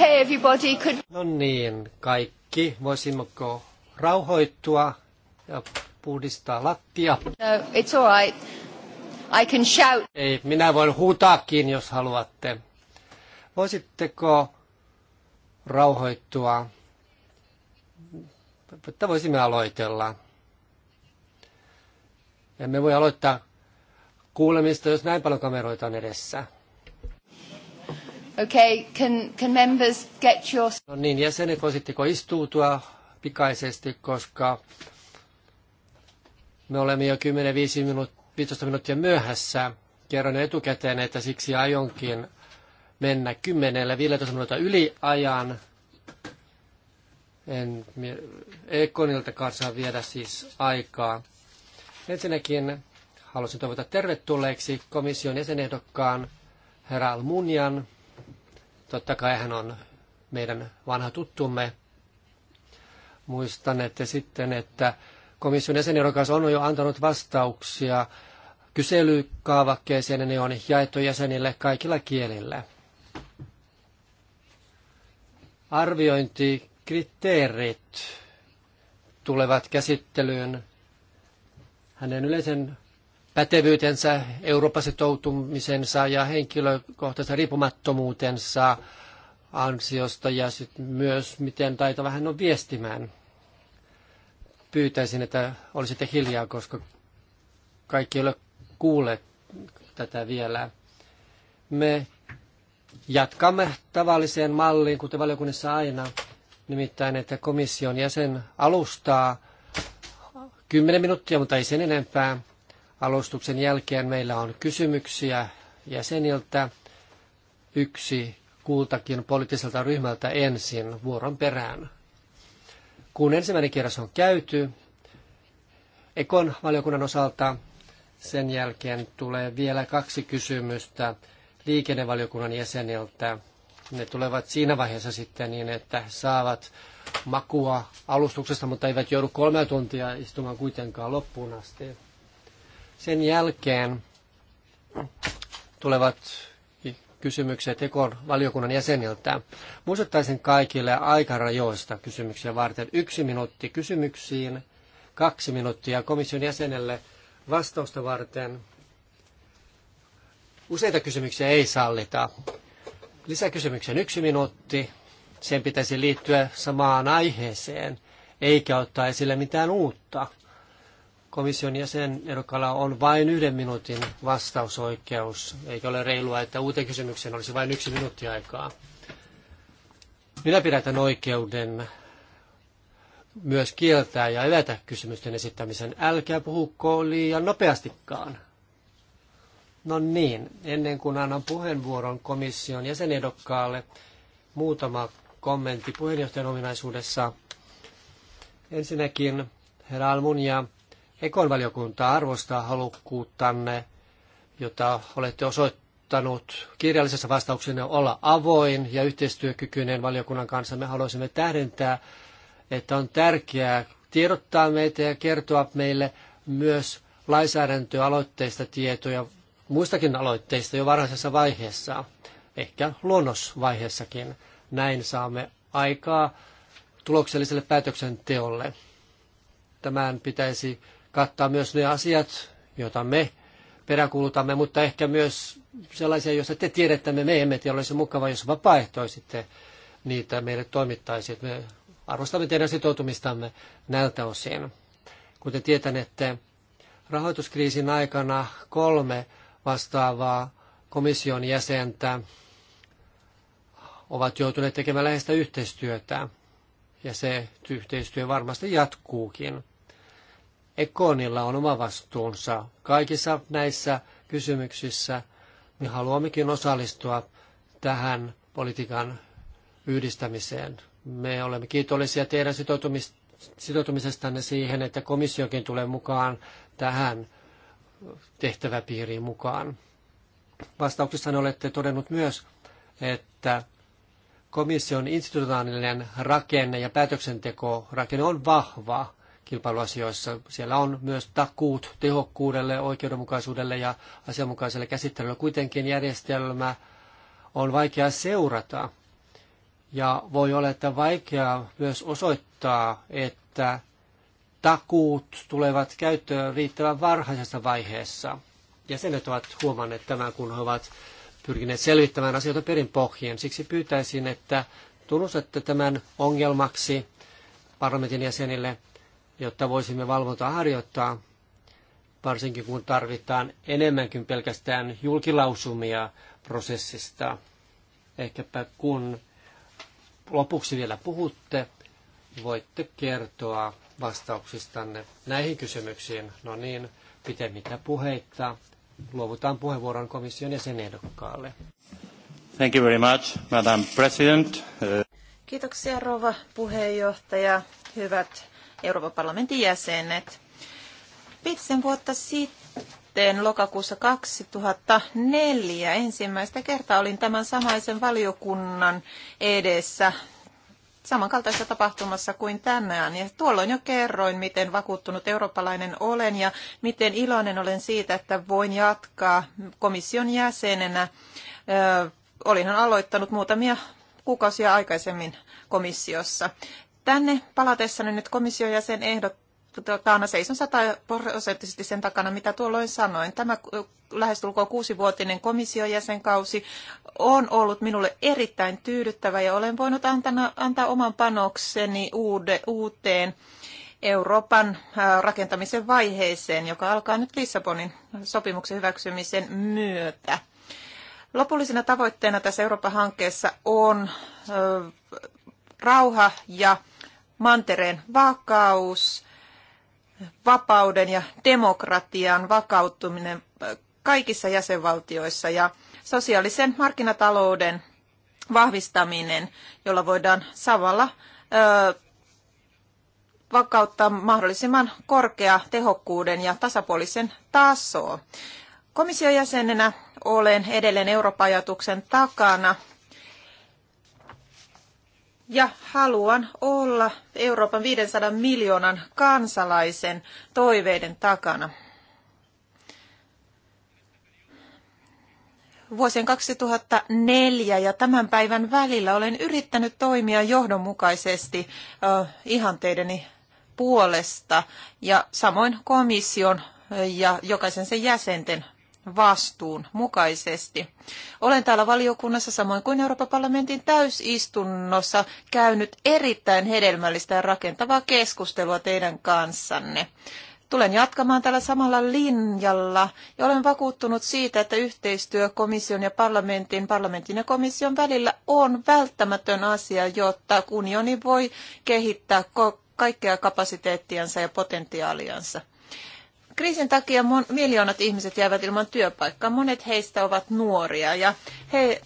okay, everybody could... No niin, kaikki. Voisimmeko rauhoittua ja puhdistaa lattia? No, it's all right. I can shout. Ei, minä voin huutaakin, jos haluatte. Voisitteko rauhoittua? Että voisimme aloitella. Emme voi aloittaa kuulemista, jos näin paljon kameroita on edessä. Okay, can, can members get your... No niin, jäsenet, voisitteko istuutua pikaisesti, koska me olemme jo 10-15 minuut, minuuttia myöhässä. Kerron jo etukäteen, että siksi aionkin mennä 10-15 minuuttia yli ajan. En Ekonilta kanssa viedä siis aikaa. Ensinnäkin haluaisin toivottaa tervetulleeksi komission jäsenehdokkaan herra Almunian Totta kai hän on meidän vanha tuttumme. Muistan, että sitten, että komission jäsenirokas on jo antanut vastauksia kyselykaavakkeeseen, ja ne on jaettu jäsenille kaikilla kielillä. Arviointikriteerit tulevat käsittelyyn hänen yleisen pätevyytensä, Euroopan sitoutumisensa ja henkilökohtaisen riippumattomuutensa ansiosta ja sit myös miten taito vähän on viestimään. Pyytäisin, että olisitte hiljaa, koska kaikki ei ole kuulleet tätä vielä. Me jatkamme tavalliseen malliin, kuten valiokunnissa aina, nimittäin, että komission jäsen alustaa 10 minuuttia, mutta ei sen enempää. Alustuksen jälkeen meillä on kysymyksiä jäseniltä yksi kultakin poliittiselta ryhmältä ensin vuoron perään. Kun ensimmäinen kierros on käyty, Ekon valiokunnan osalta sen jälkeen tulee vielä kaksi kysymystä liikennevaliokunnan jäseniltä. Ne tulevat siinä vaiheessa sitten niin, että saavat makua alustuksesta, mutta eivät joudu kolme tuntia istumaan kuitenkaan loppuun asti. Sen jälkeen tulevat kysymykset Ekon valiokunnan jäseniltä. Muistuttaisin kaikille aikarajoista kysymyksiä varten. Yksi minuutti kysymyksiin, kaksi minuuttia komission jäsenelle vastausta varten. Useita kysymyksiä ei sallita. Lisäkysymyksen yksi minuutti. Sen pitäisi liittyä samaan aiheeseen, eikä ottaa esille mitään uutta komission jäsen ehdokkaalla on vain yhden minuutin vastausoikeus. Eikä ole reilua, että uuteen kysymykseen olisi vain yksi minuutti aikaa. Minä pidän oikeuden myös kieltää ja evätä kysymysten esittämisen. Älkää puhukko liian nopeastikaan. No niin, ennen kuin annan puheenvuoron komission jäsenedokkaalle, muutama kommentti puheenjohtajan ominaisuudessa. Ensinnäkin herra Almunia Ekonvaliokunta arvostaa halukkuuttanne, jota olette osoittanut kirjallisessa vastauksenne olla avoin ja yhteistyökykyinen valiokunnan kanssa. Me haluaisimme tähdentää, että on tärkeää tiedottaa meitä ja kertoa meille myös lainsäädäntöaloitteista tietoja muistakin aloitteista jo varhaisessa vaiheessa, ehkä luonnosvaiheessakin. Näin saamme aikaa tulokselliselle päätöksenteolle. Tämän pitäisi kattaa myös ne asiat, joita me peräkuulutamme, mutta ehkä myös sellaisia, joista te tiedätte, me emme tiedä, olisi mukava, jos vapaaehtoisitte niitä meille toimittaisi. Me arvostamme teidän sitoutumistamme näiltä osin. Kuten tietänette, rahoituskriisin aikana kolme vastaavaa komission jäsentä ovat joutuneet tekemään läheistä yhteistyötä, ja se yhteistyö varmasti jatkuukin. Ekonilla on oma vastuunsa kaikissa näissä kysymyksissä. Me haluammekin osallistua tähän politiikan yhdistämiseen. Me olemme kiitollisia teidän sitoutumisestanne siihen, että komissiokin tulee mukaan tähän tehtäväpiiriin mukaan. Vastauksessa olette todennut myös, että komission institutionaalinen rakenne ja päätöksenteko on vahva kilpailuasioissa. Siellä on myös takuut tehokkuudelle, oikeudenmukaisuudelle ja asianmukaiselle käsittelylle. Kuitenkin järjestelmä on vaikea seurata ja voi olla, että vaikea myös osoittaa, että takuut tulevat käyttöön riittävän varhaisessa vaiheessa. Jäsenet ovat huomanneet tämän, kun he ovat pyrkineet selvittämään asioita perin pohjien. Siksi pyytäisin, että tunnustatte tämän ongelmaksi parlamentin jäsenille jotta voisimme valvontaa harjoittaa, varsinkin kun tarvitaan enemmänkin pelkästään julkilausumia prosessista. Ehkäpä kun lopuksi vielä puhutte, voitte kertoa vastauksistanne näihin kysymyksiin. No niin, pitemmittä puheitta. Luovutaan puheenvuoron komission jäsenehdokkaalle. Thank you very much, Madam President. Kiitoksia rova puheenjohtaja. Hyvät Euroopan parlamentin jäsenet. Viitisen vuotta sitten, lokakuussa 2004, ensimmäistä kertaa olin tämän samaisen valiokunnan edessä samankaltaisessa tapahtumassa kuin tänään. Ja tuolloin jo kerroin, miten vakuuttunut eurooppalainen olen ja miten iloinen olen siitä, että voin jatkaa komission jäsenenä. Ö, olinhan aloittanut muutamia kuukausia aikaisemmin komissiossa tänne palatessani nyt komission jäsen ehdokkaana no seison sataprosenttisesti sen takana, mitä tuolloin sanoin. Tämä lähestulkoon kuusivuotinen komission jäsenkausi on ollut minulle erittäin tyydyttävä ja olen voinut antaa, antaa oman panokseni uude, uuteen Euroopan rakentamisen vaiheeseen, joka alkaa nyt Lissabonin sopimuksen hyväksymisen myötä. Lopullisena tavoitteena tässä Euroopan hankkeessa on rauha ja mantereen vakaus, vapauden ja demokratian vakauttuminen äh, kaikissa jäsenvaltioissa ja sosiaalisen markkinatalouden vahvistaminen, jolla voidaan samalla ö, äh, vakauttaa mahdollisimman korkea tehokkuuden ja tasapuolisen tasoa. Komission jäsenenä olen edelleen ajatuksen takana ja haluan olla Euroopan 500 miljoonan kansalaisen toiveiden takana. Vuosien 2004 ja tämän päivän välillä olen yrittänyt toimia johdonmukaisesti ihanteideni puolesta ja samoin komission ja jokaisen sen jäsenten vastuun mukaisesti. Olen täällä valiokunnassa samoin kuin Euroopan parlamentin täysistunnossa käynyt erittäin hedelmällistä ja rakentavaa keskustelua teidän kanssanne. Tulen jatkamaan tällä samalla linjalla ja olen vakuuttunut siitä, että yhteistyö komission ja parlamentin, parlamentin ja komission välillä on välttämätön asia, jotta unioni voi kehittää kaikkea kapasiteettiansa ja potentiaaliansa. Kriisin takia mon, miljoonat ihmiset jäävät ilman työpaikkaa. Monet heistä ovat nuoria ja he,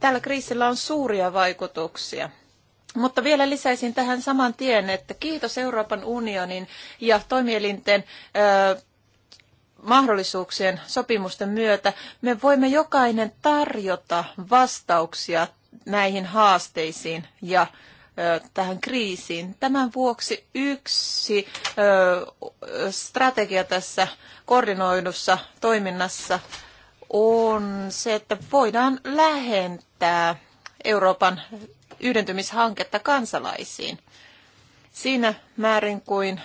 tällä kriisillä on suuria vaikutuksia. Mutta vielä lisäisin tähän saman tien, että kiitos Euroopan unionin ja toimielinten ö, mahdollisuuksien sopimusten myötä me voimme jokainen tarjota vastauksia näihin haasteisiin ja tähän kriisiin. Tämän vuoksi yksi strategia tässä koordinoidussa toiminnassa on se, että voidaan lähentää Euroopan yhdentymishanketta kansalaisiin. Siinä määrin kuin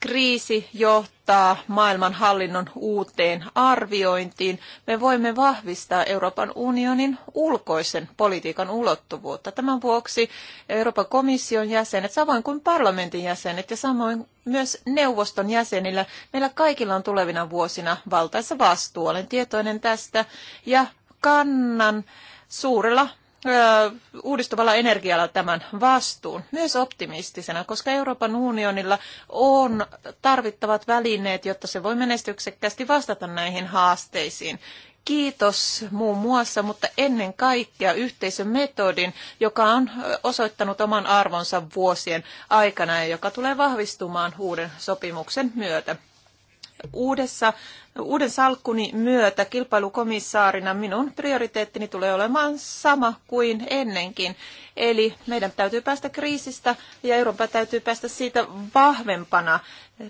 kriisi johtaa maailmanhallinnon uuteen arviointiin, me voimme vahvistaa Euroopan unionin ulkoisen politiikan ulottuvuutta. Tämän vuoksi Euroopan komission jäsenet, samoin kuin parlamentin jäsenet ja samoin myös neuvoston jäsenillä, meillä kaikilla on tulevina vuosina valtaisa vastuu. Olen tietoinen tästä ja kannan suurella uudistuvalla energialla tämän vastuun, myös optimistisena, koska Euroopan unionilla on tarvittavat välineet, jotta se voi menestyksekkäästi vastata näihin haasteisiin. Kiitos muun muassa, mutta ennen kaikkea yhteisön metodin, joka on osoittanut oman arvonsa vuosien aikana ja joka tulee vahvistumaan uuden sopimuksen myötä uudessa, uuden salkkuni myötä kilpailukomissaarina minun prioriteettini tulee olemaan sama kuin ennenkin. Eli meidän täytyy päästä kriisistä ja Euroopan täytyy päästä siitä vahvempana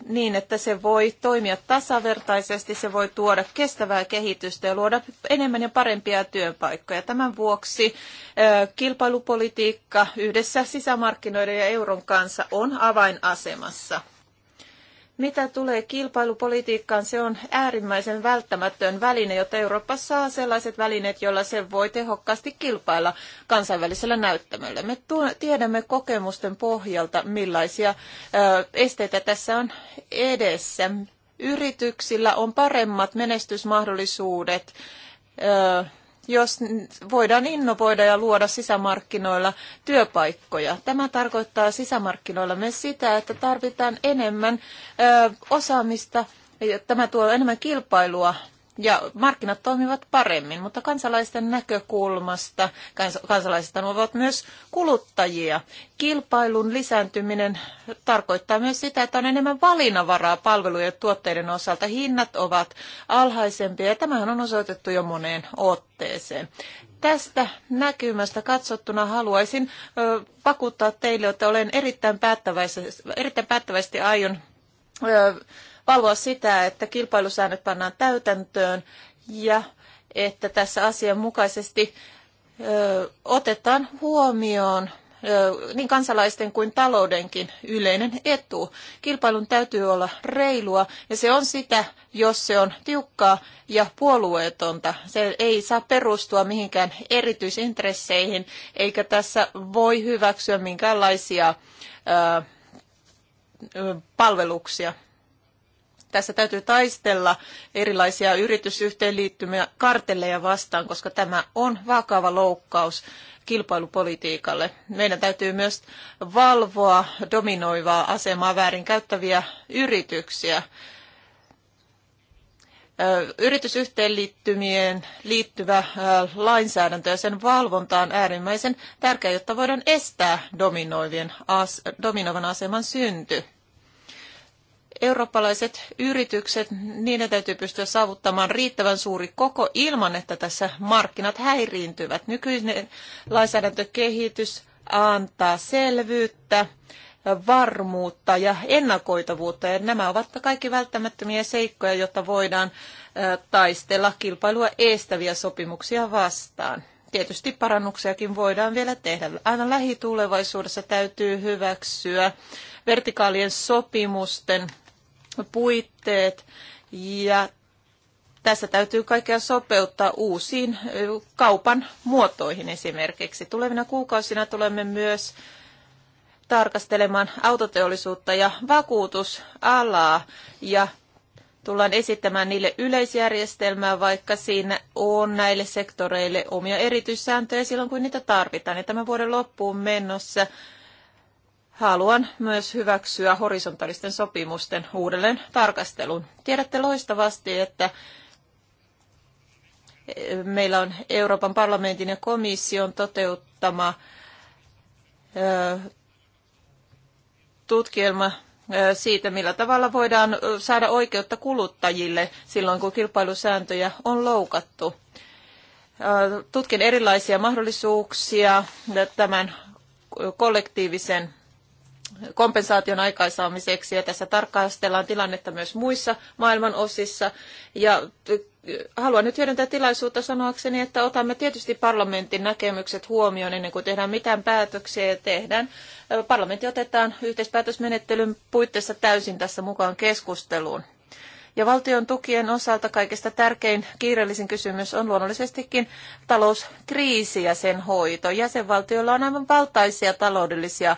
niin, että se voi toimia tasavertaisesti, se voi tuoda kestävää kehitystä ja luoda enemmän ja parempia työpaikkoja. Tämän vuoksi kilpailupolitiikka yhdessä sisämarkkinoiden ja euron kanssa on avainasemassa. Mitä tulee kilpailupolitiikkaan, se on äärimmäisen välttämätön väline, jotta Eurooppa saa sellaiset välineet, joilla se voi tehokkaasti kilpailla kansainvälisellä näyttämöllä. Me tiedämme kokemusten pohjalta, millaisia esteitä tässä on edessä. Yrityksillä on paremmat menestysmahdollisuudet jos voidaan innovoida ja luoda sisämarkkinoilla työpaikkoja. Tämä tarkoittaa sisämarkkinoilla myös sitä, että tarvitaan enemmän osaamista. Tämä tuo enemmän kilpailua ja markkinat toimivat paremmin, mutta kansalaisten näkökulmasta kans, kansalaiset ovat myös kuluttajia. Kilpailun lisääntyminen tarkoittaa myös sitä, että on enemmän valinnanvaraa palvelujen ja tuotteiden osalta. Hinnat ovat alhaisempia ja tämähän on osoitettu jo moneen otteeseen. Tästä näkymästä katsottuna haluaisin ö, vakuuttaa teille, että olen erittäin päättäväisesti, erittäin päättäväisesti aion ö, valvoa sitä, että kilpailusäännöt pannaan täytäntöön ja että tässä asianmukaisesti ö, otetaan huomioon niin kansalaisten kuin taloudenkin yleinen etu. Kilpailun täytyy olla reilua ja se on sitä, jos se on tiukkaa ja puolueetonta. Se ei saa perustua mihinkään erityisintresseihin eikä tässä voi hyväksyä minkäänlaisia ö, palveluksia tässä täytyy taistella erilaisia yritysyhteenliittymiä kartelleja vastaan, koska tämä on vakava loukkaus kilpailupolitiikalle. Meidän täytyy myös valvoa dominoivaa asemaa väärinkäyttäviä yrityksiä. Yritysyhteenliittymien liittyvä lainsäädäntö ja sen valvonta on äärimmäisen tärkeää, jotta voidaan estää dominoivien, dominoivan aseman synty eurooppalaiset yritykset, niiden täytyy pystyä saavuttamaan riittävän suuri koko ilman, että tässä markkinat häiriintyvät. Nykyinen lainsäädäntökehitys antaa selvyyttä, varmuutta ja ennakoitavuutta. Ja nämä ovat kaikki välttämättömiä seikkoja, jotta voidaan taistella kilpailua estäviä sopimuksia vastaan. Tietysti parannuksiakin voidaan vielä tehdä. Aina lähitulevaisuudessa täytyy hyväksyä vertikaalien sopimusten puitteet ja tässä täytyy kaikkea sopeuttaa uusiin kaupan muotoihin esimerkiksi. Tulevina kuukausina tulemme myös tarkastelemaan autoteollisuutta ja vakuutusalaa ja tullaan esittämään niille yleisjärjestelmää, vaikka siinä on näille sektoreille omia erityissääntöjä silloin, kun niitä tarvitaan. Ja tämän vuoden loppuun mennessä haluan myös hyväksyä horisontaalisten sopimusten uudelleen tarkastelun. Tiedätte loistavasti, että eh, meillä on Euroopan parlamentin ja komission toteuttama eh, tutkielma eh, siitä, millä tavalla voidaan saada oikeutta kuluttajille silloin, kun kilpailusääntöjä on loukattu. Tutkin erilaisia mahdollisuuksia tämän kollektiivisen kompensaation aikaansaamiseksi ja tässä tarkastellaan tilannetta myös muissa maailman osissa. Ja äh, haluan nyt hyödyntää tilaisuutta sanoakseni, että otamme tietysti parlamentin näkemykset huomioon ennen kuin tehdään mitään päätöksiä ja tehdään. Äh, parlamentti otetaan yhteispäätösmenettelyn puitteissa täysin tässä mukaan keskusteluun. Ja valtion tukien osalta kaikista tärkein kiireellisin kysymys on luonnollisestikin talouskriisi ja sen hoito. Jäsenvaltioilla on aivan valtaisia taloudellisia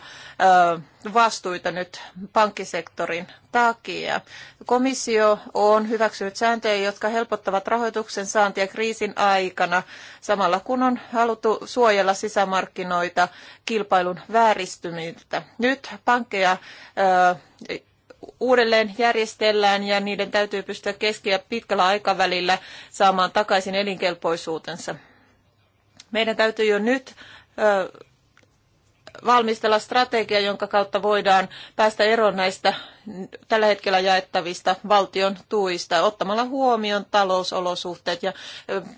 vastuita nyt pankkisektorin takia. Komissio on hyväksynyt sääntöjä, jotka helpottavat rahoituksen saantia kriisin aikana, samalla kun on haluttu suojella sisämarkkinoita kilpailun vääristymiltä. Nyt pankkeja uudelleen järjestellään ja niiden täytyy pystyä keski- ja pitkällä aikavälillä saamaan takaisin elinkelpoisuutensa. Meidän täytyy jo nyt valmistella strategia, jonka kautta voidaan päästä eroon näistä tällä hetkellä jaettavista valtion tuista ottamalla huomioon talousolosuhteet ja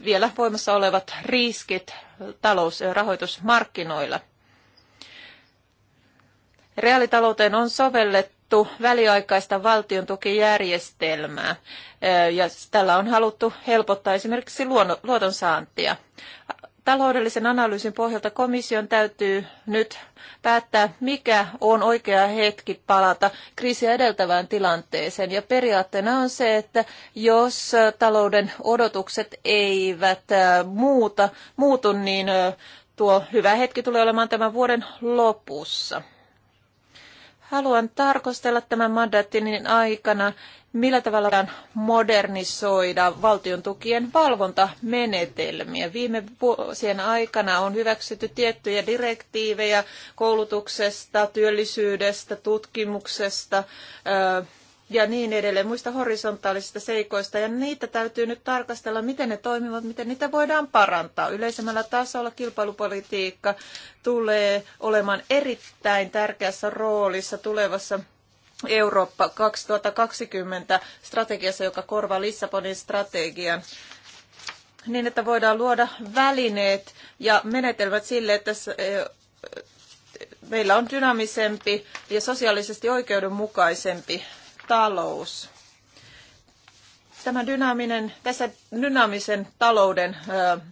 vielä voimassa olevat riskit talous- ja rahoitusmarkkinoilla. Reaalitalouteen on sovellettu ehdotettu väliaikaista valtion tukijärjestelmää ja tällä on haluttu helpottaa esimerkiksi luotonsaantia. Taloudellisen analyysin pohjalta komission täytyy nyt päättää, mikä on oikea hetki palata kriisiä edeltävään tilanteeseen. Ja periaatteena on se, että jos talouden odotukset eivät muuta, muutu, niin tuo hyvä hetki tulee olemaan tämän vuoden lopussa. Haluan tarkastella tämän mandaattinin aikana, millä tavalla voidaan modernisoida valtion tukien valvontamenetelmiä. Viime vuosien aikana on hyväksytty tiettyjä direktiivejä koulutuksesta, työllisyydestä, tutkimuksesta, ja niin edelleen, muista horisontaalisista seikoista. Ja niitä täytyy nyt tarkastella, miten ne toimivat, miten niitä voidaan parantaa. Yleisemmällä tasolla kilpailupolitiikka tulee olemaan erittäin tärkeässä roolissa tulevassa Eurooppa 2020 strategiassa, joka korvaa Lissabonin strategian niin, että voidaan luoda välineet ja menetelmät sille, että e, meillä on dynaamisempi ja sosiaalisesti oikeudenmukaisempi talous. Tämä dynaaminen, tässä dynaamisen talouden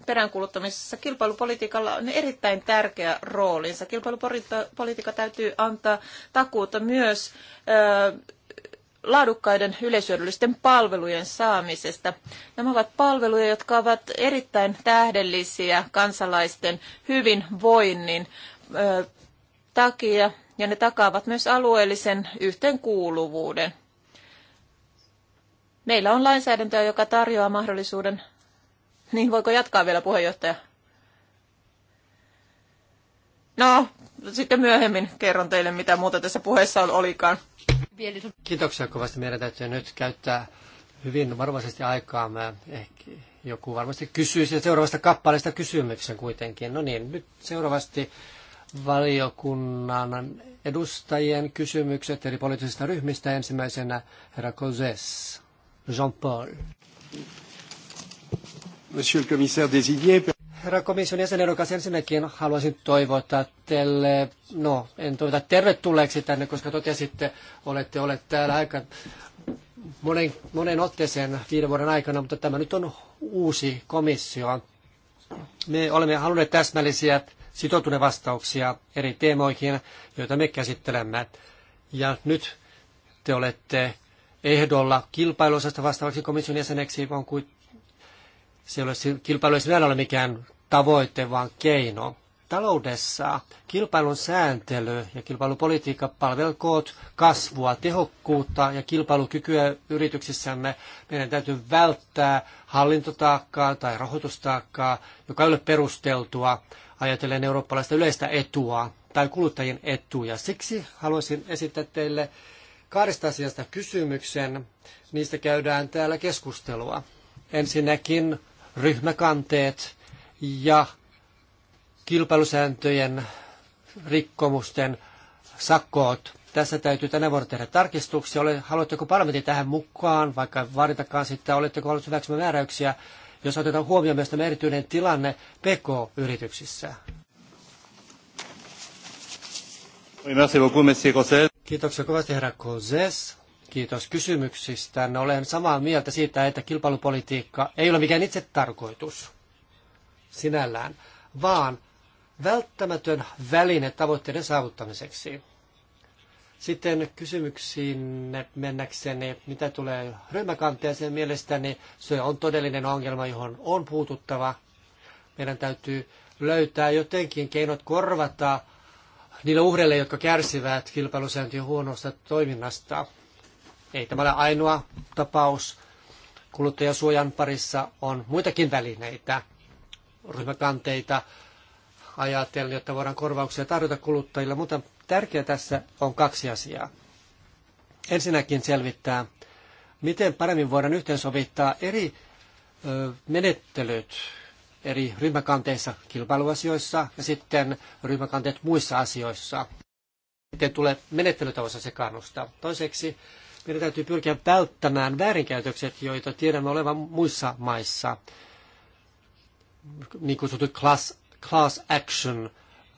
peräänkuuluttamisessa kilpailupolitiikalla on erittäin tärkeä roolinsa. Kilpailupolitiikka täytyy antaa takuuta myös laadukkaiden yleisyödyllisten palvelujen saamisesta. Nämä ovat palveluja, jotka ovat erittäin tähdellisiä kansalaisten hyvinvoinnin takia, ja ne takaavat myös alueellisen yhteenkuuluvuuden. Meillä on lainsäädäntöä, joka tarjoaa mahdollisuuden. Niin, voiko jatkaa vielä puheenjohtaja? No, sitten myöhemmin kerron teille, mitä muuta tässä puheessa on olikaan. Kiitoksia kovasti. Meidän täytyy nyt käyttää hyvin varovaisesti aikaa. Ehkä joku varmasti kysyisi seuraavasta kappaleesta kysymyksen kuitenkin. No niin, nyt seuraavasti valiokunnan edustajien kysymykset eri poliittisista ryhmistä. Ensimmäisenä herra Kozes. Jean-Paul. Monsieur le commissaire désigné. Herra komission ensinnäkin haluaisin toivottaa teille, no en toivota tervetulleeksi tänne, koska totesitte, olette olleet täällä aika monen, monen otteeseen viiden vuoden aikana, mutta tämä nyt on uusi komissio. Me olemme halunneet täsmällisiä sitoutuneen vastauksia eri teemoihin, joita me käsittelemme. Ja nyt te olette ehdolla kilpailuosasta vastaavaksi komission jäseneksi, vaan kuin se ei ole, kilpailu ei ole mikään tavoite, vaan keino. Taloudessa kilpailun sääntely ja kilpailupolitiikka palvelkoot kasvua, tehokkuutta ja kilpailukykyä yrityksissämme. Meidän täytyy välttää hallintotaakkaa tai rahoitustaakkaa, joka ei ole perusteltua ajatellen eurooppalaista yleistä etua tai kuluttajien etuja. Siksi haluaisin esittää teille kahdesta asiasta kysymyksen. Niistä käydään täällä keskustelua. Ensinnäkin ryhmäkanteet ja kilpailusääntöjen rikkomusten sakkoot. Tässä täytyy tänä vuonna tehdä tarkistuksia. haluatteko parlamentti tähän mukaan, vaikka vaaditakaan sitten, oletteko halunnut hyväksymään määräyksiä, jos otetaan huomioon myös tämä erityinen tilanne PK-yrityksissä? Merci beaucoup, monsieur Kiitoksia kovasti herra Kozes. Kiitos kysymyksistä. No, olen samaa mieltä siitä, että kilpailupolitiikka ei ole mikään itse tarkoitus sinällään, vaan välttämätön väline tavoitteiden saavuttamiseksi. Sitten kysymyksiin mennäkseni, mitä tulee ryhmäkanteeseen mielestäni, se on todellinen ongelma, johon on puututtava. Meidän täytyy löytää jotenkin keinot korvata niille uhreille, jotka kärsivät kilpailusääntöjen huonosta toiminnasta. Ei tämä ole ainoa tapaus. Kuluttajasuojan parissa on muitakin välineitä, ryhmäkanteita ajatellen, jotta voidaan korvauksia tarjota kuluttajille, mutta tärkeää tässä on kaksi asiaa. Ensinnäkin selvittää, miten paremmin voidaan yhteensovittaa eri menettelyt eri ryhmäkanteissa kilpailuasioissa ja sitten ryhmäkanteet muissa asioissa. Sitten tulee menettelytavoissa sekaannusta. Toiseksi meidän täytyy pyrkiä välttämään väärinkäytökset, joita tiedämme olevan muissa maissa. Niin kutsutut class, class action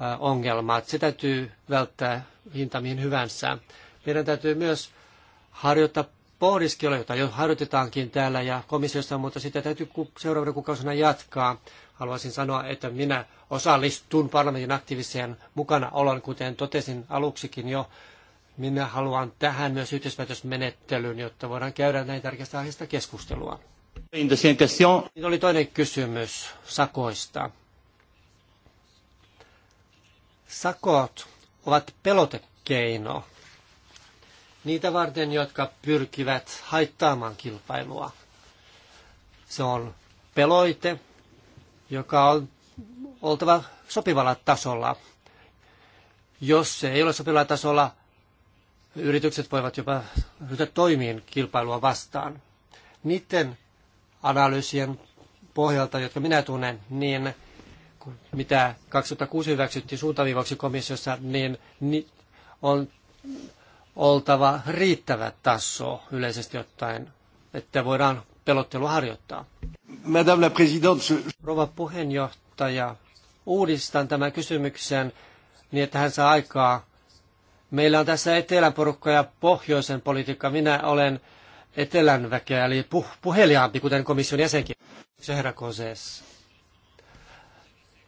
äh, ongelmat. Se täytyy välttää hinta mihin hyvänsä. Meidän täytyy myös harjoittaa pohdiskelua, jota jo harjoitetaankin täällä ja komissiossa, mutta sitä täytyy seuraavana kuukausina jatkaa. Haluaisin sanoa, että minä osallistun parlamentin aktiiviseen mukana olon, kuten totesin aluksikin jo. Minä haluan tähän myös yhteispäätösmenettelyyn, jotta voidaan käydä näin tärkeästä aiheesta keskustelua. Niin oli toinen kysymys sakoista. Sakot ovat pelotekeino niitä varten, jotka pyrkivät haittaamaan kilpailua. Se on peloite, joka on oltava sopivalla tasolla. Jos se ei ole sopivalla tasolla, yritykset voivat jopa ryhtyä toimiin kilpailua vastaan. Niiden analyysien pohjalta, jotka minä tunnen, niin mitä 2006 hyväksyttiin suuntaviivaksi komissiossa, niin on oltava riittävä taso yleisesti ottaen, että voidaan pelottelu harjoittaa. Madame la présidente, Rouva puheenjohtaja, uudistan tämän kysymyksen niin, että hän saa aikaa. Meillä on tässä etelän porukka ja pohjoisen politiikka. Minä olen etelän väkeä, eli puh- puheliaampi, kuten komission jäsenkin. Se herra Koses.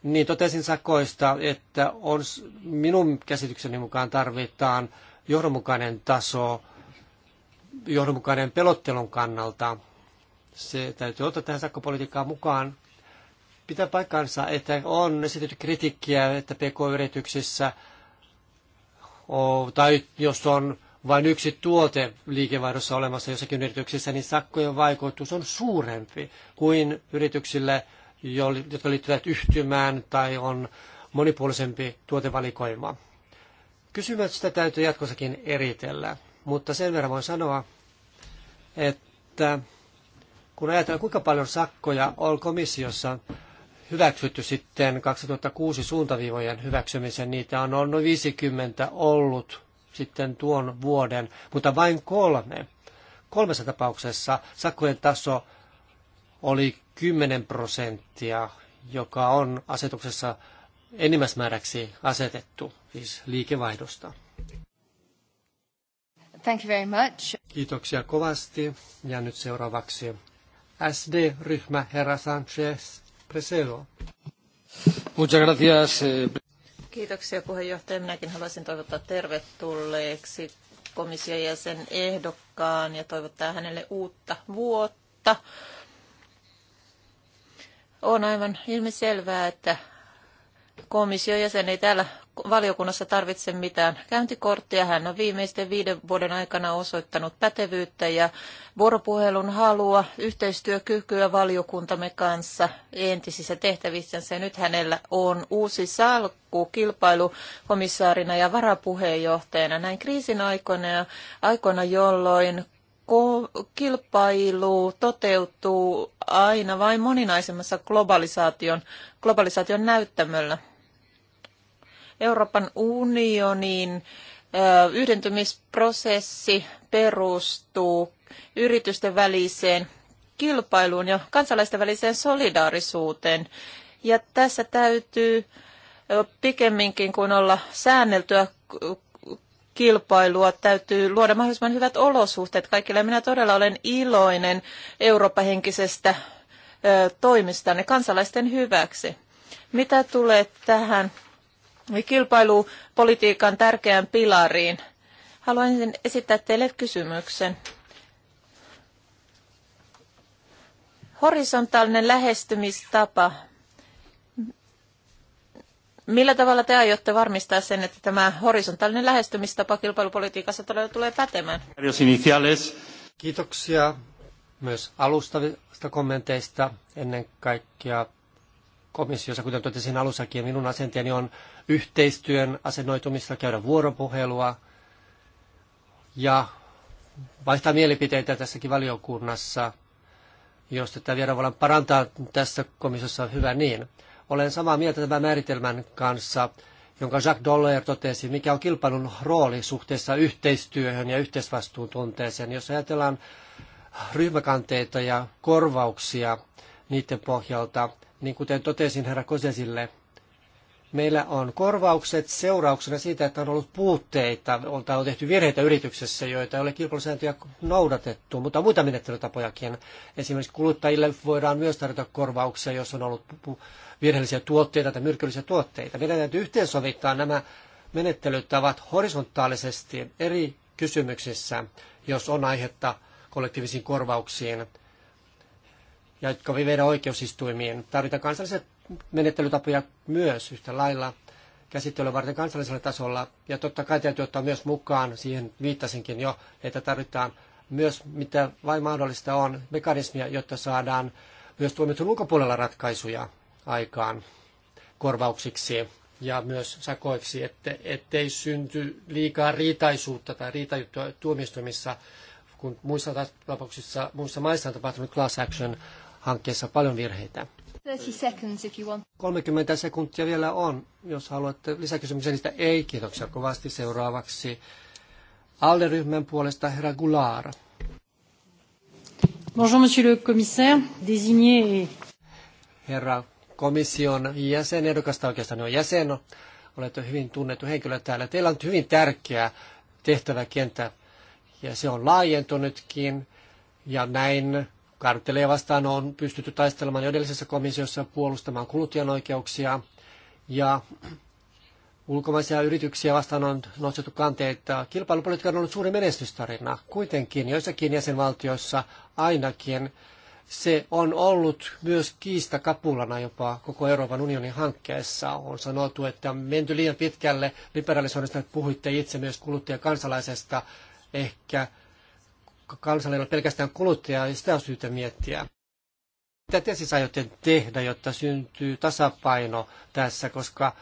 Niin totesin sakoista, että on, minun käsitykseni mukaan tarvitaan johdonmukainen taso johdonmukainen pelottelun kannalta. Se täytyy ottaa tähän sakkopolitiikkaan mukaan. Pitää paikkansa, että on esitetty kritiikkiä, että PK-yrityksissä tai jos on vain yksi tuote liikevaihdossa olemassa jossakin yrityksessä, niin sakkojen vaikutus on suurempi kuin yrityksille, jotka liittyvät yhtymään tai on monipuolisempi tuotevalikoima sitä täytyy jatkossakin eritellä, mutta sen verran voin sanoa, että kun ajatellaan kuinka paljon sakkoja on komissiossa hyväksytty sitten 2006 suuntaviivojen hyväksymisen, niitä on noin 50 ollut sitten tuon vuoden, mutta vain kolme. Kolmessa tapauksessa sakkojen taso oli 10 prosenttia, joka on asetuksessa enimmäismääräksi asetettu, siis liikevaihdosta. Thank you very much. Kiitoksia kovasti. Ja nyt seuraavaksi SD-ryhmä herra Sanchez Preselo. Muchas gracias. Eh, Kiitoksia puheenjohtaja. Minäkin haluaisin toivottaa tervetulleeksi komission jäsen ehdokkaan ja toivottaa hänelle uutta vuotta. On aivan ilmiselvää, että komission jäsen ei täällä valiokunnassa tarvitse mitään käyntikorttia. Hän on viimeisten viiden vuoden aikana osoittanut pätevyyttä ja vuoropuhelun halua, yhteistyökykyä valiokuntamme kanssa entisissä tehtävissänsä. Nyt hänellä on uusi salkku kilpailukomissaarina ja varapuheenjohtajana näin kriisin aikoina ja aikoina, jolloin kilpailu toteutuu aina vain moninaisemmassa globalisaation, globalisaation näyttämöllä. Euroopan unionin yhdentymisprosessi perustuu yritysten väliseen kilpailuun ja kansalaisten väliseen solidaarisuuteen. Ja tässä täytyy pikemminkin kuin olla säänneltyä kilpailua, täytyy luoda mahdollisimman hyvät olosuhteet kaikille. Minä todella olen iloinen Eurooppa-henkisestä toimistanne kansalaisten hyväksi. Mitä tulee tähän kilpailupolitiikan tärkeään pilariin? Haluaisin esittää teille kysymyksen. Horisontaalinen lähestymistapa Millä tavalla te aiotte varmistaa sen, että tämä horisontaalinen lähestymistapa kilpailupolitiikassa todella tulee pätemään? Kiitoksia myös alustavista kommenteista. Ennen kaikkea komissiossa, kuten totesin alussakin, minun asenteeni on yhteistyön asennoitumista, käydä vuoropuhelua ja vaihtaa mielipiteitä tässäkin valiokunnassa. Jos tätä vielä voidaan parantaa tässä komissiossa, hyvä niin. Olen samaa mieltä tämän määritelmän kanssa, jonka Jacques Dollar totesi, mikä on kilpailun rooli suhteessa yhteistyöhön ja yhteisvastuun tunteeseen. Jos ajatellaan ryhmäkanteita ja korvauksia niiden pohjalta, niin kuten totesin herra Kosesille, Meillä on korvaukset seurauksena siitä, että on ollut puutteita, on tehty virheitä yrityksessä, joita ei ole kilpailusääntöjä noudatettu, mutta on muita menettelytapojakin. Esimerkiksi kuluttajille voidaan myös tarjota korvauksia, jos on ollut virheellisiä tuotteita tai myrkyllisiä tuotteita. Meidän täytyy yhteensovittaa nämä menettelytavat horisontaalisesti eri kysymyksissä, jos on aihetta kollektiivisiin korvauksiin ja jotka viedä oikeusistuimiin. Tarvitaan kansalliset menettelytapoja myös yhtä lailla käsittelyä varten kansallisella tasolla. Ja totta kai täytyy ottaa myös mukaan, siihen viittasinkin jo, että tarvitaan myös, mitä vain mahdollista on, mekanismia, jotta saadaan myös tuomitun ulkopuolella ratkaisuja aikaan korvauksiksi ja myös sakoiksi, että, ettei synty liikaa riitaisuutta tai riitajuttua tuomioistuimissa, kun muissa tapauksissa, muissa maissa on tapahtunut class action hankkeessa paljon virheitä. 30 seconds if you want. 30 sekuntia vielä on, jos haluatte lisäkysymyksiä, niistä ei. Kiitoksia kovasti seuraavaksi. Alderyhmän puolesta herra Gulara. Bonjour, monsieur le commissaire, désigné. Herra komission jäsen, ehdokasta oikeastaan on jäsen, olette hyvin tunnettu henkilö täällä. Teillä on hyvin tärkeä tehtäväkenttä ja se on laajentunutkin ja näin Kartteleja vastaan on pystytty taistelemaan jo edellisessä komissiossa puolustamaan kuluttajan oikeuksia ja ulkomaisia yrityksiä vastaan on nostettu kanteita. Kilpailupolitiikka on ollut suuri menestystarina. Kuitenkin joissakin jäsenvaltioissa ainakin se on ollut myös kiista kapulana jopa koko Euroopan unionin hankkeessa. On sanottu, että menty liian pitkälle liberalisoinnista, että puhuitte itse myös kuluttajakansalaisesta. kansalaisesta ehkä Kansalainen ei ole pelkästään kuluttaja, ja sitä on syytä miettiä. Mitä te siis aiotte tehdä, jotta syntyy tasapaino tässä, koska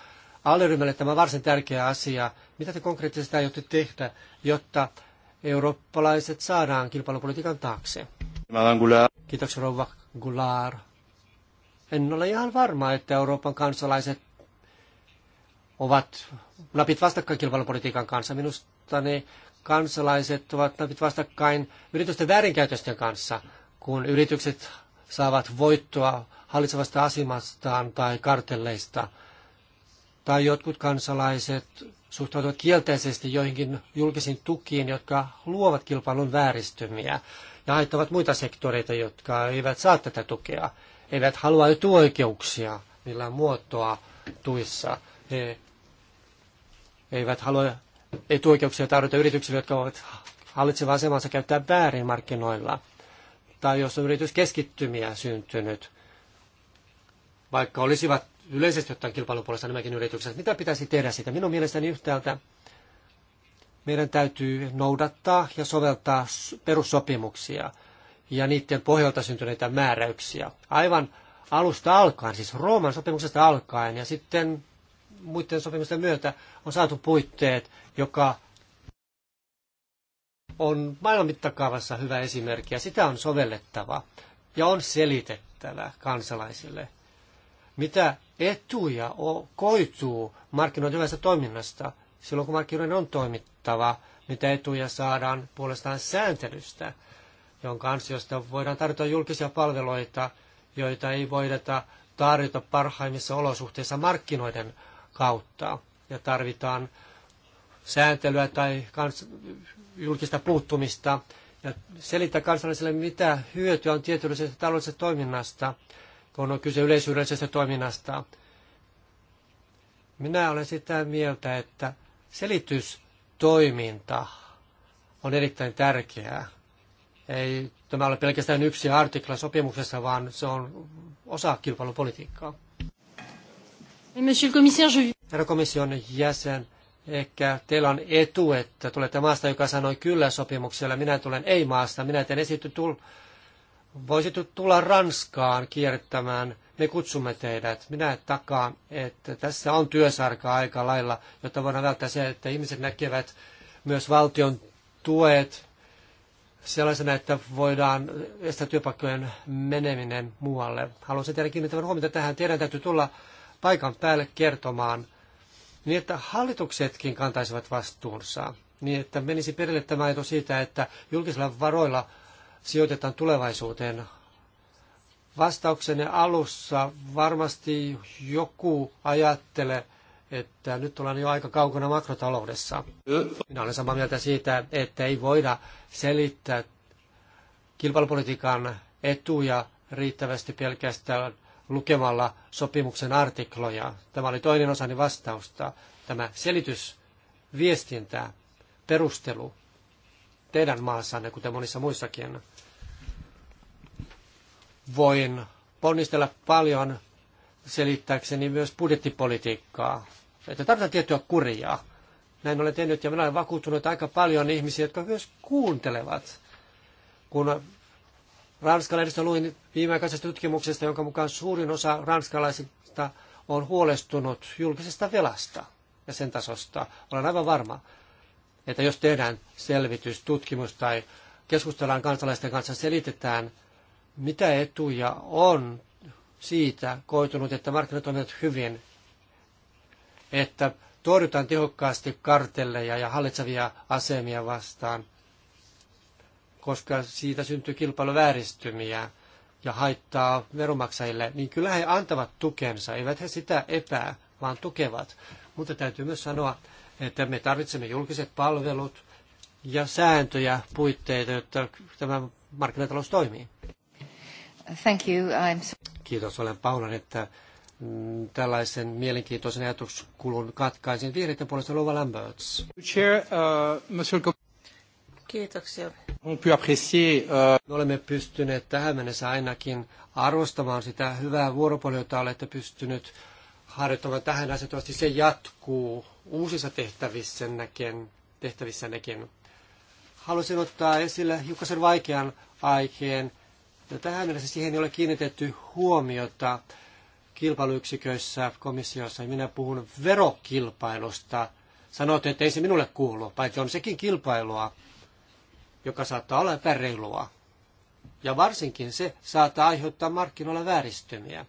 alleryhmälle tämä on varsin tärkeä asia. Mitä te konkreettisesti aiotte tehdä, jotta eurooppalaiset saadaan kilpailupolitiikan taakse? Kiitoksia rouva Gular. En ole ihan varma, että Euroopan kansalaiset ovat napit vastakkain kilpailupolitiikan kanssa. Minusta ne kansalaiset ovat nyt vastakkain yritysten väärinkäytösten kanssa, kun yritykset saavat voittoa hallitsevasta asemastaan tai kartelleista. Tai jotkut kansalaiset suhtautuvat kielteisesti joihinkin julkisiin tukiin, jotka luovat kilpailun vääristymiä ja haittavat muita sektoreita, jotka eivät saa tätä tukea, eivät halua etuoikeuksia millään muotoa tuissa. He eivät halua etuoikeuksia tarjota yrityksille, jotka ovat hallitseva asemansa käyttää väärin markkinoilla. Tai jos on yrityskeskittymiä syntynyt, vaikka olisivat yleisesti ottaen kilpailupuolesta nämäkin yritykset, mitä pitäisi tehdä siitä? Minun mielestäni yhtäältä meidän täytyy noudattaa ja soveltaa perussopimuksia ja niiden pohjalta syntyneitä määräyksiä. Aivan alusta alkaen, siis Rooman sopimuksesta alkaen ja sitten muiden sopimusten myötä on saatu puitteet, joka on maailman mittakaavassa hyvä esimerkki ja sitä on sovellettava ja on selitettävä kansalaisille, mitä etuja koituu markkinoiden hyvästä toiminnasta silloin, kun markkinoiden on toimittava, mitä etuja saadaan puolestaan sääntelystä, jonka ansiosta voidaan tarjota julkisia palveluita, joita ei voida tarjota parhaimmissa olosuhteissa markkinoiden kautta. Ja tarvitaan sääntelyä tai kans- julkista puuttumista ja selittää kansalaisille, mitä hyötyä on tietynlaisesta taloudellisesta toiminnasta, kun on kyse yleisyydellisestä toiminnasta. Minä olen sitä mieltä, että selitystoiminta on erittäin tärkeää. Ei tämä ole pelkästään yksi artikla sopimuksessa, vaan se on osa kilpailupolitiikkaa. Herra komission jäsen, ehkä teillä on etu, että tulette maasta, joka sanoi kyllä sopimuksella. Minä tulen ei maasta. Minä teen esity tul... Voisit tulla Ranskaan kiertämään. Me kutsumme teidät. Minä takaan, että tässä on työsarka aika lailla, jotta voidaan välttää se, että ihmiset näkevät myös valtion tuet sellaisena, että voidaan estää työpaikkojen meneminen muualle. Haluaisin teidän kiinnittävän huomiota tähän. Teidän täytyy tulla paikan päälle kertomaan, niin että hallituksetkin kantaisivat vastuunsa, niin että menisi perille tämä ajatus siitä, että julkisilla varoilla sijoitetaan tulevaisuuteen. Vastauksenne alussa varmasti joku ajattelee, että nyt ollaan jo aika kaukana makrotaloudessa. Minä olen samaa mieltä siitä, että ei voida selittää kilpailupolitiikan etuja riittävästi pelkästään lukemalla sopimuksen artikloja. Tämä oli toinen osani vastausta. Tämä selitys, viestintä, perustelu teidän maassanne, kuten monissa muissakin. Voin ponnistella paljon selittääkseni myös budjettipolitiikkaa. Että tarvitaan tiettyä kuria. Näin olen tehnyt ja minä olen vakuuttunut aika paljon ihmisiä, jotka myös kuuntelevat, kun Ranskalaisista luin viimeaikaisesta tutkimuksesta, jonka mukaan suurin osa ranskalaisista on huolestunut julkisesta velasta ja sen tasosta. Olen aivan varma, että jos tehdään selvitys, tutkimus tai keskustellaan kansalaisten kanssa, selitetään, mitä etuja on siitä koitunut, että markkinat toimivat hyvin, että torjutaan tehokkaasti kartelleja ja hallitsevia asemia vastaan, koska siitä syntyy kilpailuvääristymiä ja haittaa veronmaksajille, niin kyllä he antavat tukensa. Eivät he sitä epää, vaan tukevat. Mutta täytyy myös sanoa, että me tarvitsemme julkiset palvelut ja sääntöjä, puitteita, jotta tämä markkinatalous toimii. Thank you. I'm... Kiitos, olen Paulan, että mm, tällaisen mielenkiintoisen ajatuskulun katkaisin vihreiden puolesta Lova Lamberts. Chair, uh, monsieur... Kiitoksia. Äh, Me olemme pystyneet tähän mennessä ainakin arvostamaan sitä hyvää vuoropuolta, jota olette pystynyt harjoittamaan tähän asiaan. Toivottavasti se jatkuu uusissa tehtävissännekin. tehtävissännekin. Haluaisin ottaa esille hiukkasen vaikean aiheen. Ja tähän mennessä siihen ei ole kiinnitetty huomiota kilpailuyksiköissä komissiossa. Minä puhun verokilpailusta. Sanoit, että ei se minulle kuulu, paitsi on sekin kilpailua joka saattaa olla epäreilua. Ja varsinkin se saattaa aiheuttaa markkinoilla vääristymiä,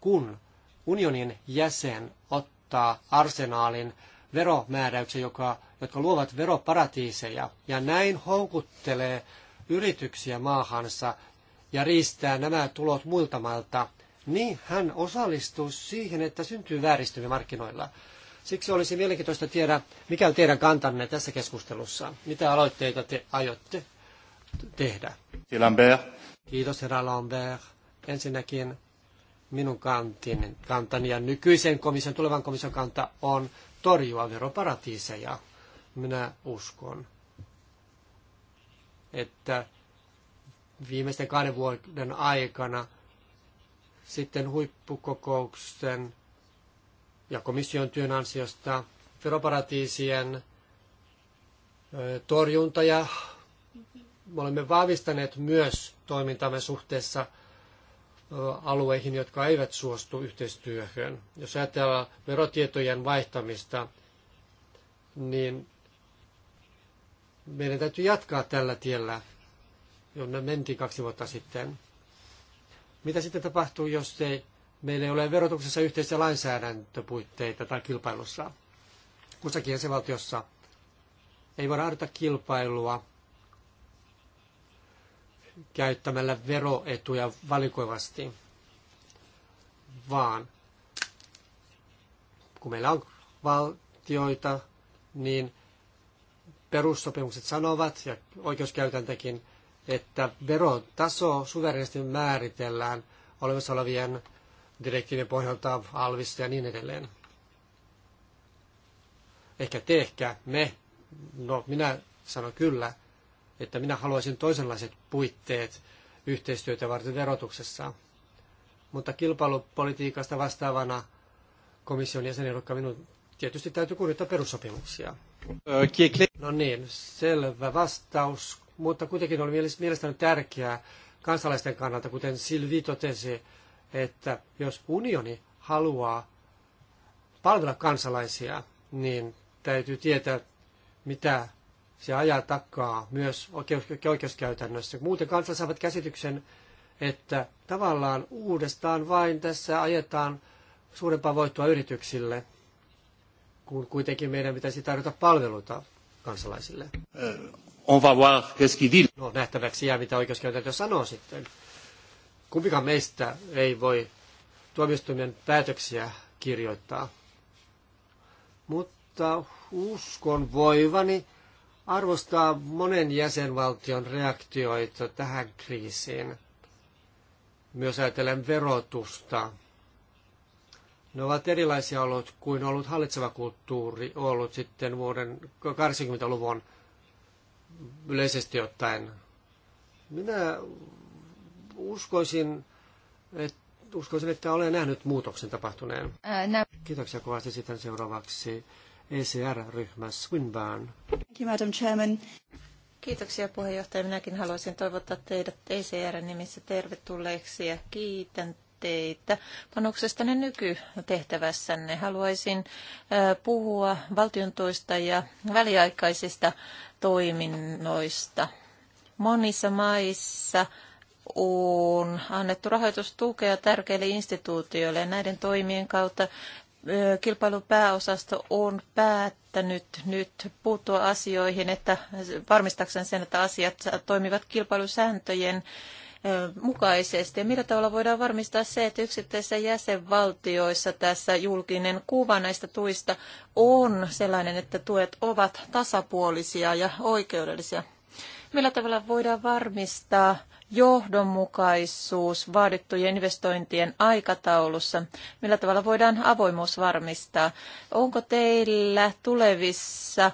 kun unionin jäsen ottaa arsenaalin veromääräyksen, joka, jotka luovat veroparatiiseja, ja näin houkuttelee yrityksiä maahansa ja riistää nämä tulot muilta mailta, niin hän osallistuu siihen, että syntyy vääristymiä markkinoilla. Siksi olisi mielenkiintoista tiedä, mikä on teidän kantanne tässä keskustelussa. Mitä aloitteita te aiotte tehdä? Lambert. Kiitos, herra Lambert. Ensinnäkin minun kantini, kantani ja nykyisen komission, tulevan komission kanta on torjua veroparatiiseja. Minä uskon, että viimeisten kahden vuoden aikana sitten huippukokouksen ja komission työn ansiosta veroparatiisien torjunta ja me olemme vahvistaneet myös toimintamme suhteessa alueihin, jotka eivät suostu yhteistyöhön. Jos ajatellaan verotietojen vaihtamista, niin meidän täytyy jatkaa tällä tiellä, jonne mentiin kaksi vuotta sitten. Mitä sitten tapahtuu, jos ei Meillä ei ole verotuksessa yhteisiä lainsäädäntöpuitteita tai kilpailussa. Kussakin jäsenvaltiossa ei voida harjoittaa kilpailua käyttämällä veroetuja valikoivasti, vaan kun meillä on valtioita, niin perussopimukset sanovat ja oikeuskäytäntökin, että verotaso suverenisti määritellään olemassa olevien direktiivin pohjalta alvista ja niin edelleen. Ehkä te, ehkä me. No, minä sanon kyllä, että minä haluaisin toisenlaiset puitteet yhteistyötä varten verotuksessa. Mutta kilpailupolitiikasta vastaavana komission jäsenehdokka minun tietysti täytyy kunnioittaa perussopimuksia. No niin, selvä vastaus, mutta kuitenkin oli mielestäni tärkeää kansalaisten kannalta, kuten Silvi totesi, että jos unioni haluaa palvella kansalaisia, niin täytyy tietää, mitä se ajaa takaa myös oikeus, oikeuskäytännössä. Muuten kansalaiset saavat käsityksen, että tavallaan uudestaan vain tässä ajetaan suurempaa voittoa yrityksille, kun kuitenkin meidän pitäisi tarjota palveluita kansalaisille. Euh, on va voir, No nähtäväksi jää, mitä oikeuskäytäntö sanoo sitten. Kumpikaan meistä ei voi tuomioistuimen päätöksiä kirjoittaa. Mutta uskon voivani arvostaa monen jäsenvaltion reaktioita tähän kriisiin. Myös ajatellen verotusta. Ne ovat erilaisia ollut kuin ollut hallitseva kulttuuri ollut sitten vuoden 80-luvun yleisesti ottaen. Minä uskoisin, että uskoisin, että olen nähnyt muutoksen tapahtuneen. Ää, Kiitoksia kovasti sitten seuraavaksi ECR-ryhmä Swinburne. Thank you, Madam Chairman. Kiitoksia puheenjohtaja. Minäkin haluaisin toivottaa teidät ECR-nimissä tervetulleeksi ja kiitän teitä panoksestanne nykytehtävässänne. Haluaisin puhua valtiontoista ja väliaikaisista toiminnoista. Monissa maissa on annettu rahoitustukea tärkeille instituutioille ja näiden toimien kautta kilpailupääosasto on päättänyt nyt puuttua asioihin, että varmistakseen sen, että asiat toimivat kilpailusääntöjen mukaisesti ja millä tavalla voidaan varmistaa se, että yksittäisissä jäsenvaltioissa tässä julkinen kuva näistä tuista on sellainen, että tuet ovat tasapuolisia ja oikeudellisia. Millä tavalla voidaan varmistaa johdonmukaisuus vaadittujen investointien aikataulussa? Millä tavalla voidaan avoimuus varmistaa? Onko teillä tulevissa ää,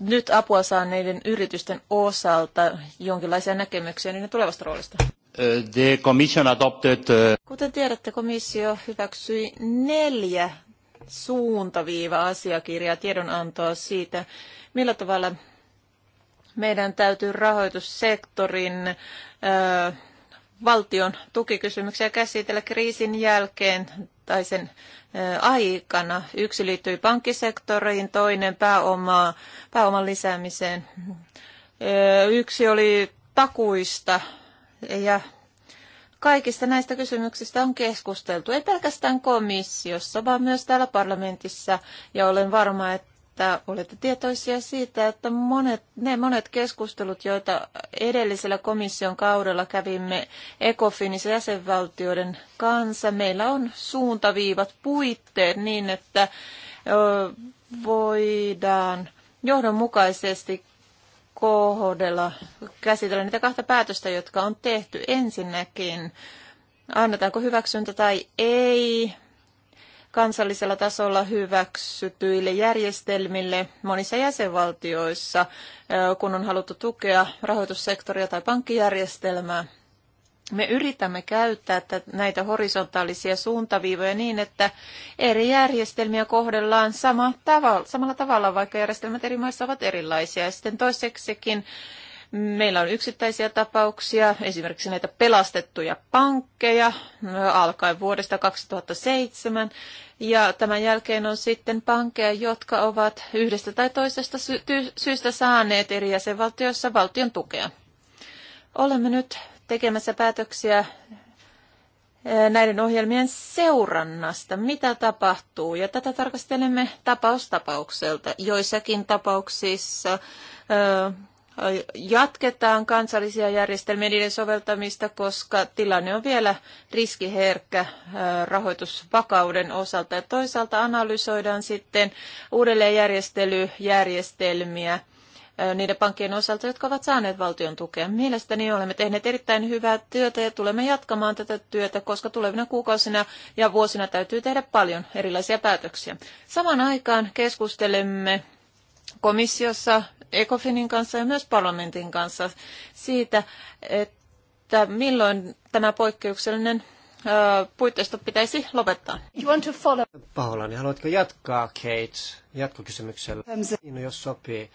nyt apua saaneiden yritysten osalta jonkinlaisia näkemyksiä niiden tulevasta roolista? The commission adopted... Kuten tiedätte, komissio hyväksyi neljä suuntaviiva-asiakirjaa, tiedonantoa siitä, millä tavalla meidän täytyy rahoitussektorin ö, valtion tukikysymyksiä käsitellä kriisin jälkeen tai sen aikana. Yksi liittyy pankkisektoriin, toinen pääomaa, pääoman lisäämiseen. Yksi oli takuista ja kaikista näistä kysymyksistä on keskusteltu, ei pelkästään komissiossa, vaan myös täällä parlamentissa. Ja olen varma, että että olette tietoisia siitä, että monet, ne monet keskustelut, joita edellisellä komission kaudella kävimme ECOFINissa jäsenvaltioiden kanssa, meillä on suuntaviivat puitteet niin, että voidaan johdonmukaisesti kohdella, käsitellä niitä kahta päätöstä, jotka on tehty ensinnäkin. Annetaanko hyväksyntä tai ei kansallisella tasolla hyväksytyille järjestelmille monissa jäsenvaltioissa, kun on haluttu tukea rahoitussektoria tai pankkijärjestelmää. Me yritämme käyttää näitä horisontaalisia suuntaviivoja niin, että eri järjestelmiä kohdellaan sama tavalla, samalla tavalla, vaikka järjestelmät eri maissa ovat erilaisia. Ja sitten toiseksikin Meillä on yksittäisiä tapauksia, esimerkiksi näitä pelastettuja pankkeja alkaen vuodesta 2007. Ja tämän jälkeen on sitten pankkeja, jotka ovat yhdestä tai toisesta sy- syystä saaneet eri jäsenvaltioissa valtion tukea. Olemme nyt tekemässä päätöksiä näiden ohjelmien seurannasta, mitä tapahtuu. Ja tätä tarkastelemme tapaustapaukselta. Joissakin tapauksissa jatketaan kansallisia järjestelmiä niiden soveltamista, koska tilanne on vielä riskiherkkä äh, rahoitusvakauden osalta. Ja toisaalta analysoidaan sitten uudelleenjärjestelyjärjestelmiä äh, niiden pankkien osalta, jotka ovat saaneet valtion tukea. Mielestäni olemme tehneet erittäin hyvää työtä ja tulemme jatkamaan tätä työtä, koska tulevina kuukausina ja vuosina täytyy tehdä paljon erilaisia päätöksiä. Samaan aikaan keskustelemme komissiossa ECOFINin kanssa ja myös parlamentin kanssa siitä, että milloin tämä poikkeuksellinen puitteisto pitäisi lopettaa. You niin Paholani, haluatko jatkaa, Kate, jatkokysymyksellä? Niin, no, jos sopii.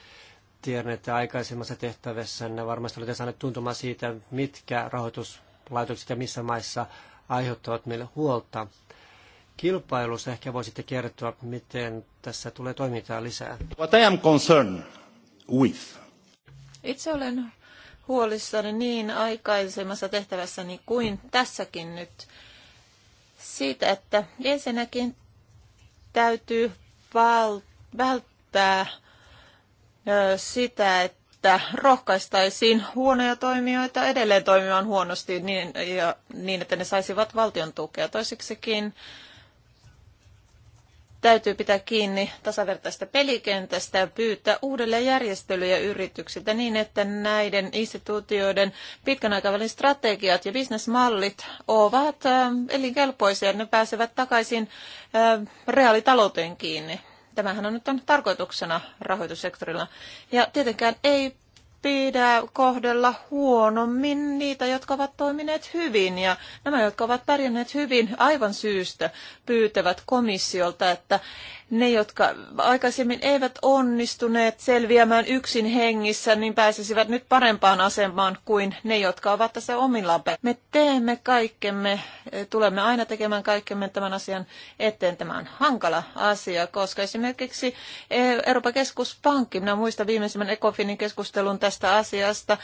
Tiedän, että aikaisemmassa tehtävässä varmasti olette saaneet tuntumaan siitä, mitkä rahoituslaitokset ja missä maissa aiheuttavat meille huolta. Kilpailussa ehkä voisitte kertoa, miten tässä tulee toimintaa lisää. What I am concerned with. Itse olen huolissani niin aikaisemmassa tehtävässäni kuin tässäkin nyt siitä, että ensinnäkin täytyy val- välttää sitä, että rohkaistaisiin huonoja toimijoita edelleen toimimaan huonosti niin, ja, niin että ne saisivat valtion tukea. Toiseksikin täytyy pitää kiinni tasavertaista pelikentästä ja pyytää uudelleen järjestelyjä yrityksiltä niin, että näiden instituutioiden pitkän aikavälin strategiat ja bisnesmallit ovat elinkelpoisia. Ne pääsevät takaisin reaalitalouteen kiinni. Tämähän on nyt on tarkoituksena rahoitussektorilla. Ja tietenkään ei pidä kohdella huonommin niitä, jotka ovat toimineet hyvin. Ja nämä, jotka ovat pärjänneet hyvin aivan syystä, pyytävät komissiolta, että ne, jotka aikaisemmin eivät onnistuneet selviämään yksin hengissä, niin pääsisivät nyt parempaan asemaan kuin ne, jotka ovat tässä omillaan. Me teemme kaikkemme, tulemme aina tekemään kaikkemme tämän asian eteen. Tämä on hankala asia, koska esimerkiksi e- Euroopan keskuspankki, minä muistan viimeisimmän Ecofinin keskustelun tässä, tästä asiasta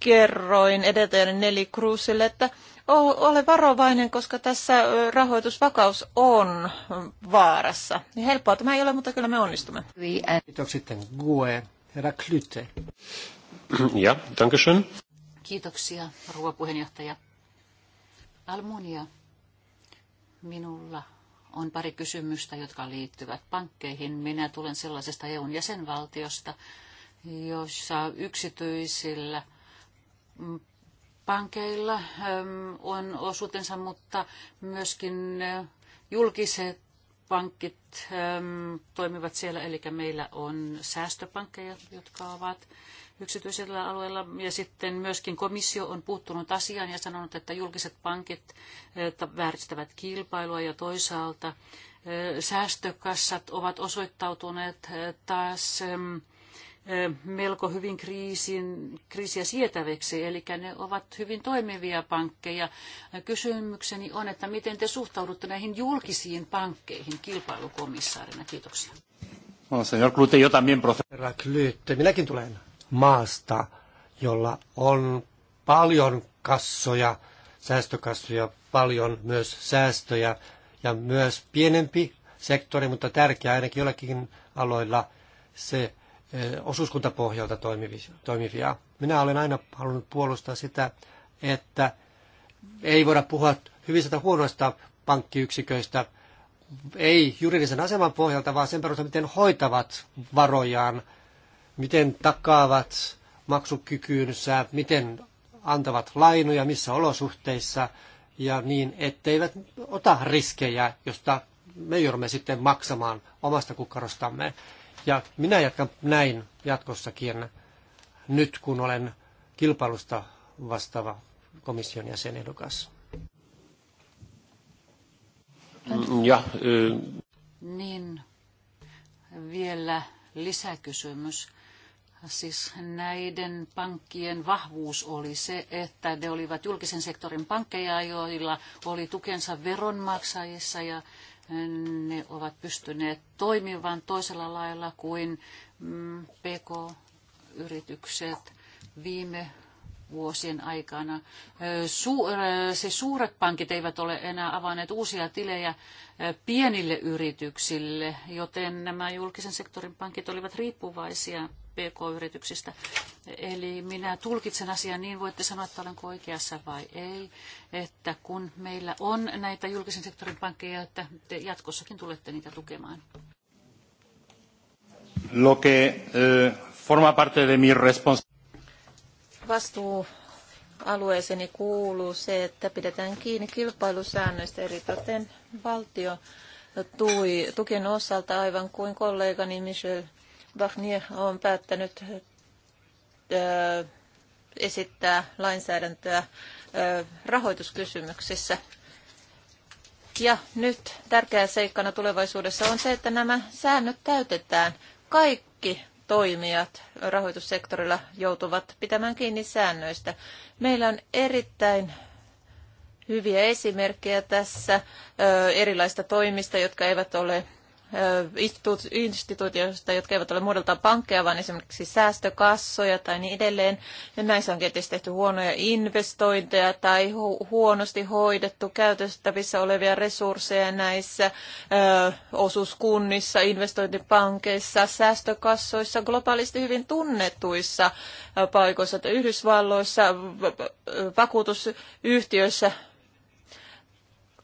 kerroin edeltäjäni Neli Kruusille, että ole varovainen, koska tässä rahoitusvakaus on vaarassa. Niin helppoa tämä ei ole, mutta kyllä me onnistumme. Kiitos sitten Gue, herra Klyte. Ja, dankeschön. Kiitoksia, rouva puheenjohtaja. Almunia, minulla on pari kysymystä, jotka liittyvät pankkeihin. Minä tulen sellaisesta EUn jäsenvaltiosta, jossa yksityisillä pankeilla ähm, on osuutensa, mutta myöskin äh, julkiset pankit ähm, toimivat siellä, eli meillä on säästöpankkeja, jotka ovat yksityisellä alueella. Ja sitten myöskin komissio on puuttunut asiaan ja sanonut, että julkiset pankit äh, vääristävät kilpailua ja toisaalta äh, säästökassat ovat osoittautuneet taas ähm, melko hyvin kriisin, kriisiä sietäväksi, eli ne ovat hyvin toimivia pankkeja. Kysymykseni on, että miten te suhtaudutte näihin julkisiin pankkeihin kilpailukomissaarina? Kiitoksia. Herra Klyytte, minäkin tulen maasta, jolla on paljon kassoja, säästökassoja, paljon myös säästöjä ja myös pienempi sektori, mutta tärkeä ainakin jollakin aloilla se, Eh, osuuskuntapohjalta toimivia. Minä olen aina halunnut puolustaa sitä, että ei voida puhua hyvistä tai huonoista pankkiyksiköistä, ei juridisen aseman pohjalta, vaan sen perusteella, miten hoitavat varojaan, miten takaavat maksukykyynsä, miten antavat lainoja, missä olosuhteissa ja niin, etteivät ota riskejä, josta me joudumme sitten maksamaan omasta kukkarostamme. Ja minä jatkan näin jatkossakin nyt, kun olen kilpailusta vastaava komission jäsenehdokas. Mm, ja, y- niin, vielä lisäkysymys. Siis näiden pankkien vahvuus oli se, että ne olivat julkisen sektorin pankkeja, joilla oli tukensa veronmaksajissa ja ne ovat pystyneet toimimaan toisella lailla kuin mm, PK-yritykset viime vuosien aikana. Se suuret pankit eivät ole enää avanneet uusia tilejä pienille yrityksille, joten nämä julkisen sektorin pankit olivat riippuvaisia PK-yrityksistä. Eli minä tulkitsen asian niin, voitte sanoa, että olenko oikeassa vai ei, että kun meillä on näitä julkisen sektorin pankkeja, että te jatkossakin tulette niitä tukemaan. Lo que, eh, forma parte de mi respons- Vastuu alueeseeni kuuluu se, että pidetään kiinni kilpailusäännöistä eritoten valtio tui, tukien osalta, aivan kuin kollegani Michel Barnier on päättänyt esittää lainsäädäntöä rahoituskysymyksissä. Ja nyt tärkeä seikkana tulevaisuudessa on se, että nämä säännöt täytetään. Kaikki toimijat rahoitussektorilla joutuvat pitämään kiinni säännöistä. Meillä on erittäin hyviä esimerkkejä tässä erilaista toimista, jotka eivät ole instituutioista, jotka eivät ole muodoltaan pankkeja, vaan esimerkiksi säästökassoja tai niin edelleen. Ja näissä on kenties tehty huonoja investointeja tai hu- huonosti hoidettu käytettävissä olevia resursseja näissä ö, osuuskunnissa, investointipankeissa, säästökassoissa, globaalisti hyvin tunnetuissa paikoissa, että Yhdysvalloissa, vakuutusyhtiöissä.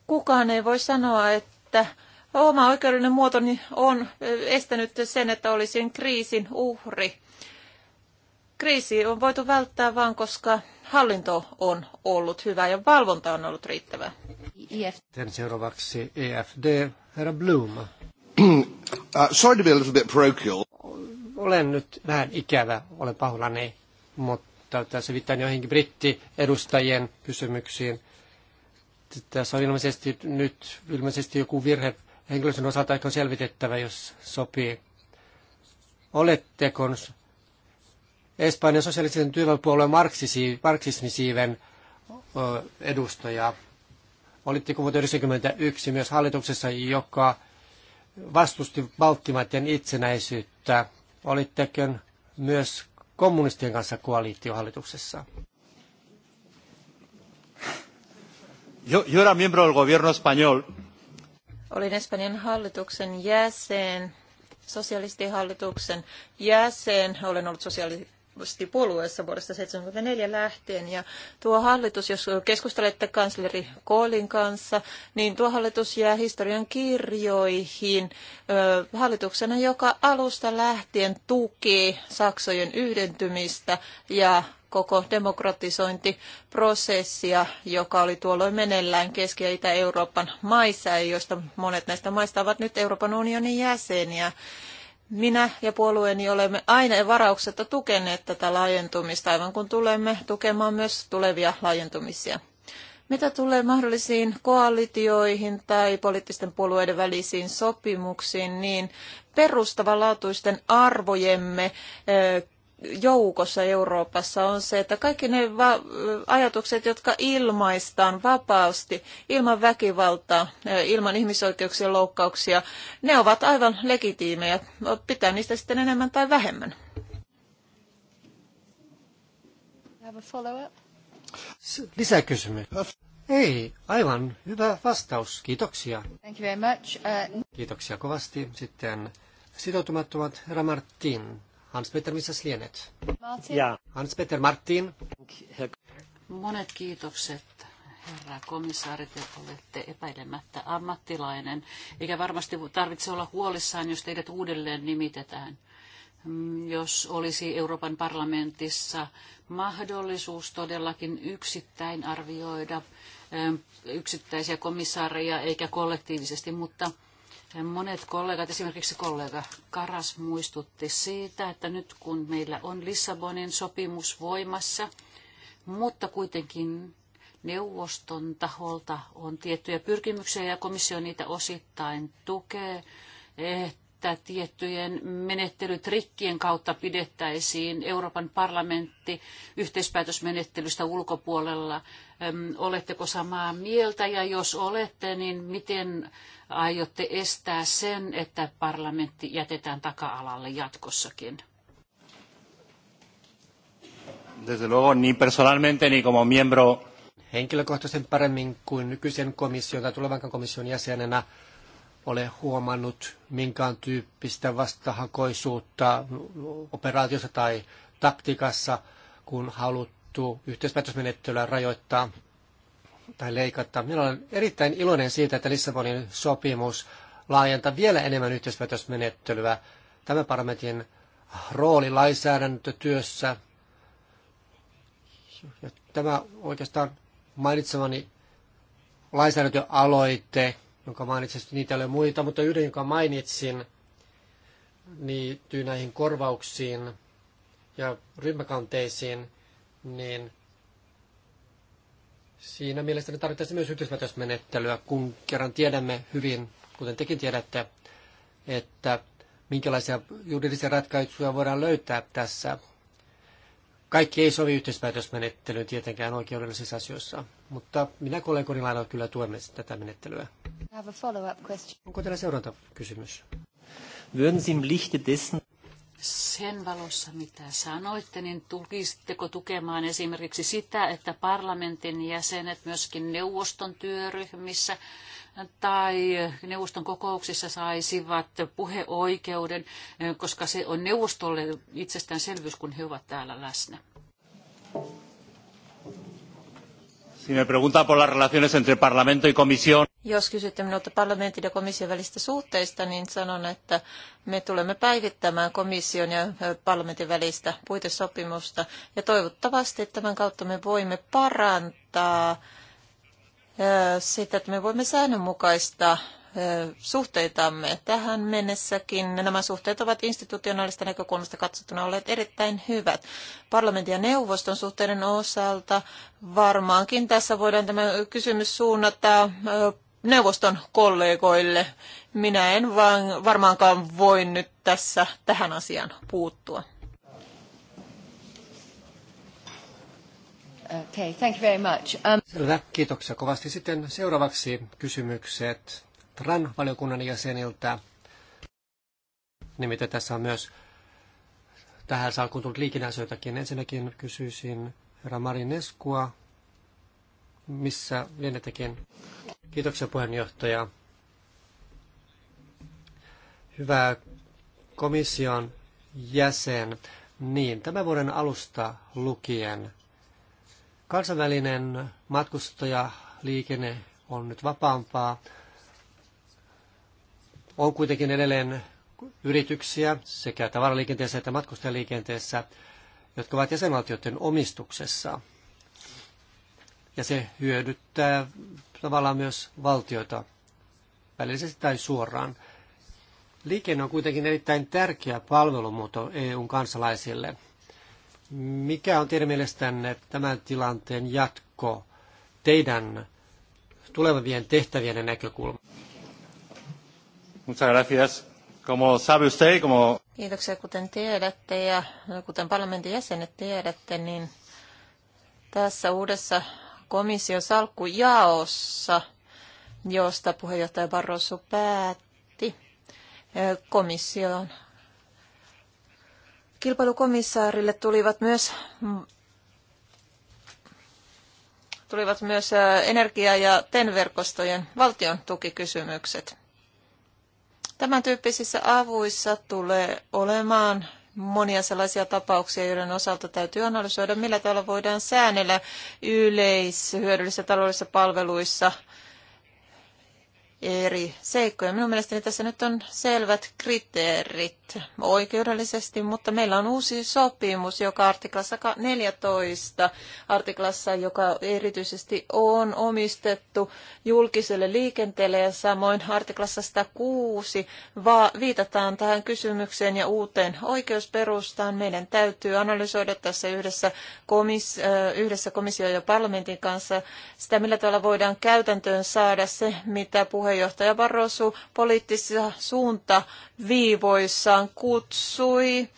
Kukaan ei voi sanoa, että että oma oikeudellinen muotoni on estänyt sen, että olisin kriisin uhri. Kriisi on voitu välttää vain, koska hallinto on ollut hyvä ja valvonta on ollut riittävä. Sitten seuraavaksi EFD, herra Bloom. Uh, sorry to be a little bit parochial. Olen nyt vähän ikävä, olen pahoillani, mutta tässä viittaan joihinkin brittiedustajien kysymyksiin. Tässä on ilmeisesti nyt ilmeisesti joku virhe henkilöstön osalta ehkä on selvitettävä, jos sopii. Oletteko Espanjan sosiaalisen työväenpuolueen marksismisiiven edustaja? Olitteko vuonna 1991 myös hallituksessa, joka vastusti Baltimaiden itsenäisyyttä? Olitteko myös kommunistien kanssa koalitiohallituksessa? Yo, yo era miembro del gobierno español Olin Espanjan hallituksen jäsen, sosialistihallituksen jäsen. Olen ollut sosialistipuolueessa vuodesta 1974 lähtien. Ja tuo hallitus, jos keskustelette kansleri Koolin kanssa, niin tuo hallitus jää historian kirjoihin hallituksena, joka alusta lähtien tuki Saksojen yhdentymistä ja koko demokratisointiprosessia, joka oli tuolloin meneillään Keski- ja Itä-Euroopan maissa, joista monet näistä maista ovat nyt Euroopan unionin jäseniä. Minä ja puolueeni olemme aina varauksetta tukeneet tätä laajentumista, aivan kun tulemme tukemaan myös tulevia laajentumisia. Mitä tulee mahdollisiin koalitioihin tai poliittisten puolueiden välisiin sopimuksiin, niin perustavanlaatuisten arvojemme joukossa Euroopassa on se, että kaikki ne ajatukset, jotka ilmaistaan vapaasti, ilman väkivaltaa, ilman ihmisoikeuksien loukkauksia, ne ovat aivan legitiimejä. Pitää niistä sitten enemmän tai vähemmän. Lisäkysymys. Ei, aivan hyvä vastaus. Kiitoksia. Thank you very much. Uh... Kiitoksia kovasti. Sitten sitoutumattomat herra Martin. Hans-Peter, missä lienet? Ja. Hans-Peter Martin. Monet kiitokset, herra komissaari. Te olette epäilemättä ammattilainen, eikä varmasti tarvitse olla huolissaan, jos teidät uudelleen nimitetään mm, jos olisi Euroopan parlamentissa mahdollisuus todellakin yksittäin arvioida yksittäisiä komissaareja eikä kollektiivisesti, mutta Monet kollegat, esimerkiksi kollega Karas muistutti siitä, että nyt kun meillä on Lissabonin sopimus voimassa, mutta kuitenkin neuvoston taholta on tiettyjä pyrkimyksiä ja komissio niitä osittain tukee, että tiettyjen menettelytrikkien kautta pidettäisiin Euroopan parlamentti yhteispäätösmenettelystä ulkopuolella. Oletteko samaa mieltä ja jos olette, niin miten aiotte estää sen, että parlamentti jätetään taka-alalle jatkossakin? Desde luego, ni personalmente ni como miembro henkilökohtaisen paremmin kuin nykyisen komission tai tulevankaan komission jäsenenä ole huomannut minkään tyyppistä vastahakoisuutta operaatiossa tai taktikassa kun haluttu yhteispäätösmenettelyä rajoittaa tai leikata. Minä olen erittäin iloinen siitä, että Lissabonin sopimus laajentaa vielä enemmän yhteispäätösmenettelyä tämän parlamentin rooli lainsäädäntötyössä. Ja tämä oikeastaan mainitsemani lainsäädäntöaloite jonka mainitsin, niitä ei ole muita, mutta yhden, jonka mainitsin, liittyy näihin korvauksiin ja ryhmäkanteisiin, niin siinä mielestäni tarvittaisiin myös yhteispäätösmenettelyä, kun kerran tiedämme hyvin, kuten tekin tiedätte, että minkälaisia juridisia ratkaisuja voidaan löytää tässä kaikki ei sovi yhteispäätösmenettelyyn tietenkään oikeudellisissa asioissa, mutta minä kollegoni lailla kyllä tuemme tätä menettelyä. Onko teillä seuranta kysymys? Würden Sie im Lichte dessen sen valossa, mitä sanoitte, niin tulisitteko tukemaan esimerkiksi sitä, että parlamentin jäsenet myöskin neuvoston työryhmissä tai neuvoston kokouksissa saisivat puheoikeuden, koska se on neuvostolle itsestäänselvyys, kun he ovat täällä läsnä. Jos kysytte minulta parlamentin ja komission välistä suhteista, niin sanon, että me tulemme päivittämään komission ja parlamentin välistä puitesopimusta. Ja toivottavasti tämän kautta me voimme parantaa sitä, että me voimme säännönmukaista suhteitamme. Tähän mennessäkin nämä suhteet ovat institutionaalista näkökulmasta katsottuna olleet erittäin hyvät. Parlamentin ja neuvoston suhteiden osalta varmaankin tässä voidaan tämä kysymys suunnata neuvoston kollegoille. Minä en vaan varmaankaan voi nyt tässä tähän asiaan puuttua. Okay, thank you very much. Um... Selvä, kiitoksia kovasti. Sitten seuraavaksi kysymykset TRAN-valiokunnan jäseniltä. Nimittäin tässä on myös tähän salkkuun tullut liikinäisöitäkin. Ensinnäkin kysyisin herra Marineskua, missä lienetekin. Kiitoksia puheenjohtaja. Hyvä komission jäsen. Niin, tämän vuoden alusta lukien Kansainvälinen matkustajaliikenne on nyt vapaampaa. On kuitenkin edelleen yrityksiä sekä tavaraliikenteessä että matkustajaliikenteessä, jotka ovat jäsenvaltioiden omistuksessa. Ja se hyödyttää tavallaan myös valtioita välillisesti tai suoraan. Liikenne on kuitenkin erittäin tärkeä palvelumuoto EUn kansalaisille – mikä on teidän mielestänne tämän tilanteen jatko teidän tulevien tehtävien näkökulma? Muchas gracias. Como sabe usted, como... Kiitoksia, kuten tiedätte ja kuten parlamentin jäsenet tiedätte, niin tässä uudessa komission salkkujaossa, josta puheenjohtaja Barroso päätti, eh, komission Kilpailukomissaarille tulivat myös mm, tulivat myös energia- ja TEN-verkostojen valtion tukikysymykset. Tämän tyyppisissä avuissa tulee olemaan monia sellaisia tapauksia, joiden osalta täytyy analysoida, millä tavalla voidaan säännellä yleishyödyllisissä taloudellisissa palveluissa – eri seikkoja. Minun mielestäni tässä nyt on selvät kriteerit oikeudellisesti, mutta meillä on uusi sopimus, joka artiklassa 14, artiklassa, joka erityisesti on omistettu julkiselle liikenteelle ja samoin artiklassa 106 va- viitataan tähän kysymykseen ja uuteen oikeusperustaan. Meidän täytyy analysoida tässä yhdessä, komis- yhdessä komission ja parlamentin kanssa sitä, millä tavalla voidaan käytäntöön saada se, mitä puhe puheenjohtaja Barroso poliittisissa suuntaviivoissaan kutsui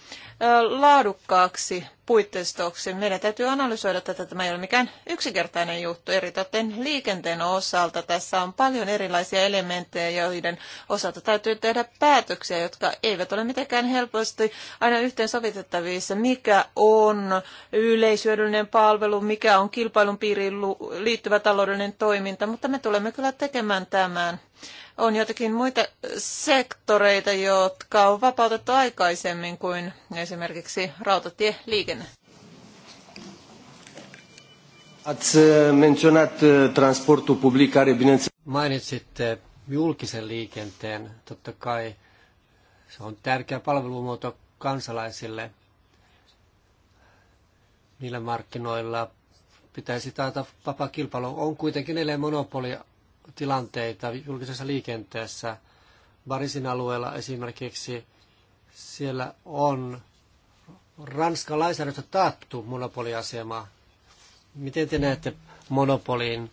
laadukkaaksi puitteistoksi. Meidän täytyy analysoida tätä. Tämä ei ole mikään yksinkertainen juttu. Eritoten liikenteen osalta tässä on paljon erilaisia elementtejä, joiden osalta täytyy tehdä päätöksiä, jotka eivät ole mitenkään helposti aina yhteensovitettavissa. Mikä on yleisyödyllinen palvelu, mikä on kilpailun piiriin liittyvä taloudellinen toiminta, mutta me tulemme kyllä tekemään tämän on jotakin muita sektoreita, jotka on vapautettu aikaisemmin kuin esimerkiksi rautatieliikenne. Ați menționat eh, transportul public care, bineînțeles... Mainitsitte julkisen liikenteen. Totta kai se on tärkeä palvelumuoto kansalaisille. Niillä markkinoilla pitäisi taata vapaa kilpailu. On kuitenkin edelleen monopoli tilanteita julkisessa liikenteessä. Barisin alueella esimerkiksi siellä on Ranskan lainsäädäntö taattu monopoliasema. Miten te näette monopoliin?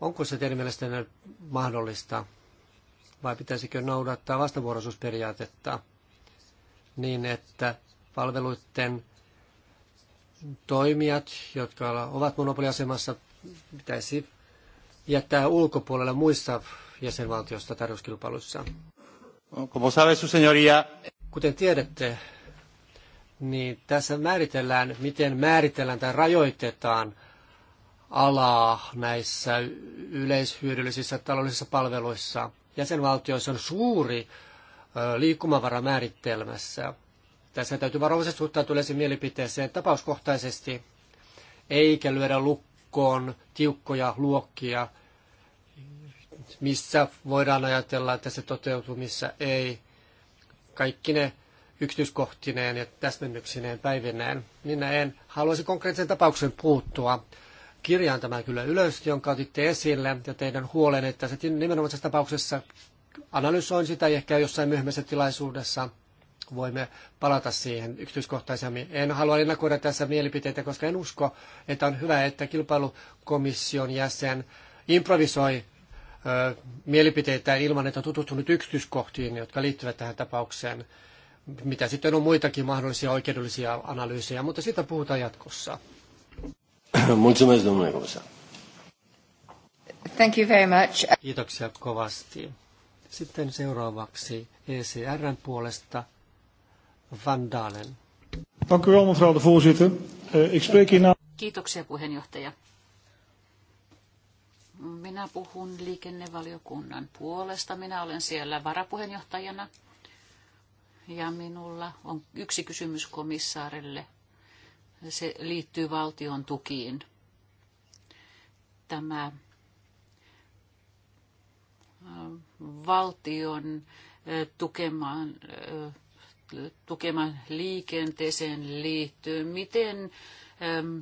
Onko se teidän mielestänne mahdollista vai pitäisikö noudattaa vastavuoroisuusperiaatetta niin, että palveluiden toimijat, jotka ovat monopoliasemassa, pitäisi jättää ulkopuolelle muissa jäsenvaltioista tarjouskilpailuissa? Kuten tiedätte, niin tässä määritellään, miten määritellään tai rajoitetaan alaa näissä yleishyödyllisissä taloudellisissa palveluissa. Jäsenvaltioissa on suuri liikkumavara määritelmässä. Tässä täytyy varovaisesti suhtautua yleisen mielipiteeseen tapauskohtaisesti, eikä lyödä lukkoa joukkoon tiukkoja luokkia, missä voidaan ajatella, että se toteutuu, missä ei. Kaikki ne yksityiskohtineen ja täsmennyksineen päivineen. Minä niin en haluaisi konkreettisen tapauksen puuttua. Kirjaan tämä kyllä ylös, jonka otitte esille, ja teidän huolen, että se nimenomaisessa tapauksessa analysoin sitä ehkä jossain myöhemmässä tilaisuudessa – voimme palata siihen yksityiskohtaisemmin. En halua ennakoida tässä mielipiteitä, koska en usko, että on hyvä, että kilpailukomission jäsen improvisoi ö, mielipiteitä ilman, että on tutustunut yksityiskohtiin, jotka liittyvät tähän tapaukseen, mitä sitten on muitakin mahdollisia oikeudellisia analyysejä, mutta siitä puhutaan jatkossa. Thank you very much. Kiitoksia kovasti. Sitten seuraavaksi ECRn puolesta Van Dalen. Dank u wel, mevrouw de voorzitter. Eh, ik spreek hier Kiitoksia puheenjohtaja. Minä puhun liikennevaliokunnan puolesta. Minä olen siellä varapuheenjohtajana ja minulla on yksi kysymys komissaarille. Se liittyy valtion tukiin. Tämä valtion tukemaan tukemaan liikenteeseen liittyy. Miten ähm,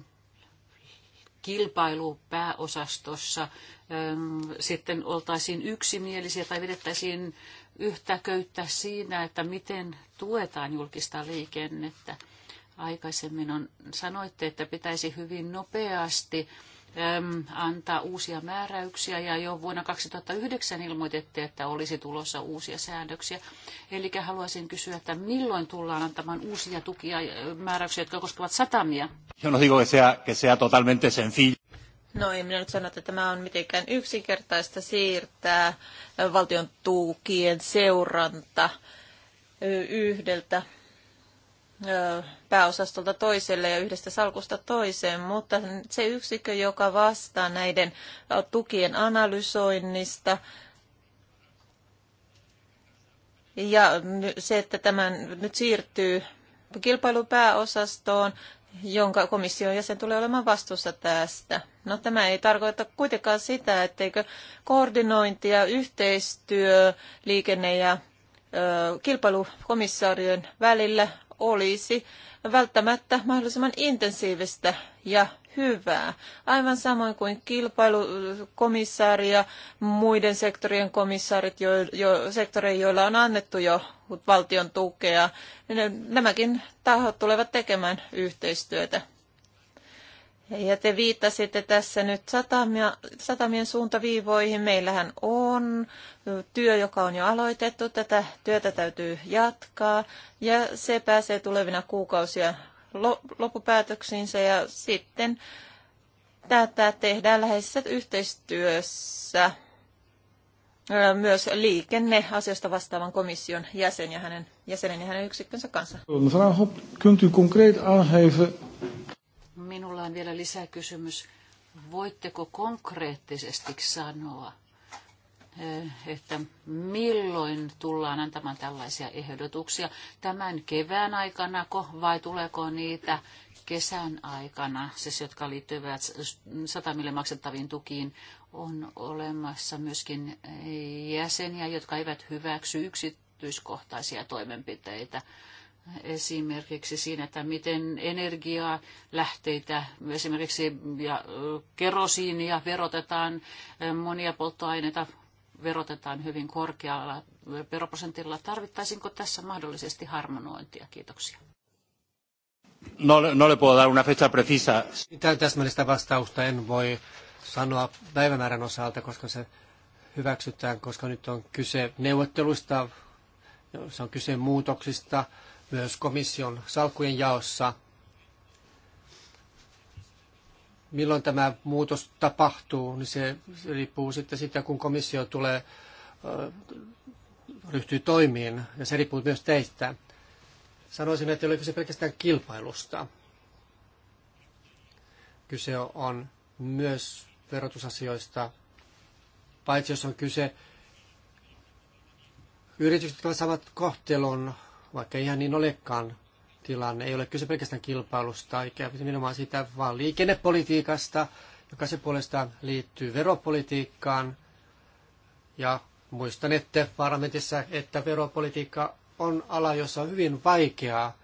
kilpailu pääosastossa ähm, sitten oltaisiin yksimielisiä tai vedettäisiin yhtä köyttä siinä, että miten tuetaan julkista liikennettä. Aikaisemmin on, sanoitte, että pitäisi hyvin nopeasti antaa uusia määräyksiä ja jo vuonna 2009 ilmoitettiin, että olisi tulossa uusia säännöksiä. Eli haluaisin kysyä, että milloin tullaan antamaan uusia tukia äh, määräyksiä, jotka koskevat satamia? Yo no digo que sea, que sea totalmente sencillo. No ei minä nyt sano, että tämä on mitenkään yksinkertaista siirtää valtion tukien seuranta yhdeltä pääosastolta toiselle ja yhdestä salkusta toiseen, mutta se yksikö, joka vastaa näiden tukien analysoinnista, ja se, että tämä nyt siirtyy kilpailupääosastoon, jonka komission jäsen tulee olemaan vastuussa tästä. No tämä ei tarkoita kuitenkaan sitä, etteikö koordinointi ja yhteistyö liikenne- ja kilpailukomissaarien välillä olisi välttämättä mahdollisimman intensiivistä ja hyvää. Aivan samoin kuin kilpailukomissaari ja muiden sektorien komissaarit, jo, jo, sektoreille, joilla on annettu jo valtion tukea, niin nämäkin tahot tulevat tekemään yhteistyötä. Ja te viittasitte tässä nyt satamia, satamien suuntaviivoihin. Meillähän on työ, joka on jo aloitettu. Tätä työtä täytyy jatkaa ja se pääsee tulevina kuukausia loppupäätöksiinsä ja sitten tätä tehdään läheisessä yhteistyössä myös liikenne vastaavan komission jäsen ja hänen, jäsenen ja hänen yksikkönsä kanssa. Mevrouw Hop, kunt u concreet aangeven Minulla on vielä lisäkysymys. Voitteko konkreettisesti sanoa, eh, että milloin tullaan antamaan tällaisia ehdotuksia? Tämän kevään aikana vai tuleeko niitä kesän aikana, siis jotka liittyvät satamille maksettaviin tukiin, on olemassa myöskin jäseniä, jotka eivät hyväksy yksityiskohtaisia toimenpiteitä esimerkiksi siinä, että miten energiaa, lähteitä, esimerkiksi ja kerosiinia verotetaan, monia polttoaineita verotetaan hyvin korkealla veroprosentilla. Tarvittaisinko tässä mahdollisesti harmonointia? Kiitoksia. No, no le puedo dar una fecha precisa. Mitään täsmällistä vastausta en voi sanoa päivämäärän osalta, koska se hyväksytään, koska nyt on kyse neuvotteluista, se on kyse muutoksista, myös komission salkkujen jaossa. Milloin tämä muutos tapahtuu, niin se riippuu sitten siitä, kun komissio tulee, ryhtyy toimiin, ja se riippuu myös teistä. Sanoisin, että oliko se pelkästään kilpailusta. Kyse on myös verotusasioista, paitsi jos on kyse yritykset, jotka saavat kohtelun vaikka ihan niin olekaan tilanne. Ei ole kyse pelkästään kilpailusta, eikä nimenomaan sitä, vaan liikennepolitiikasta, joka se puolestaan liittyy veropolitiikkaan. Ja muistan, että parlamentissa, että veropolitiikka on ala, jossa on hyvin vaikeaa.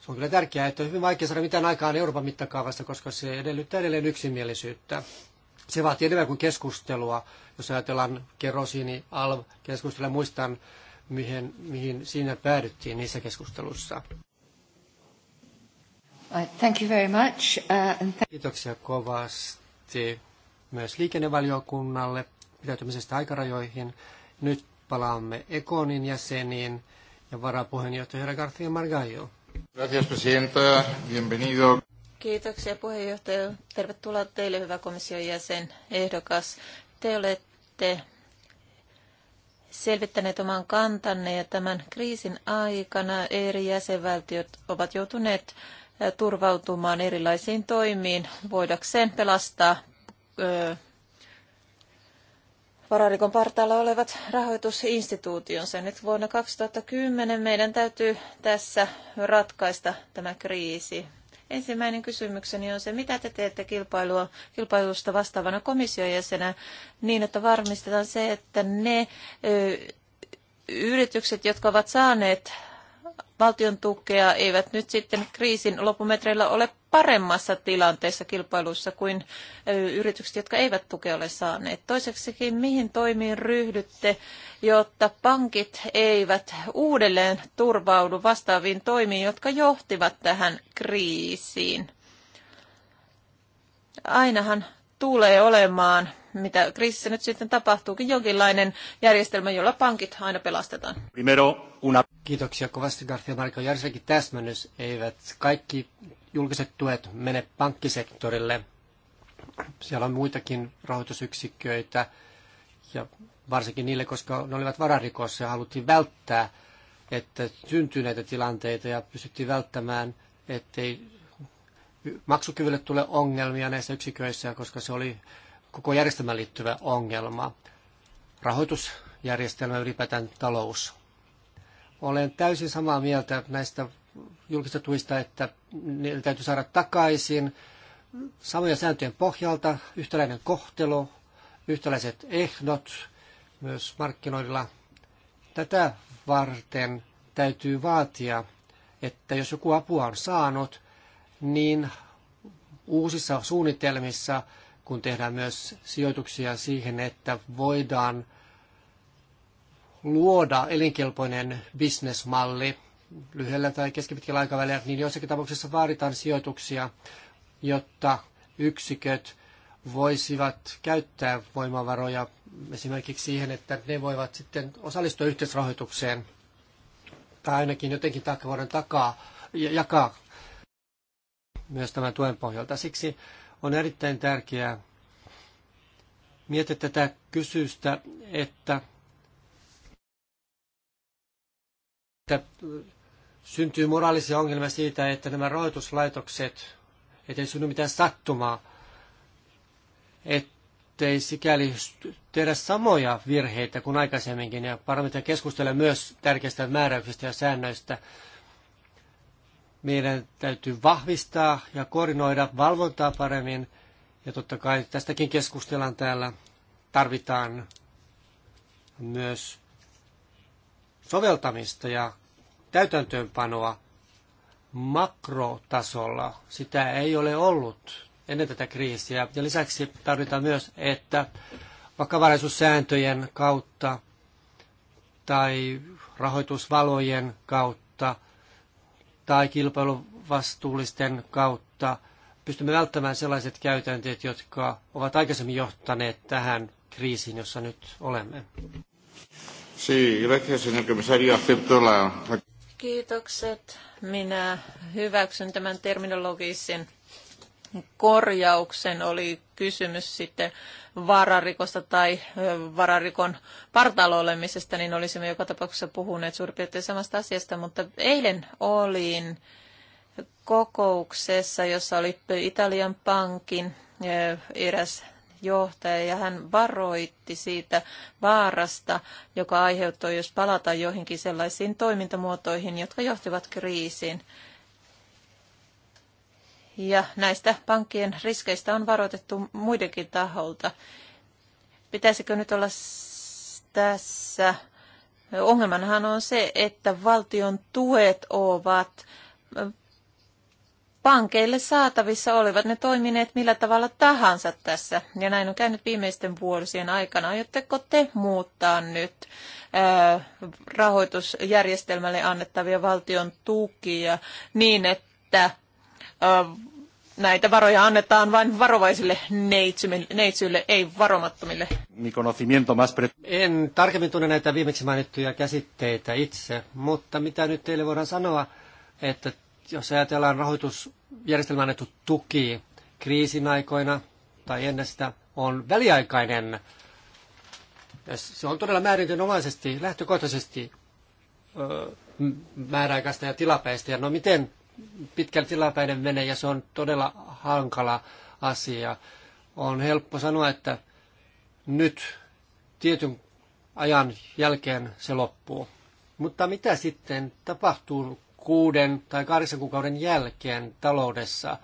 Se on kyllä tärkeää, että on hyvin vaikea saada mitään aikaan Euroopan mittakaavasta, koska se edellyttää edelleen yksimielisyyttä. Se vaatii enemmän kuin keskustelua. Jos ajatellaan kerosiini, alv, keskustelua. muistan mihin, mihin siinä päädyttiin niissä keskusteluissa. Uh, thank you very much. Uh, Kiitoksia kovasti myös liikennevaliokunnalle pitäytymisestä aikarajoihin. Nyt palaamme Ekonin jäseniin ja varapuheenjohtaja herra García Margallo. Gracias, presidenta. Bienvenido. Kiitoksia puheenjohtaja. Tervetuloa teille, hyvä komission jäsen, ehdokas. Te olette selvittäneet oman kantanne ja tämän kriisin aikana eri jäsenvaltiot ovat joutuneet turvautumaan erilaisiin toimiin voidakseen pelastaa ö, vararikon partaalla olevat rahoitusinstituutionsa. Nyt vuonna 2010 meidän täytyy tässä ratkaista tämä kriisi. Ensimmäinen kysymykseni on se, mitä te teette kilpailua, kilpailusta vastaavana komissiojäsenä niin, että varmistetaan se, että ne ö, yritykset, jotka ovat saaneet valtion tukea eivät nyt sitten kriisin loppumetreillä ole paremmassa tilanteessa kilpailussa kuin yritykset, jotka eivät tukea ole saaneet. Toiseksikin, mihin toimiin ryhdytte, jotta pankit eivät uudelleen turvaudu vastaaviin toimiin, jotka johtivat tähän kriisiin? Ainahan tulee olemaan mitä kriisissä nyt sitten tapahtuukin, jonkinlainen järjestelmä, jolla pankit aina pelastetaan. Primero una... Kiitoksia kovasti Garcia Marko. Järjestelmäkin täsmännys eivät kaikki julkiset tuet mene pankkisektorille. Siellä on muitakin rahoitusyksiköitä ja varsinkin niille, koska ne olivat vararikossa ja haluttiin välttää, että syntyy näitä tilanteita ja pystyttiin välttämään, ettei maksukyvylle tule ongelmia näissä yksiköissä, koska se oli koko järjestelmään liittyvä ongelma. Rahoitusjärjestelmä, ylipäätään talous. Olen täysin samaa mieltä näistä julkisista tuista, että niitä täytyy saada takaisin samojen sääntöjen pohjalta, yhtäläinen kohtelu, yhtäläiset ehdot myös markkinoilla. Tätä varten täytyy vaatia, että jos joku apua on saanut, niin uusissa suunnitelmissa – kun tehdään myös sijoituksia siihen, että voidaan luoda elinkelpoinen bisnesmalli lyhyellä tai keskipitkällä aikavälillä, niin joissakin tapauksissa vaaditaan sijoituksia, jotta yksiköt voisivat käyttää voimavaroja esimerkiksi siihen, että ne voivat sitten osallistua yhteisrahoitukseen tai ainakin jotenkin voidaan takaa, jakaa myös tämän tuen pohjalta. Siksi on erittäin tärkeää miettiä tätä kysystä, että, että syntyy moraalisia ongelmia siitä, että nämä rahoituslaitokset, ettei synny mitään sattumaa, ettei sikäli tehdä samoja virheitä kuin aikaisemminkin. Ja parhaiten keskustella myös tärkeistä määräyksistä ja säännöistä, meidän täytyy vahvistaa ja koordinoida valvontaa paremmin. Ja totta kai tästäkin keskustellaan täällä. Tarvitaan myös soveltamista ja täytäntöönpanoa makrotasolla. Sitä ei ole ollut ennen tätä kriisiä. Ja lisäksi tarvitaan myös, että vakavaraisuussääntöjen kautta tai rahoitusvalojen kautta tai kilpailuvastuullisten kautta pystymme välttämään sellaiset käytänteet, jotka ovat aikaisemmin johtaneet tähän kriisiin, jossa nyt olemme. Kiitokset. Minä hyväksyn tämän terminologisen korjauksen, oli kysymys sitten vararikosta tai vararikon partalo olemisesta, niin olisimme joka tapauksessa puhuneet suurin piirtein samasta asiasta, mutta eilen olin kokouksessa, jossa oli Italian pankin eräs johtaja ja hän varoitti siitä vaarasta, joka aiheuttoi, jos palataan joihinkin sellaisiin toimintamuotoihin, jotka johtivat kriisiin. Ja näistä pankkien riskeistä on varoitettu muidenkin taholta. Pitäisikö nyt olla tässä? Ongelmanhan on se, että valtion tuet ovat pankeille saatavissa olivat ne toimineet millä tavalla tahansa tässä. Ja näin on käynyt viimeisten vuosien aikana. Aiotteko te muuttaa nyt ää, rahoitusjärjestelmälle annettavia valtion tukia niin, että näitä varoja annetaan vain varovaisille neitsyille, ei varomattomille. En tarkemmin tunne näitä viimeksi mainittuja käsitteitä itse, mutta mitä nyt teille voidaan sanoa, että jos ajatellaan rahoitusjärjestelmän annettu tuki kriisin aikoina tai ennen sitä, on väliaikainen. Se on todella määrintynomaisesti, lähtökohtaisesti määräaikaista ja tilapäistä. Ja no miten pitkälti tilapäinen vene ja se on todella hankala asia. On helppo sanoa, että nyt tietyn ajan jälkeen se loppuu. Mutta mitä sitten tapahtuu kuuden tai kahdeksan kuukauden jälkeen taloudessa?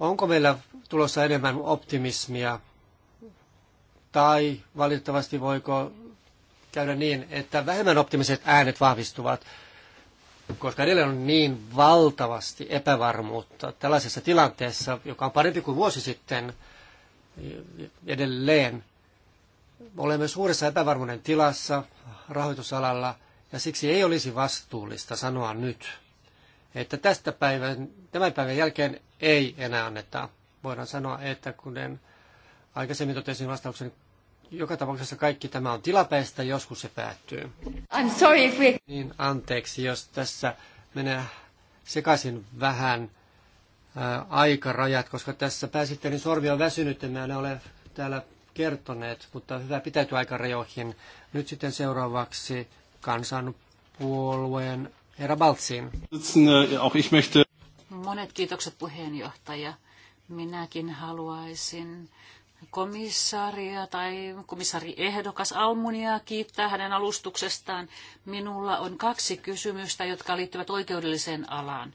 Onko meillä tulossa enemmän optimismia? Tai valitettavasti voiko käydä niin, että vähemmän optimiset äänet vahvistuvat? koska edelleen on niin valtavasti epävarmuutta tällaisessa tilanteessa, joka on parempi kuin vuosi sitten edelleen. Olemme suuressa epävarmuuden tilassa rahoitusalalla ja siksi ei olisi vastuullista sanoa nyt, että tästä päivän, tämän päivän jälkeen ei enää anneta. Voidaan sanoa, että kuten aikaisemmin totesin vastauksen joka tapauksessa kaikki tämä on tilapäistä, joskus se päättyy. I'm sorry if we... Niin anteeksi, jos tässä menee sekaisin vähän ää, äh, aikarajat, koska tässä pääsihteerin sormi on väsynyt ja me en ole täällä kertoneet, mutta hyvä pitäytyä aikarajoihin. Nyt sitten seuraavaksi kansanpuolueen herra Baltsin. Äh, Monet kiitokset puheenjohtaja. Minäkin haluaisin komissaria tai komissari ehdokas Almunia kiittää hänen alustuksestaan. Minulla on kaksi kysymystä, jotka liittyvät oikeudelliseen alaan.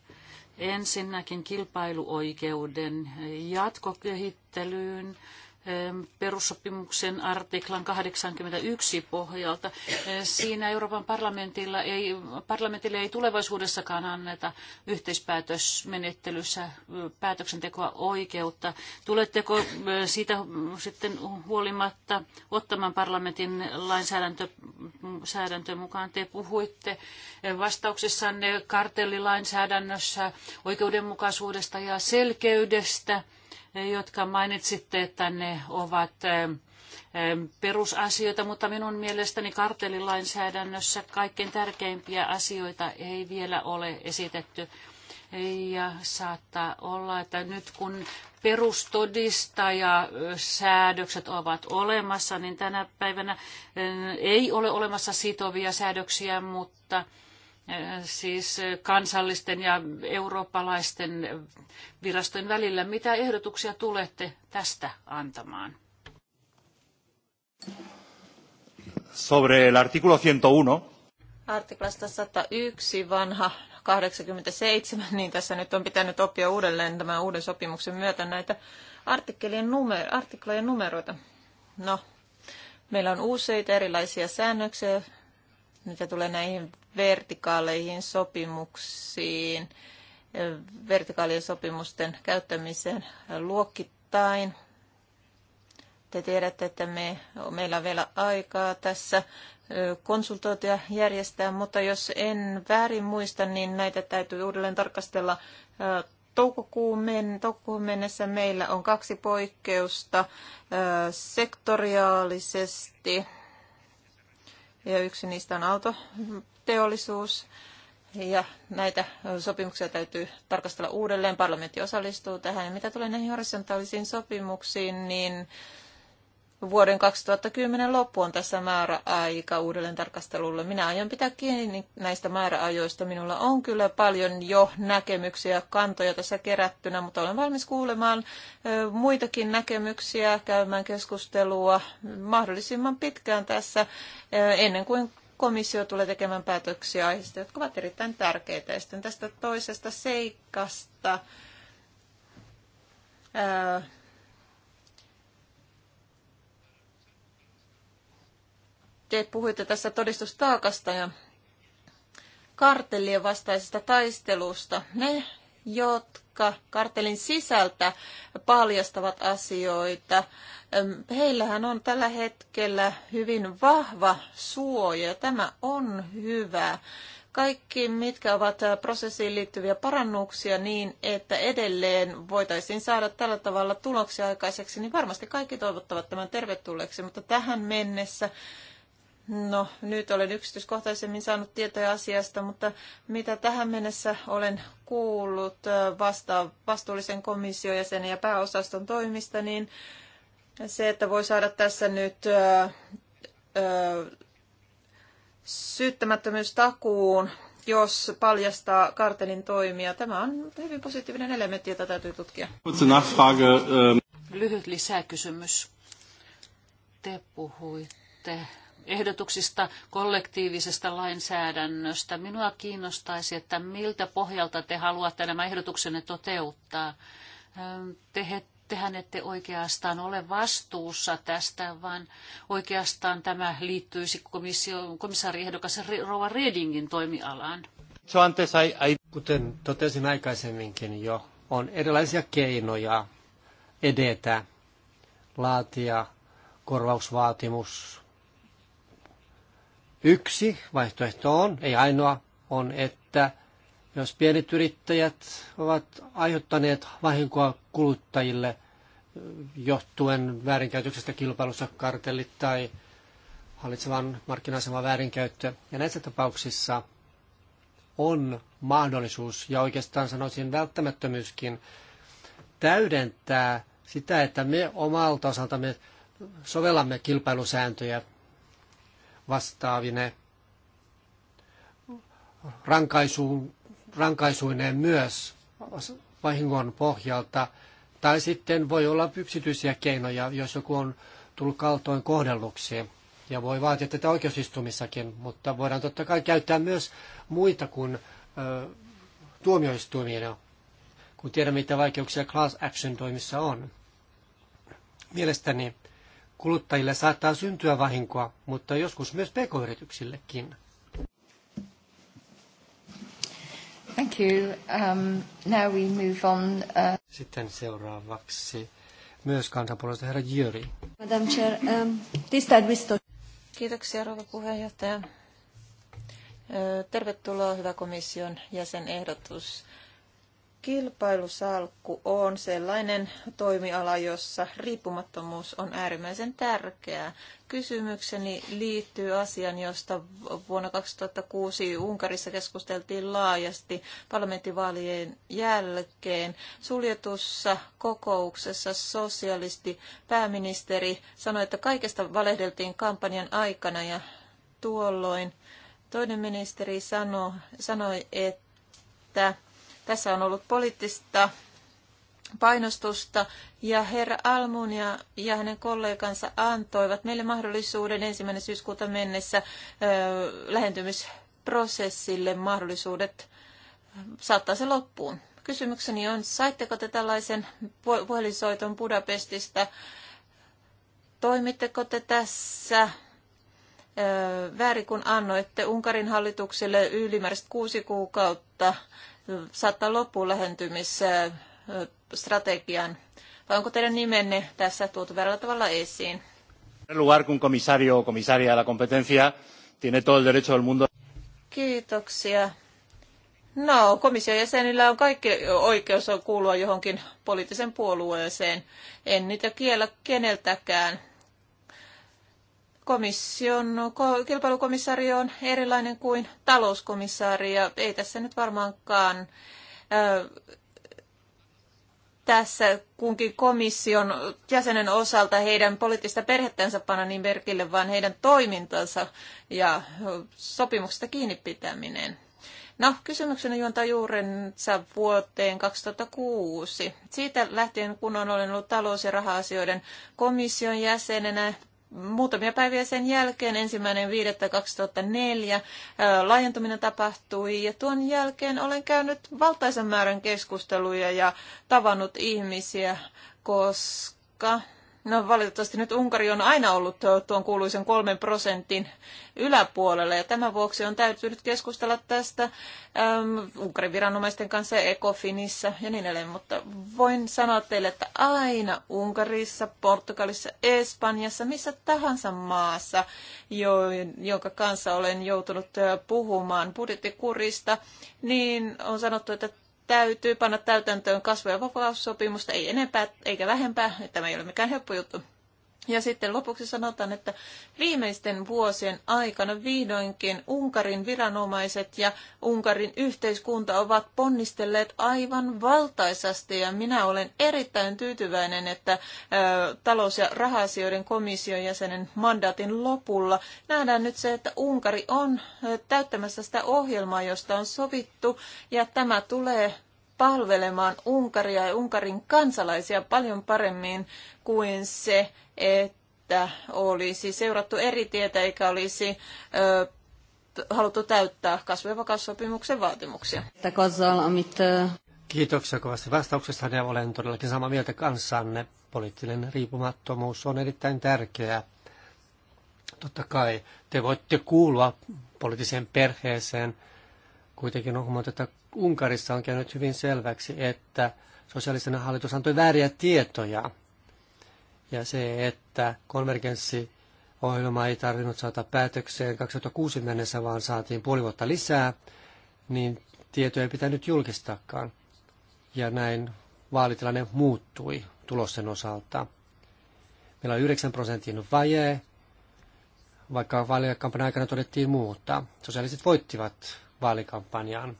Ensinnäkin kilpailuoikeuden jatkokehittelyyn perussopimuksen artiklan 81 pohjalta. Siinä Euroopan parlamentilla ei, parlamentille ei tulevaisuudessakaan anneta yhteispäätösmenettelyssä päätöksentekoa oikeutta. Tuletteko siitä sitten huolimatta ottamaan parlamentin lainsäädäntö, mukaan? Te puhuitte vastauksessanne kartellilainsäädännössä oikeudenmukaisuudesta ja selkeydestä jotka mainitsitte, että ne ovat perusasioita, mutta minun mielestäni kartellilainsäädännössä kaikkein tärkeimpiä asioita ei vielä ole esitetty. Ja saattaa olla, että nyt kun perustodistajasäädökset ovat olemassa, niin tänä päivänä ei ole olemassa sitovia säädöksiä, mutta siis kansallisten ja eurooppalaisten virastojen välillä. Mitä ehdotuksia tulette tästä antamaan? Sobre el artículo 101. Artiklasta 101 vanha 87, niin tässä nyt on pitänyt oppia uudelleen tämän uuden sopimuksen myötä näitä artikkelien numero, artiklojen numeroita. No, meillä on useita erilaisia säännöksiä, mitä tulee näihin vertikaaleihin sopimuksiin, vertikaalien sopimusten käyttämiseen luokittain. Te tiedätte, että me, meillä on vielä aikaa tässä konsultointia järjestää, mutta jos en väärin muista, niin näitä täytyy uudelleen tarkastella toukokuun, men, toukokuun mennessä meillä on kaksi poikkeusta sektoriaalisesti ja yksi niistä on autoteollisuus. Ja näitä sopimuksia täytyy tarkastella uudelleen. Parlamentti osallistuu tähän. Ja mitä tulee näihin horisontaalisiin sopimuksiin, niin vuoden 2010 loppu on tässä määräaika uudelleen tarkastelulle. Minä aion pitää kiinni näistä määräajoista. Minulla on kyllä paljon jo näkemyksiä ja kantoja tässä kerättynä, mutta olen valmis kuulemaan muitakin näkemyksiä, käymään keskustelua mahdollisimman pitkään tässä ennen kuin komissio tulee tekemään päätöksiä aiheista, jotka ovat erittäin tärkeitä. Ja sitten tästä toisesta seikasta. Ää, te puhuitte tässä todistustaakasta ja kartellien vastaisesta taistelusta. Ne, jotka kartelin sisältä paljastavat asioita, heillähän on tällä hetkellä hyvin vahva suoja. Tämä on hyvä. Kaikki, mitkä ovat prosessiin liittyviä parannuksia niin, että edelleen voitaisiin saada tällä tavalla tuloksia aikaiseksi, niin varmasti kaikki toivottavat tämän tervetulleeksi, mutta tähän mennessä No, nyt olen yksityiskohtaisemmin saanut tietoja asiasta, mutta mitä tähän mennessä olen kuullut vasta, vastuullisen komissiojäsenen ja pääosaston toimista, niin se, että voi saada tässä nyt ö, ö, syyttämättömyystakuun, jos paljastaa kartelin toimia. Tämä on hyvin positiivinen elementti, jota täytyy tutkia. Ähm. Lyhyt lisäkysymys. Te puhuitte ehdotuksista kollektiivisesta lainsäädännöstä. Minua kiinnostaisi, että miltä pohjalta te haluatte nämä ehdotuksenne toteuttaa. Ähm, te, tehän ette oikeastaan ole vastuussa tästä, vaan oikeastaan tämä liittyisi komissaariehdokas Rova Redingin toimialaan. Kuten totesin aikaisemminkin jo, on erilaisia keinoja edetä, laatia korvausvaatimus Yksi vaihtoehto on, ei ainoa, on, että jos pienet yrittäjät ovat aiheuttaneet vahinkoa kuluttajille eh, johtuen väärinkäytöksestä kilpailussa kartellit tai hallitsevan markkina-aseman väärinkäyttö. Ja näissä tapauksissa on mahdollisuus ja oikeastaan sanoisin välttämättömyyskin täydentää sitä, että me omalta osaltamme sovellamme kilpailusääntöjä vastaavine rankaisuun, rankaisuineen myös vahingon pohjalta. Tai sitten voi olla yksityisiä keinoja, jos joku on tullut kaltoin kohdelluksi. Ja voi vaatia tätä oikeusistumissakin, mutta voidaan totta kai käyttää myös muita kuin ö, tuomioistuimia, kun tiedämme, mitä vaikeuksia class action toimissa on. Mielestäni kuluttajille saattaa syntyä vahinkoa, mutta joskus myös pk-yrityksillekin. Thank you. Um, now we move on. Uh... Sitten seuraavaksi myös kansanpuolesta herra Jyri. Madam Chair, um, Kiitoksia rouva puheenjohtaja. Tervetuloa hyvä komission jäsenehdotus. ehdotus Kilpailusalkku on sellainen toimiala, jossa riippumattomuus on äärimmäisen tärkeää. Kysymykseni liittyy asian, josta vuonna 2006 Unkarissa keskusteltiin laajasti parlamenttivaalien jälkeen. Suljetussa kokouksessa sosialisti pääministeri sanoi, että kaikesta valehdeltiin kampanjan aikana ja tuolloin toinen ministeri sanoi, sanoi että tässä on ollut poliittista painostusta ja herra Almun ja hänen kollegansa antoivat meille mahdollisuuden ensimmäinen syyskuuta mennessä ö, lähentymisprosessille mahdollisuudet saattaa se loppuun. Kysymykseni on, saitteko te tällaisen puhelinsoiton Budapestista? Toimitteko te tässä väärin, kun annoitte Unkarin hallitukselle ylimääräiset kuusi kuukautta saattaa loppuun lähentymisstrategian? Vai onko teidän nimenne tässä tuotu väärällä tavalla esiin? lugar que un comisario o comisaria de competencia tiene todo el derecho del mundo. Kiitoksia. No, komission jäsenillä on kaikki oikeus kuulua johonkin poliittisen puolueeseen. En niitä kiellä keneltäkään komission kilpailukomissaari on erilainen kuin talouskomissaari ja ei tässä nyt varmaankaan tässä kunkin komission jäsenen osalta heidän poliittista perhettänsä panna niin merkille, vaan heidän toimintansa ja sopimuksesta kiinni pitäminen. No, kysymyksenä juontaa juurensa vuoteen 2006. Siitä lähtien, kun olen ollut talous- ja raha-asioiden komission jäsenenä, Muutamia päiviä sen jälkeen, ensimmäinen 5.2004, laajentuminen tapahtui ja tuon jälkeen olen käynyt valtaisen määrän keskusteluja ja tavannut ihmisiä, koska No valitettavasti nyt Unkari on aina ollut tuon kuuluisen kolmen prosentin yläpuolella ja tämän vuoksi on täytynyt keskustella tästä äm, Unkarin viranomaisten kanssa Ecofinissä ja niin edelleen, mutta voin sanoa teille, että aina Unkarissa, Portugalissa, Espanjassa, missä tahansa maassa, jo, jonka kanssa olen joutunut puhumaan budjettikurista, niin on sanottu, että täytyy panna täytäntöön kasvu- ja vapaussopimusta, ei enempää eikä vähempää. Tämä ei ole mikään helppo juttu. Ja sitten lopuksi sanotaan, että viimeisten vuosien aikana vihdoinkin Unkarin viranomaiset ja Unkarin yhteiskunta ovat ponnistelleet aivan valtaisasti ja minä olen erittäin tyytyväinen, että talous- ja rahasioiden komission jäsenen mandaatin lopulla nähdään nyt se, että Unkari on täyttämässä sitä ohjelmaa, josta on sovittu ja tämä tulee palvelemaan Unkaria ja Unkarin kansalaisia paljon paremmin kuin se, että olisi seurattu eri tietä eikä olisi ö, haluttu täyttää vakaussopimuksen vaatimuksia. Kiitoksia kovasti vastauksesta ja olen todellakin samaa mieltä kanssanne. Poliittinen riippumattomuus on erittäin tärkeää. Totta kai te voitte kuulua poliittiseen perheeseen, kuitenkin on huomattu, että Unkarissa on käynyt hyvin selväksi, että sosiaalisen hallitus antoi vääriä tietoja. Ja se, että konvergenssiohjelma ei tarvinnut saada päätökseen 2006 mennessä, vaan saatiin puoli vuotta lisää, niin tietoja ei pitänyt julkistakaan. Ja näin vaalitilanne muuttui tulosten osalta. Meillä on 9 prosentin vaje, vaikka vaalikampanjan aikana todettiin muuta. Sosiaaliset voittivat vaalikampanjaan.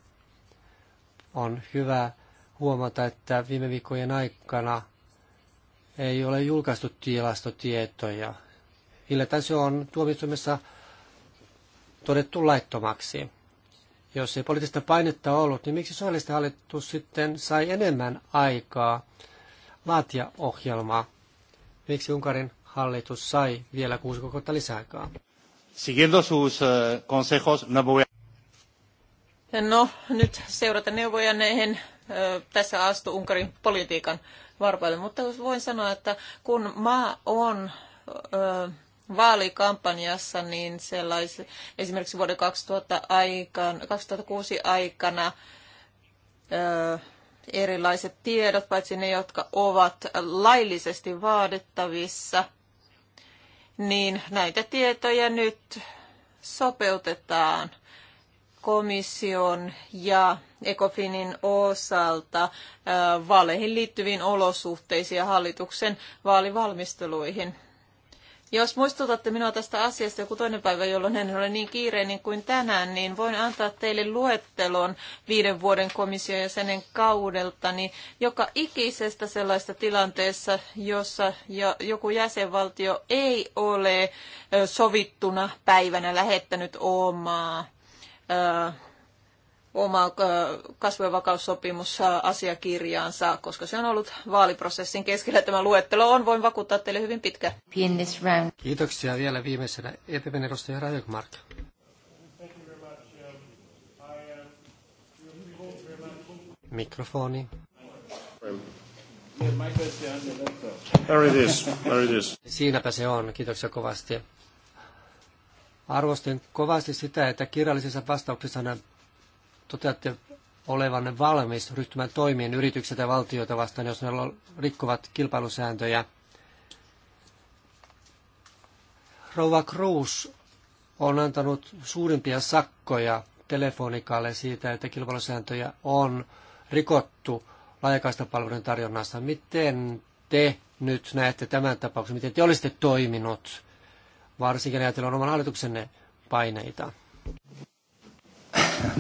On hyvä huomata, että viime viikkojen aikana ei ole julkaistu tilastotietoja. Hiljattain se on tuomioistuimessa todettu laittomaksi. Jos ei poliittista painetta ollut, niin miksi sosiaalista hallitus sitten sai enemmän aikaa laatia ohjelmaa? Miksi Unkarin hallitus sai vielä kuusi kuukautta lisäaikaa? Siguiendo sus eh, consejos, no voy No, nyt seurata neuvoja näihin tässä astu Unkarin politiikan varpaille, mutta voin sanoa, että kun maa on vaalikampanjassa, niin sellais, esimerkiksi vuoden 2000 aikaan, 2006 aikana erilaiset tiedot, paitsi ne, jotka ovat laillisesti vaadittavissa, niin näitä tietoja nyt sopeutetaan – komission ja ECOFINin osalta vaaleihin liittyviin olosuhteisiin ja hallituksen vaalivalmisteluihin. Jos muistutatte minua tästä asiasta joku toinen päivä, jolloin en ole niin kiireinen kuin tänään, niin voin antaa teille luettelon viiden vuoden komission jäsenen kaudeltani joka ikisestä sellaista tilanteessa, jossa joku jäsenvaltio ei ole sovittuna päivänä lähettänyt omaa oma kasvu- ja vakaussopimusasiakirjaansa, koska se on ollut vaaliprosessin keskellä. Tämä luettelo on, voin vakuuttaa teille hyvin pitkä. Kiitoksia vielä viimeisenä EPPn edustaja Mark. Mikrofoni. There it is. There it is. Siinäpä se on. Kiitoksia kovasti. Arvostin kovasti sitä, että kirjallisissa vastauksissa toteatte olevanne valmis ryhtymään toimiin yritykset ja valtioita vastaan, jos ne rikkovat kilpailusääntöjä. Rouva Cruz on antanut suurimpia sakkoja telefonikalle siitä, että kilpailusääntöjä on rikottu laajakaistapalvelujen tarjonnassa. Miten te nyt näette tämän tapauksen? Miten te olisitte toiminut? varsinkin ajatellen oman hallituksenne paineita.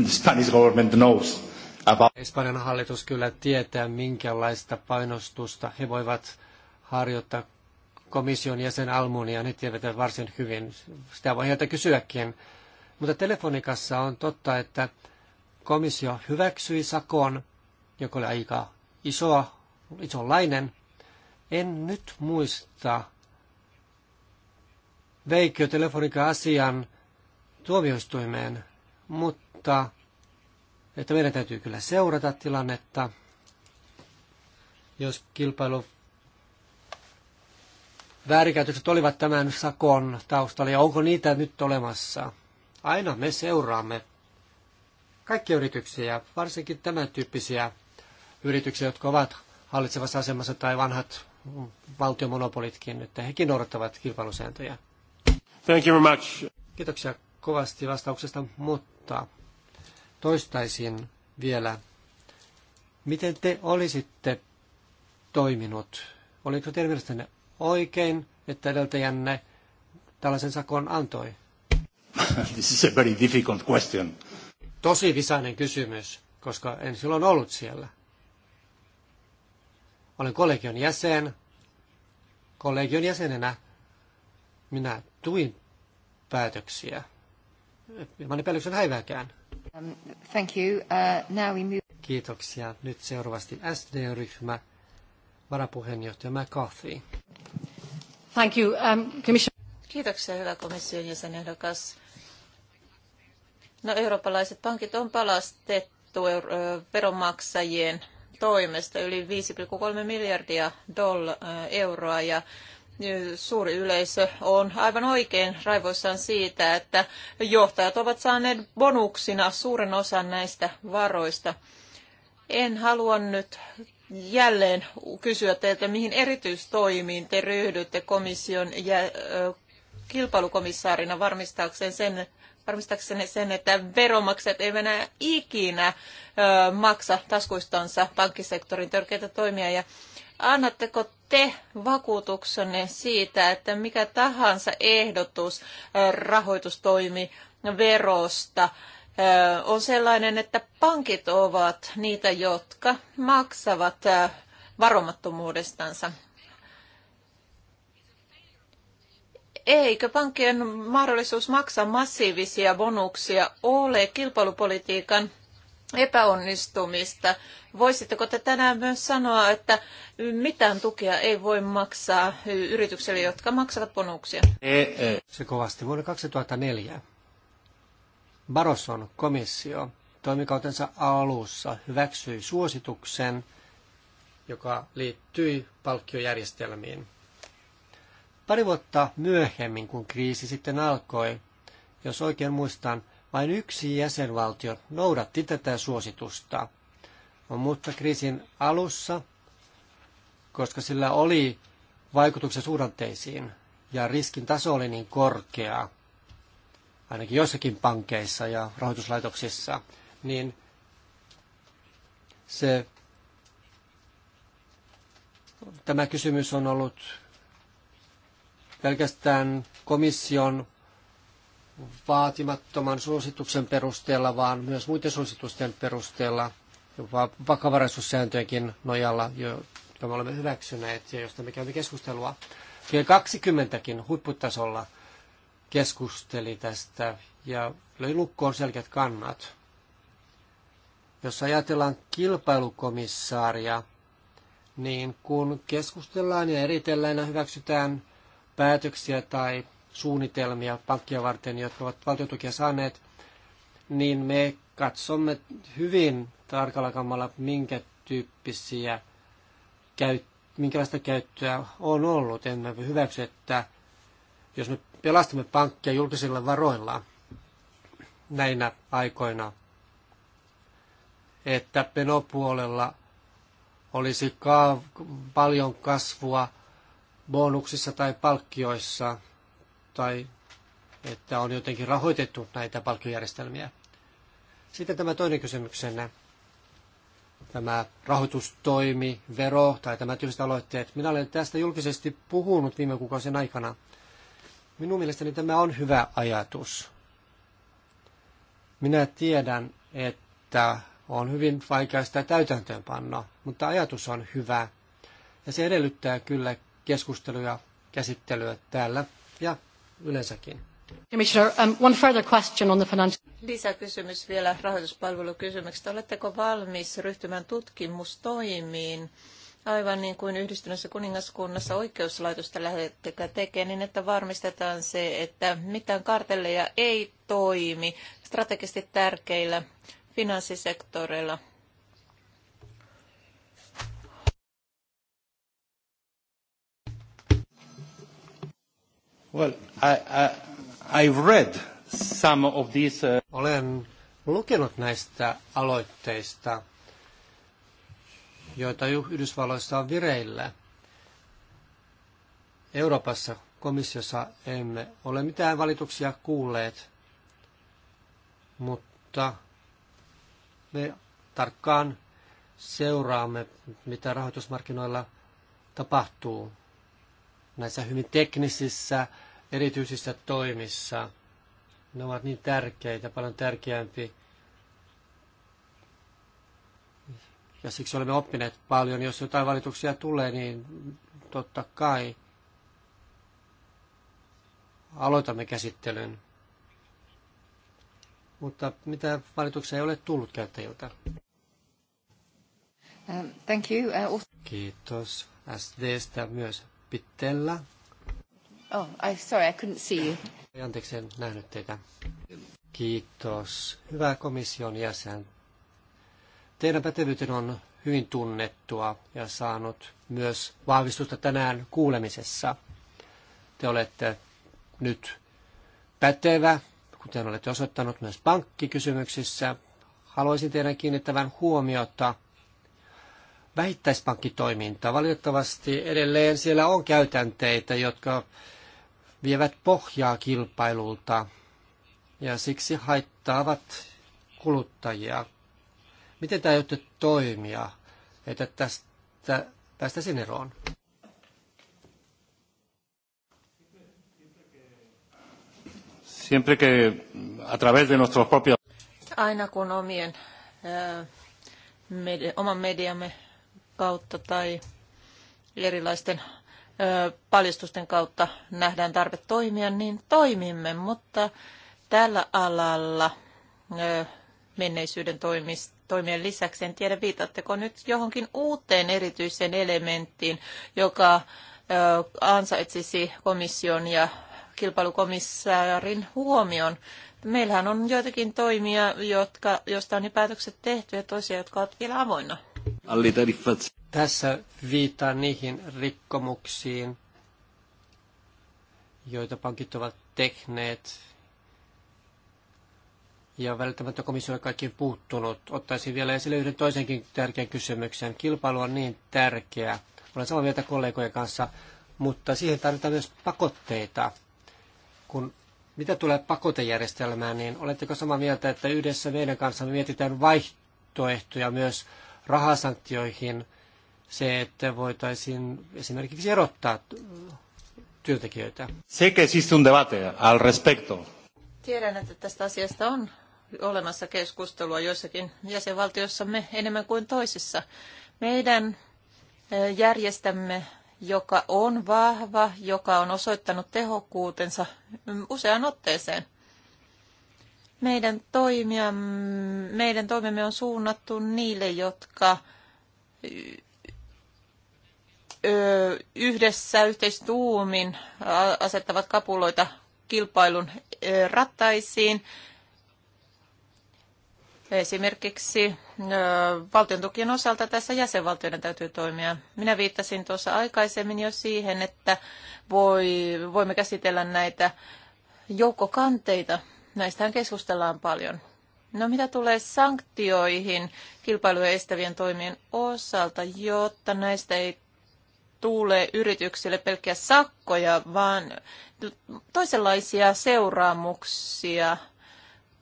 The Spanish government knows about... Espanjan hallitus kyllä tietää, minkälaista painostusta he voivat harjoittaa komission jäsen Almunia. Ne tietävät varsin hyvin. Sitä voi heiltä kysyäkin. Mutta telefonikassa on totta, että komissio hyväksyi sakon, joka oli aika iso isonlainen. En nyt muista, veikkö telefonika asian tuomioistuimeen, mutta että meidän täytyy kyllä seurata tilannetta, jos kilpailu väärinkäytökset olivat tämän sakon taustalla ja onko niitä nyt olemassa. Aina me seuraamme kaikkia yrityksiä, varsinkin tämän tyyppisiä yrityksiä, jotka ovat hallitsevassa asemassa tai vanhat valtiomonopolitkin, että hekin noudattavat kilpailusääntöjä. Thank you very much. Kiitoksia kovasti vastauksesta, mutta toistaisin vielä, miten te olisitte toiminut? Oliko teidän oikein, että edeltäjänne tällaisen sakon antoi? This is a very difficult question. Tosi visainen kysymys, koska en silloin ollut siellä. Olen kollegion jäsen. Kollegion jäsenenä minä tuin päätöksiä. Ilman epäilyksen häivääkään. Um, thank you. Uh, now we move... Kiitoksia. Nyt seuraavasti SD-ryhmä, varapuheenjohtaja McCarthy. Thank you, um, commission... Kiitoksia, hyvä komission jäsenehdokas. No, eurooppalaiset pankit on palastettu veronmaksajien toimesta yli 5,3 miljardia dolla, euroa ja suuri yleisö on aivan oikein raivoissaan siitä, että johtajat ovat saaneet bonuksina suuren osan näistä varoista. En halua nyt jälleen kysyä teiltä, mihin erityistoimiin te ryhdytte komission ja kilpailukomissaarina varmistaakseen sen, varmistaakseen sen, että veromakset eivät enää ikinä maksa taskuistansa pankkisektorin törkeitä toimia ja Annatteko te vakuutuksenne siitä, että mikä tahansa ehdotus rahoitustoimi verosta on sellainen, että pankit ovat niitä, jotka maksavat varomattomuudestansa? Eikö pankkien mahdollisuus maksaa massiivisia bonuksia ole kilpailupolitiikan epäonnistumista. Voisitteko te tänään myös sanoa, että mitään tukea ei voi maksaa yrityksille, jotka maksavat bonuksia? Ei, ei. Se kovasti. Vuonna 2004 Barroson komissio toimikautensa alussa hyväksyi suosituksen, joka liittyi palkkiojärjestelmiin. Pari vuotta myöhemmin, kun kriisi sitten alkoi, jos oikein muistan, vain yksi jäsenvaltio noudatti tätä suositusta, mutta kriisin alussa, koska sillä oli vaikutuksia suhdanteisiin ja riskin taso oli niin korkea, ainakin joissakin pankeissa ja rahoituslaitoksissa, niin se, tämä kysymys on ollut pelkästään komission vaatimattoman suosituksen perusteella, vaan myös muiden suositusten perusteella, jopa vakavaraisuussääntöjenkin nojalla, jotka me olemme hyväksyneet ja josta me käymme keskustelua. G20kin huipputasolla keskusteli tästä ja löi lukkoon selkeät kannat. Jos ajatellaan kilpailukomissaaria, niin kun keskustellaan ja eritellään ja hyväksytään päätöksiä tai suunnitelmia pankkia varten, jotka ovat valtiotukia saaneet, niin me katsomme hyvin tarkalla kammalla, minkä tyyppisiä, minkälaista käyttöä on ollut. Emme hyväksy, että jos me pelastamme pankkia julkisilla varoilla näinä aikoina, että penopuolella olisi paljon kasvua bonuksissa tai palkkioissa – tai että on jotenkin rahoitettu näitä palkkiojärjestelmiä. Sitten tämä toinen kysymyksenä, tämä rahoitustoimi, vero tai tämä tyyliset aloitteet. Minä olen tästä julkisesti puhunut viime kuukausien aikana. Minun mielestäni tämä on hyvä ajatus. Minä tiedän, että on hyvin vaikea sitä täytäntöönpanna, mutta ajatus on hyvä. Ja se edellyttää kyllä keskusteluja, käsittelyä täällä ja yleensäkin. Um, Lisäkysymys vielä rahoituspalvelukysymyksestä. Oletteko valmis ryhtymään tutkimustoimiin, aivan niin kuin yhdistyneessä kuningaskunnassa oikeuslaitosta lähettekä tekee, niin että varmistetaan se, että mitään kartelleja ei toimi strategisesti tärkeillä finanssisektoreilla – Well, I, I, I've read some of these, uh... Olen lukenut näistä aloitteista, joita Yhdysvalloissa on vireillä. Euroopassa komissiossa emme ole mitään valituksia kuulleet, mutta me tarkkaan seuraamme, mitä rahoitusmarkkinoilla tapahtuu näissä hyvin teknisissä, erityisissä toimissa. Ne ovat niin tärkeitä, paljon tärkeämpi. Ja siksi olemme oppineet paljon. Jos jotain valituksia tulee, niin totta kai aloitamme käsittelyn. Mutta mitä valituksia ei ole tullut käyttäjiltä? Um, thank you. Uh, Kiitos. SDstä myös Pitellä. Oh, I, sorry, I couldn't see you. Anteeksi, en nähnyt teitä. Kiitos. Hyvä komission jäsen. Teidän pätevyyteen on hyvin tunnettua ja saanut myös vahvistusta tänään kuulemisessa. Te olette nyt pätevä, kuten olette osoittanut myös pankkikysymyksissä. Haluaisin teidän kiinnittävän huomiota vähittäispankkitoimintaa. Valitettavasti edelleen siellä on käytänteitä, jotka vievät pohjaa kilpailulta ja siksi haittaavat kuluttajia. Miten tämä joutuu toimia, että tästä päästäisiin eroon? Siempre que a través de nuestros propios... Aina kun omien, ö, media, oman mediamme kautta tai erilaisten paljastusten kautta nähdään tarve toimia, niin toimimme, mutta tällä alalla menneisyyden toimien lisäksi. En tiedä, viitatteko nyt johonkin uuteen erityiseen elementtiin, joka ansaitsisi komission ja kilpailukomissaarin huomion. Meillähän on joitakin toimia, jotka, joista on jo päätökset tehty ja toisia, jotka ovat vielä avoinna. Tässä viittaan niihin rikkomuksiin, joita pankit ovat tehneet ja välttämättä komissio on kaikkiin puuttunut. Ottaisin vielä esille yhden toisenkin tärkeän kysymyksen. Kilpailu on niin tärkeä. Olen samaa mieltä kollegojen kanssa, mutta siihen tarvitaan myös pakotteita. Kun mitä tulee pakotejärjestelmään, niin oletteko samaa mieltä, että yhdessä meidän kanssa me mietitään vaihtoehtoja myös rahasanktioihin se, että voitaisiin esimerkiksi erottaa työntekijöitä. que existe un debate al respecto. Tiedän, että tästä asiasta on olemassa keskustelua joissakin jäsenvaltioissamme enemmän kuin toisissa. Meidän e, järjestämme, joka on vahva, joka on osoittanut tehokkuutensa mm, useaan otteeseen, meidän, toimia, meidän toimimme on suunnattu niille, jotka yhdessä yhteistuumin asettavat kapuloita kilpailun rattaisiin. Esimerkiksi valtion tukien osalta tässä jäsenvaltioiden täytyy toimia. Minä viittasin tuossa aikaisemmin jo siihen, että voi, voimme käsitellä näitä joukkokanteita Näistähän keskustellaan paljon. No mitä tulee sanktioihin kilpailuja estävien toimien osalta, jotta näistä ei tule yrityksille pelkkiä sakkoja, vaan toisenlaisia seuraamuksia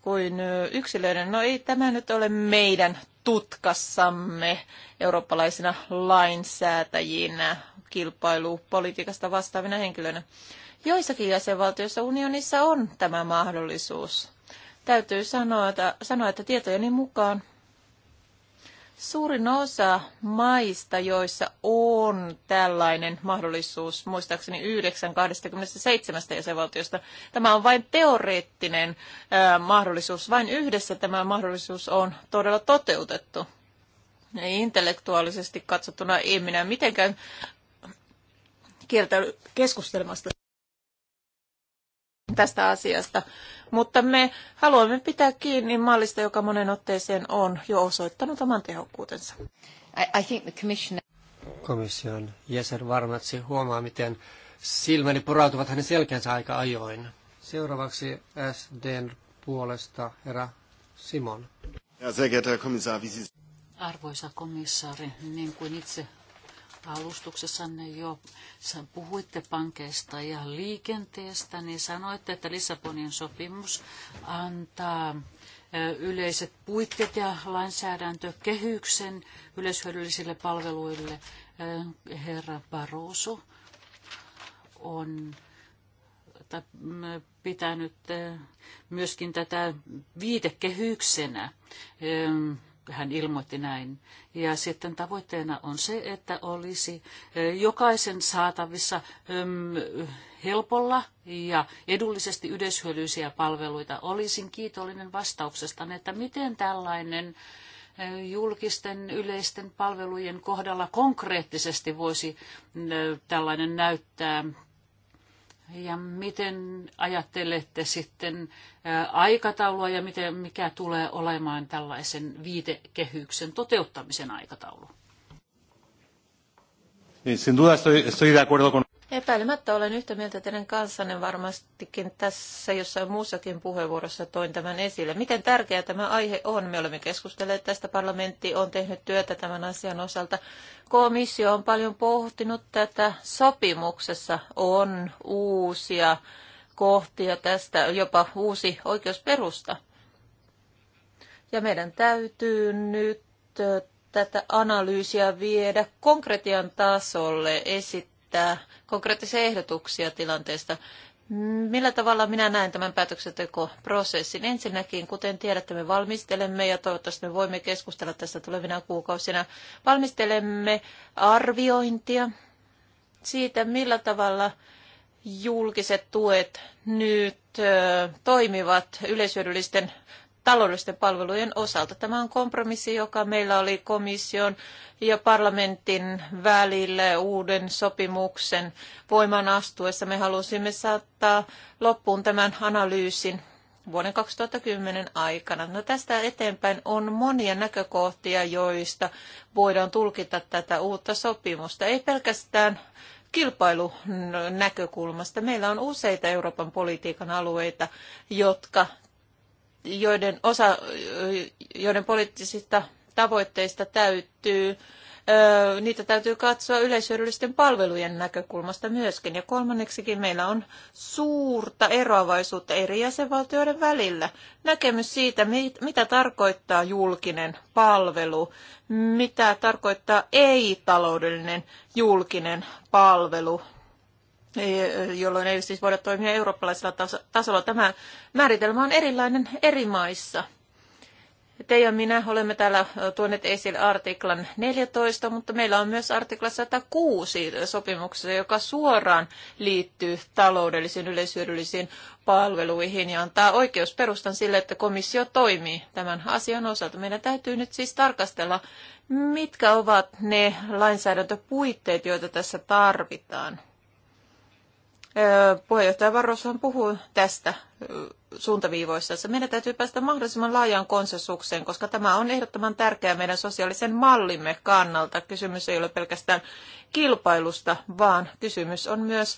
kuin yksilöiden. No ei tämä nyt ole meidän tutkassamme eurooppalaisina lainsäätäjinä, kilpailupolitiikasta vastaavina henkilöinä. Joissakin jäsenvaltioissa unionissa on tämä mahdollisuus. Täytyy sanoa, että, sanoa, että tietojeni mukaan suurin osa maista, joissa on tällainen mahdollisuus, muistaakseni 9-27 jäsenvaltiosta, tämä on vain teoreettinen ää, mahdollisuus. Vain yhdessä tämä mahdollisuus on todella toteutettu. Ja intellektuaalisesti katsottuna ei minä mitenkään kiertäydy keskustelemasta tästä asiasta. Mutta me haluamme pitää kiinni mallista, joka monen otteeseen on jo osoittanut oman tehokkuutensa. I, I think the commissioner... Komission jäsen varmasti huomaa, miten silmäni porautuvat hänen selkänsä aika ajoin. Seuraavaksi SDn puolesta herra Simon. Ja, Arvoisa komissaari, niin kuin itse alustuksessanne jo puhuitte pankeista ja liikenteestä, niin sanoitte, että Lissabonin sopimus antaa yleiset puitteet ja lainsäädäntökehyksen yleishyödyllisille palveluille. Herra Barroso on pitänyt myöskin tätä viitekehyksenä hän ilmoitti näin. Ja sitten tavoitteena on se, että olisi jokaisen saatavissa helpolla ja edullisesti yleishyödyllisiä palveluita. Olisin kiitollinen vastauksesta, että miten tällainen julkisten yleisten palvelujen kohdalla konkreettisesti voisi tällainen näyttää ja miten ajattelette sitten aikataulua ja miten, mikä tulee olemaan tällaisen viitekehyksen toteuttamisen aikataulu? Sin duda estoy, estoy de acuerdo con... Epäilemättä olen yhtä mieltä teidän kanssanne varmastikin tässä jossain muussakin puheenvuorossa toin tämän esille. Miten tärkeä tämä aihe on? Me olemme keskustelleet tästä. Parlamentti on tehnyt työtä tämän asian osalta. Komissio on paljon pohtinut tätä. Sopimuksessa on uusia kohtia tästä, jopa uusi oikeusperusta. Ja meidän täytyy nyt tätä analyysiä viedä konkretian tasolle, esit- esittää konkreettisia ehdotuksia tilanteesta. Millä tavalla minä näen tämän päätöksentekoprosessin? Ensinnäkin, kuten tiedätte, me valmistelemme ja toivottavasti me voimme keskustella tästä tulevina kuukausina. Valmistelemme arviointia siitä, millä tavalla julkiset tuet nyt toimivat yleisyödyllisten taloudellisten palvelujen osalta. Tämä on kompromissi, joka meillä oli komission ja parlamentin välille uuden sopimuksen voiman astuessa. Me halusimme saattaa loppuun tämän analyysin vuoden 2010 aikana. No tästä eteenpäin on monia näkökohtia, joista voidaan tulkita tätä uutta sopimusta. Ei pelkästään kilpailunäkökulmasta. Meillä on useita Euroopan politiikan alueita, jotka joiden, osa, joiden poliittisista tavoitteista täytyy, niitä täytyy katsoa yleishyödyllisten palvelujen näkökulmasta myöskin. Ja kolmanneksikin meillä on suurta eroavaisuutta eri jäsenvaltioiden välillä. Näkemys siitä, mitä tarkoittaa julkinen palvelu, mitä tarkoittaa ei-taloudellinen julkinen palvelu, Eh, jolloin ei siis voida toimia eurooppalaisella tasolla. Tämä määritelmä on erilainen eri maissa. Te ja minä olemme täällä eh, tuoneet esille artiklan 14, mutta meillä on myös artikla 106 sopimuksessa, joka suoraan liittyy taloudellisiin yleishyödyllisiin palveluihin ja antaa oikeusperustan sille, että komissio toimii tämän asian osalta. Meidän täytyy nyt siis tarkastella, mitkä ovat ne lainsäädäntöpuitteet, joita tässä tarvitaan. Puheenjohtaja Varroshan puhuu tästä suuntaviivoissa. Meidän täytyy päästä mahdollisimman laajaan konsensukseen, koska tämä on ehdottoman tärkeää meidän sosiaalisen mallimme kannalta. Kysymys ei ole pelkästään kilpailusta, vaan kysymys on myös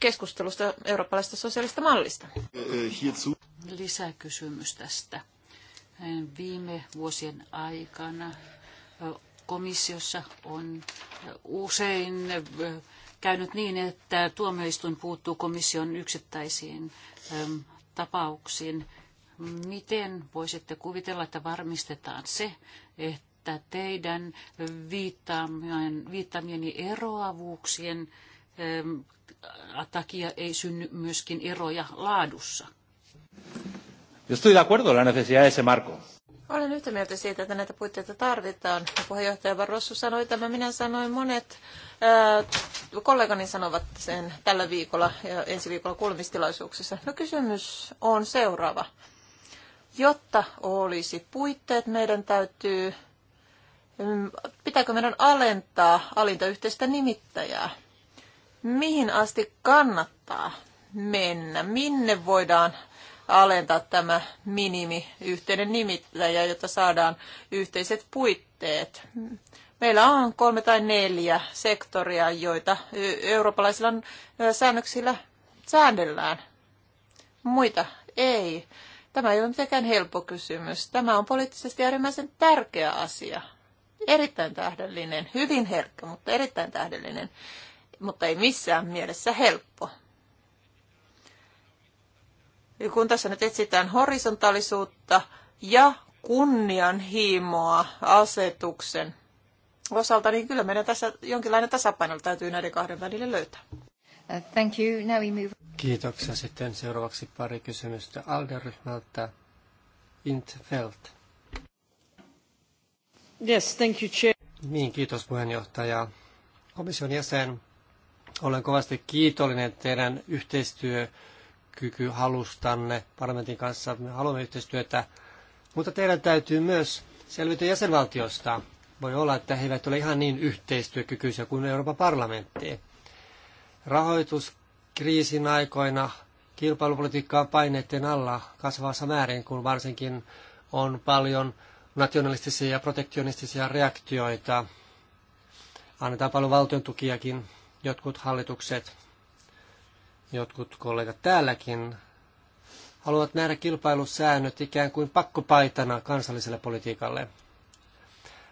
keskustelusta eurooppalaisesta sosiaalista mallista. Lisäkysymys tästä. Viime vuosien aikana komissiossa on usein käynyt niin, että tuomioistuin puuttuu komission yksittäisiin tapauksiin. Miten voisitte kuvitella, että varmistetaan se, että teidän viittaamien, viittaamieni eroavuuksien takia ei synny myöskin eroja laadussa? Yo estoy de acuerdo la necesidad de ese marco olen yhtä mieltä siitä, että näitä puitteita tarvitaan. Puheenjohtaja Barroso sanoi tämä, minä sanoin monet. Ää, äh, kollegani sanovat sen tällä viikolla ja ensi viikolla kuulemistilaisuuksissa. No kysymys on seuraava. Jotta olisi puitteet, meidän täytyy, mm, pitääkö meidän alentaa alinta yhteistä nimittäjää? Mihin asti kannattaa mennä? Minne voidaan alentaa tämä minimi, yhteinen nimittäjä, jotta saadaan yhteiset puitteet. Meillä on kolme tai neljä sektoria, joita eurooppalaisilla säännöksillä säännellään. Muita ei. Tämä ei ole mitenkään helppo kysymys. Tämä on poliittisesti äärimmäisen tärkeä asia. Erittäin tähdellinen, hyvin herkkä, mutta erittäin tähdellinen, mutta ei missään mielessä helppo kun tässä nyt etsitään horisontaalisuutta ja kunnianhimoa asetuksen osalta, niin kyllä meidän tässä jonkinlainen tasapaino täytyy näiden kahden välille löytää. Uh, thank you. Now we move. Kiitoksia. Sitten seuraavaksi pari kysymystä Alder-ryhmältä. Intfeld. Yes, thank you, Chair. Niin, kiitos puheenjohtaja. Komission jäsen, olen kovasti kiitollinen teidän yhteistyö kyky halustanne parlamentin kanssa. Me haluamme yhteistyötä, mutta teidän täytyy myös selvitä jäsenvaltiosta. Voi olla, että he eivät ole ihan niin yhteistyökykyisiä kuin Euroopan parlamentti. Rahoituskriisin aikoina on paineiden alla kasvavassa määrin, kun varsinkin on paljon nationalistisia ja protektionistisia reaktioita. Annetaan paljon valtion tukiakin jotkut hallitukset Jotkut kollegat täälläkin haluavat nähdä kilpailusäännöt ikään kuin pakkopaitana kansalliselle politiikalle.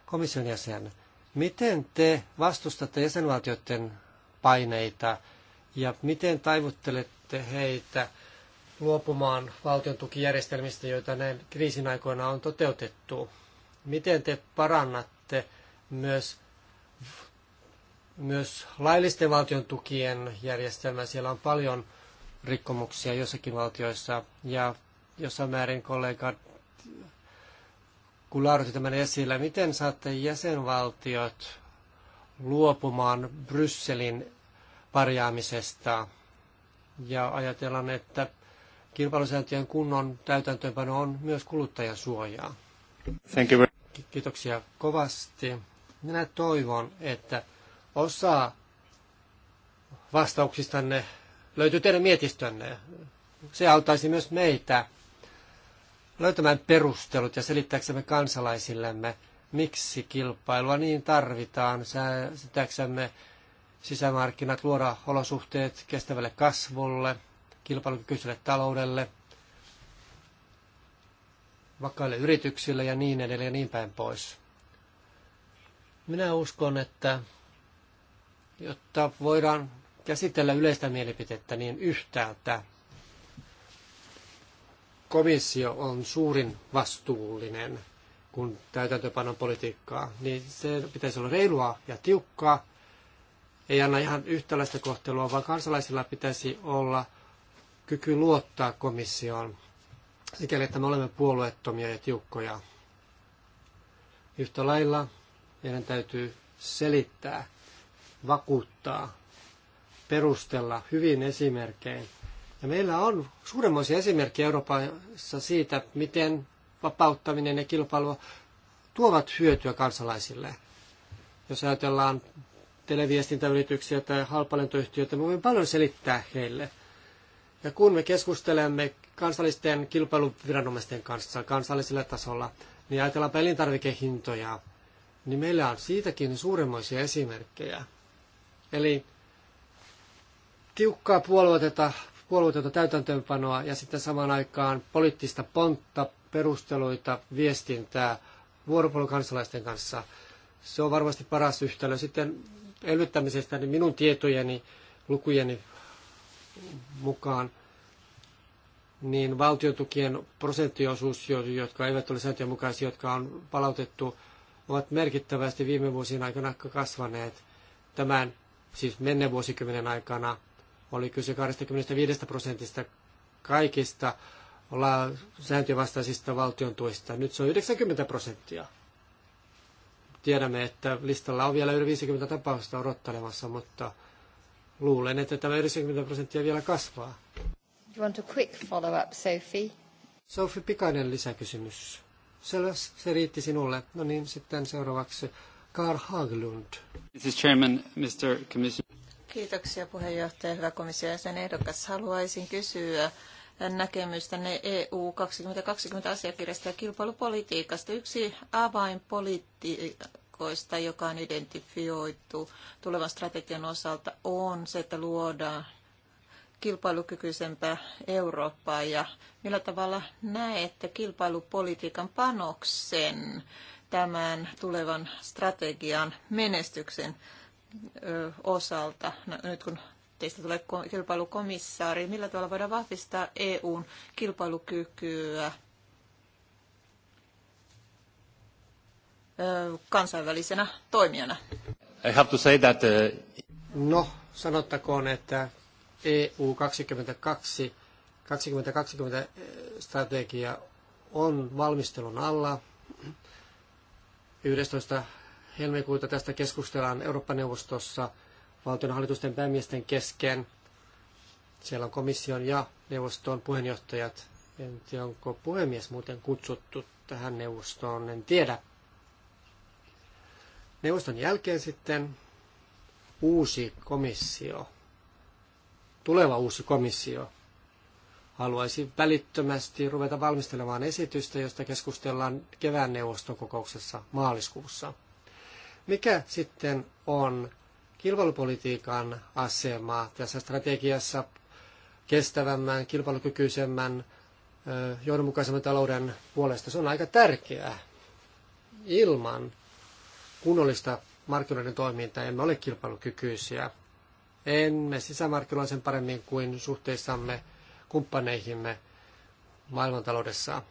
Komission jäsen, miten te vastustatte jäsenvaltioiden paineita ja miten taivuttelette heitä luopumaan valtion tukijärjestelmistä, joita näin kriisin aikoina on toteutettu? Miten te parannatte myös myös laillisten valtion tukien järjestelmä. Siellä on paljon rikkomuksia jossakin valtioissa ja jossain määrin kollegat, kun laadutti tämän esillä, miten saatte jäsenvaltiot luopumaan Brysselin parjaamisesta ja ajatellaan, että kilpailusääntöjen kunnon täytäntöönpano on myös kuluttajasuojaa. Thank you. Kiitoksia kovasti. Minä toivon, että Osa vastauksistanne löytyy teidän mietistönne. Se auttaisi myös meitä löytämään perustelut ja selittääksemme kansalaisillemme, miksi kilpailua niin tarvitaan, säätäksemme sisämarkkinat, luoda olosuhteet kestävälle kasvulle, kilpailukykyiselle taloudelle, vakaille yrityksille ja niin edelleen ja niin päin pois. Minä uskon, että jotta voidaan käsitellä yleistä mielipidettä, niin yhtäältä komissio on suurin vastuullinen, kun täytäntöpanon politiikkaa, niin se pitäisi olla reilua ja tiukkaa. Ei anna ihan yhtäläistä kohtelua, vaan kansalaisilla pitäisi olla kyky luottaa komissioon, sikäli että me olemme puolueettomia ja tiukkoja. Yhtä lailla meidän täytyy selittää vakuuttaa, perustella hyvin esimerkkein. Ja meillä on suuremmoisia esimerkkejä Euroopassa siitä, miten vapauttaminen ja kilpailu tuovat hyötyä kansalaisille. Jos ajatellaan televiestintäyrityksiä tai halpalentoyhtiöitä, me voimme paljon selittää heille. Ja kun me keskustelemme kansallisten kilpailuviranomaisten kanssa kansallisella tasolla, niin ajatellaan elintarvikehintoja, niin meillä on siitäkin suuremmoisia esimerkkejä. Eli tiukkaa puolueetonta, puolueetonta täytäntöönpanoa ja sitten samaan aikaan poliittista pontta, perusteluita, viestintää, vuoropuolun kansalaisten kanssa. Se on varmasti paras yhtälö. Sitten elvyttämisestä niin minun tietojeni, lukujeni mukaan, niin valtiotukien prosenttiosuus, jotka eivät ole sääntöjen mukaisia, jotka on palautettu, ovat merkittävästi viime vuosien aikana kasvaneet. Tämän siis menneen vuosikymmenen aikana oli kyse 25 prosentista kaikista sääntövastaisista valtion tuista. Nyt se on 90 prosenttia. Tiedämme, että listalla on vielä yli 50 tapausta odottelemassa, mutta luulen, että tämä 90 prosenttia vielä kasvaa. You want a quick follow-up, Sophie? Sophie, pikainen lisäkysymys. Selvä, se riitti sinulle. No niin, sitten seuraavaksi Karl Haglund. This Chairman, Mr. Commissioner. Kiitoksia puheenjohtaja, hyvä komission jäsen ehdokas. Haluaisin kysyä näkemystänne EU 2020 asiakirjasta ja kilpailupolitiikasta. Yksi avainpolitiikoista, joka on identifioitu tulevan strategian osalta, on se, että luodaan kilpailukykyisempää Eurooppaa ja millä tavalla näette kilpailupolitiikan panoksen tämän tulevan strategian menestyksen osalta, no, nyt kun teistä tulee kilpailukomissaari, millä tavalla voidaan vahvistaa EUn kilpailukykyä kansainvälisenä toimijana? I have to say that, uh... No, sanottakoon, että EU 22 2020 strategia on valmistelun alla. 11. helmikuuta tästä keskustellaan Eurooppa-neuvostossa valtionhallitusten päämiesten kesken. Siellä on komission ja neuvoston puheenjohtajat. En tiedä, onko puhemies muuten kutsuttu tähän neuvostoon, en tiedä. Neuvoston jälkeen sitten uusi komissio, tuleva uusi komissio, haluaisi välittömästi ruveta valmistelemaan esitystä, josta keskustellaan kevään neuvoston kokouksessa maaliskuussa. Mikä sitten on kilpailupolitiikan asema tässä strategiassa kestävämmän, kilpailukykyisemmän, johdonmukaisemman talouden puolesta? Se on aika tärkeää. Ilman kunnollista markkinoiden toimintaa emme ole kilpailukykyisiä. Emme sisämarkkinoilla sen paremmin kuin suhteissamme kumppaneihimme maailmantaloudessa.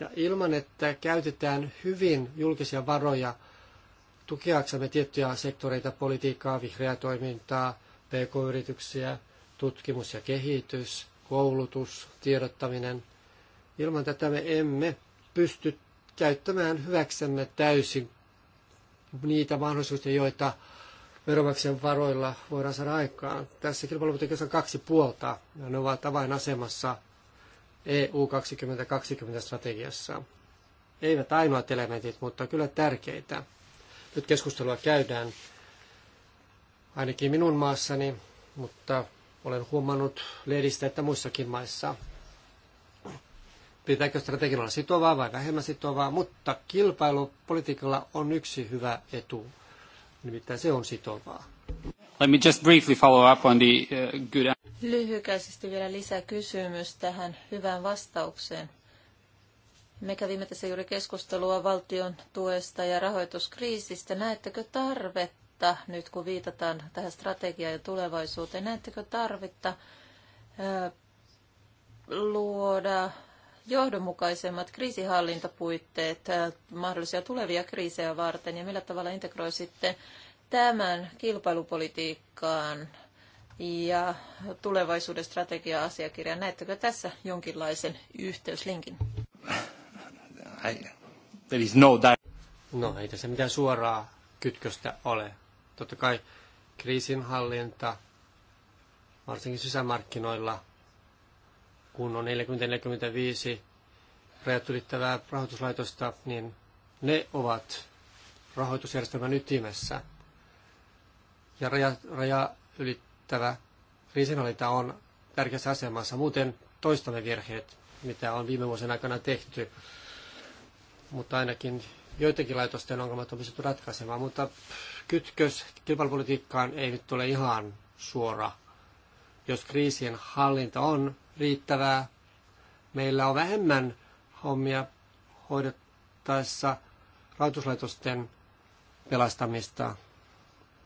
Ja ilman, että käytetään hyvin julkisia varoja tukeaksemme tiettyjä sektoreita, politiikkaa, vihreää toimintaa, pk-yrityksiä, tutkimus ja kehitys, koulutus, tiedottaminen. Ilman tätä me emme pysty käyttämään hyväksemme täysin niitä mahdollisuuksia, joita veronmaksajan varoilla voidaan saada aikaan. Tässä kilpailu on kaksi puolta, ja ne ovat avainasemassa EU 2020-strategiassa. Eivät ainoat elementit, mutta kyllä tärkeitä. Nyt keskustelua käydään ainakin minun maassani, mutta olen huomannut lehdistä, että muissakin maissa. Pitääkö strategialla sitovaa vai vähemmän sitovaa, mutta kilpailupolitiikalla on yksi hyvä etu. Nimittäin se on sitovaa. Let me just briefly follow up on the uh, good... Lyhykäisesti vielä lisää kysymys tähän hyvään vastaukseen. Me kävimme tässä juuri keskustelua valtion tuesta ja rahoituskriisistä. Näettekö tarvetta, nyt kun viitataan tähän strategiaan ja tulevaisuuteen, näettekö tarvetta luoda johdonmukaisemmat kriisihallintapuitteet äh, mahdollisia tulevia kriisejä varten ja millä tavalla integroisitte tämän kilpailupolitiikkaan ja tulevaisuuden strategia-asiakirjaan? Näettekö tässä jonkinlaisen yhteyslinkin? There is no, no ei tässä mitään suoraa kytköstä ole. Totta kai kriisinhallinta, varsinkin sisämarkkinoilla – kun on 40-45 rajat ylittävää rahoituslaitosta, niin ne ovat rahoitusjärjestelmän ytimessä. Ja raja, raja ylittävä kriisinhallinta on tärkeässä asemassa. Muuten toistamme virheet, mitä on viime vuosien aikana tehty. Mutta ainakin joitakin laitosten ongelmat on pystytty ratkaisemaan. Mutta kytkös kilpailupolitiikkaan ei nyt ole ihan suora. Jos kriisien hallinta on riittävää. Meillä on vähemmän hommia hoidettaessa rahoituslaitosten pelastamista,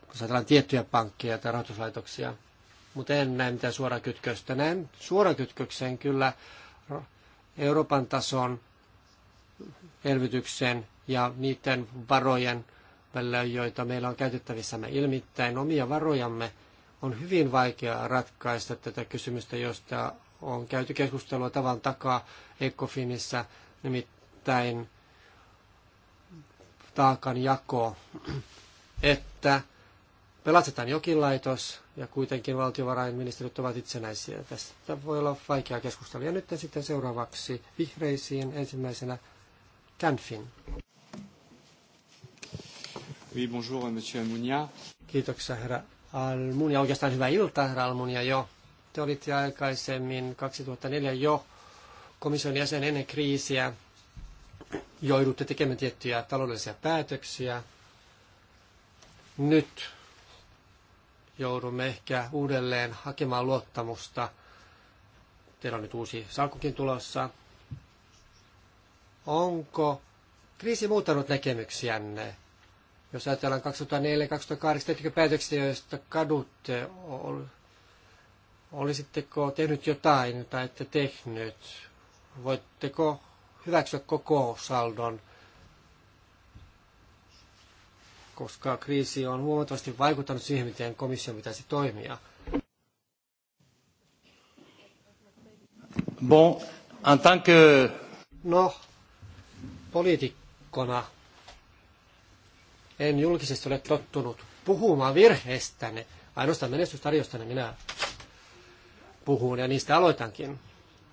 kun ajatellaan tiettyjä pankkeja tai rahoituslaitoksia. Mutta en näe mitään suoraa kytköstä. Näen suoraan kytköksen kyllä Euroopan tason elvytyksen ja niiden varojen välillä, joita meillä on käytettävissämme ilmittäin omia varojamme, on hyvin vaikea ratkaista tätä kysymystä, josta on käyty keskustelua tavan takaa Ecofinissa, nimittäin taakan jako, että pelastetaan jokin laitos ja kuitenkin valtiovarainministerit ovat itsenäisiä. Tästä voi olla vaikea keskustella. Ja nyt sitten seuraavaksi vihreisiin ensimmäisenä Canfin. Oui, bonjour, monsieur Almunia. Kiitoksia, herra Almunia. Oikeastaan hyvää iltaa, herra Almunia, jo. Te olitte aikaisemmin 2004 jo komission jäsen ennen kriisiä. Joudutte tekemään tiettyjä taloudellisia päätöksiä. Nyt joudumme ehkä uudelleen hakemaan luottamusta. Teillä on nyt uusi salkukin tulossa. Onko kriisi muuttanut näkemyksiänne? Jos ajatellaan 2004-2008 päätöksiä, joista kadutte, Olisitteko tehnyt jotain tai ette tehnyt? Voitteko hyväksyä koko saldon? Koska kriisi on huomattavasti vaikuttanut siihen, miten komissio pitäisi toimia. Bon, en tant que... No, poliitikkona en julkisesti ole tottunut puhumaan virheestäni, ainoastaan menestystarjostani minä puhun ja niistä aloitankin.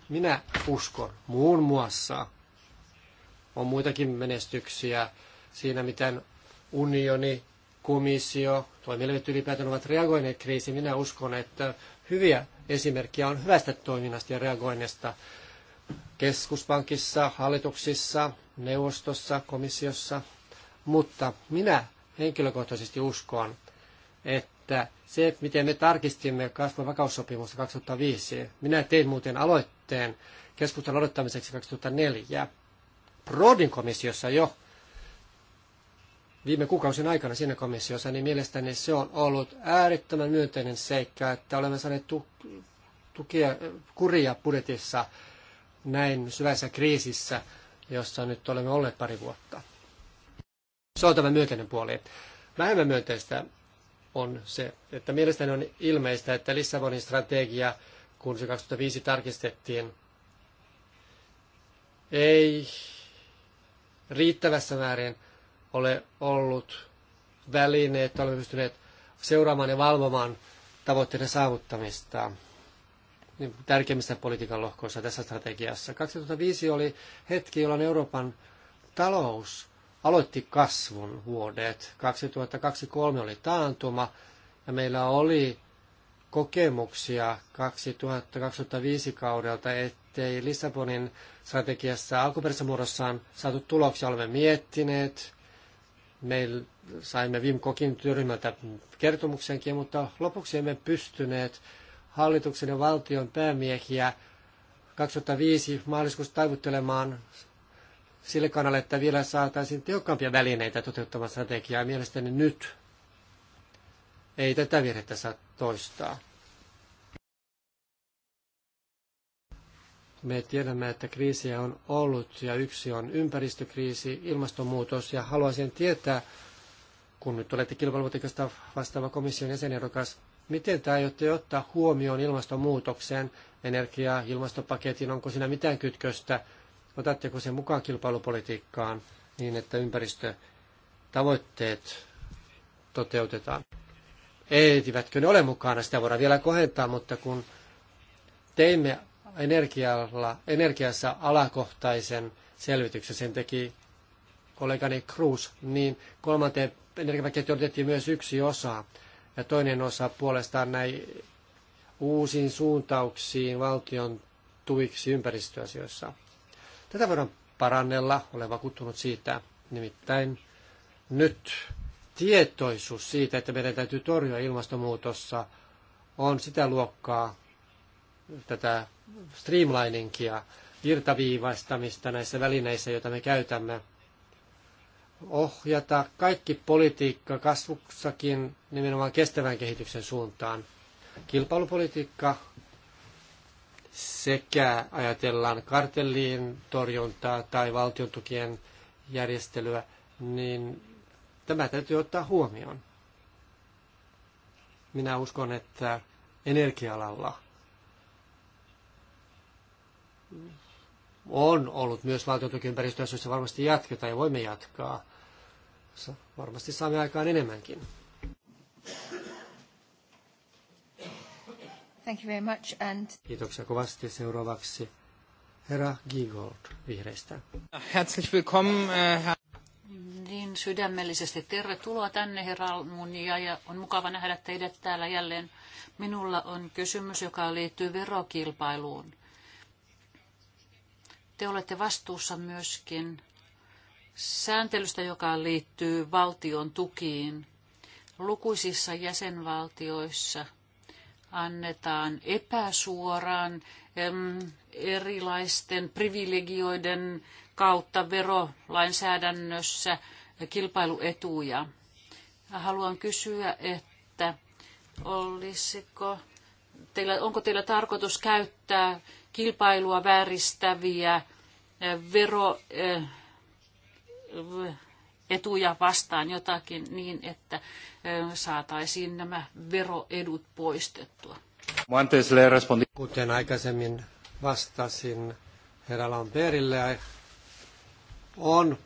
Minä uskon muun muassa, on muitakin menestyksiä siinä, miten unioni, komissio, toimielimet ylipäätään ovat reagoineet kriisiin. Minä uskon, että hyviä esimerkkejä on hyvästä toiminnasta ja reagoinnista keskuspankissa, hallituksissa, neuvostossa, komissiossa. Mutta minä henkilökohtaisesti uskon, että että se, miten me tarkistimme kasvun vakaussopimusta 2005, minä tein muuten aloitteen keskustelun odottamiseksi 2004, Prodin komissiossa jo viime kuukausien aikana siinä komissiossa, niin mielestäni se on ollut äärettömän myönteinen seikka, että olemme saaneet tu- tukia, kuria budjetissa näin syvässä kriisissä, jossa nyt olemme olleet pari vuotta. Se on tämä myönteinen puoli. Vähemmän myönteistä on se, että mielestäni on ilmeistä, että Lissabonin strategia, kun se 2005 tarkistettiin, ei riittävässä määrin ole ollut välineet, että olemme pystyneet seuraamaan ja valvomaan tavoitteiden saavuttamista tärkeimmissä politiikan lohkoissa tässä strategiassa. 2005 oli hetki, jolloin Euroopan talous aloitti kasvun vuodet. 2023 oli taantuma ja meillä oli kokemuksia 2005 kaudelta, ettei Lissabonin strategiassa alkuperäisessä muodossaan saatu tuloksia. Olemme miettineet, me saimme viime Kokin työryhmältä kertomuksenkin, mutta lopuksi emme pystyneet hallituksen ja valtion päämiehiä 2005 maaliskuussa taivuttelemaan sille kannalle, että vielä saataisiin tehokkaampia välineitä toteuttamaan strategiaa. Mielestäni nyt ei tätä virhettä saa toistaa. Me tiedämme, että kriisiä on ollut ja yksi on ympäristökriisi, ilmastonmuutos ja haluaisin tietää, kun nyt olette kilpailuvuotikasta vastaava komission jäsenerokas, miten te aiotte ottaa huomioon ilmastonmuutokseen energia- ja ilmastopaketin, onko siinä mitään kytköstä Otatteko sen mukaan kilpailupolitiikkaan niin, että ympäristötavoitteet toteutetaan? Eivätkö ne ole mukana? Sitä voidaan vielä kohentaa, mutta kun teimme energialla, energiassa alakohtaisen selvityksen, sen teki kollegani Cruz, niin kolmanteen energiapakettiin otettiin myös yksi osa. Ja toinen osa puolestaan näin uusiin suuntauksiin valtion tuiksi ympäristöasioissa. Tätä voidaan parannella, olen vakuuttunut siitä. Nimittäin nyt tietoisuus siitä, että meidän täytyy torjua ilmastonmuutossa, on sitä luokkaa, tätä streamliningia, virtaviivaistamista näissä välineissä, joita me käytämme, ohjata kaikki politiikka kasvuksakin nimenomaan kestävän kehityksen suuntaan. Kilpailupolitiikka sekä ajatellaan kartellien torjuntaa tai valtiontukien järjestelyä, niin tämä täytyy ottaa huomioon. Minä uskon, että energialalla on ollut myös joissa varmasti jatketaan ja voimme jatkaa. Varmasti saamme aikaan enemmänkin. Thank you very much and... Kiitoksia kovasti. Seuraavaksi herra Giegold vihreistä. Herzlich willkommen, äh, herr... Niin sydämellisesti tervetuloa tänne, herra Almunia, ja on mukava nähdä teidät täällä jälleen. Minulla on kysymys, joka liittyy verokilpailuun. Te olette vastuussa myöskin sääntelystä, joka liittyy valtion tukiin. Lukuisissa jäsenvaltioissa – annetaan epäsuoraan erilaisten privilegioiden kautta verolainsäädännössä kilpailuetuja. Haluan kysyä, että olisiko teillä, onko teillä tarkoitus käyttää kilpailua vääristäviä vero, eh, etuja vastaan jotakin niin, että saataisiin nämä veroedut poistettua. Kuten aikaisemmin vastasin herra Lamperille, on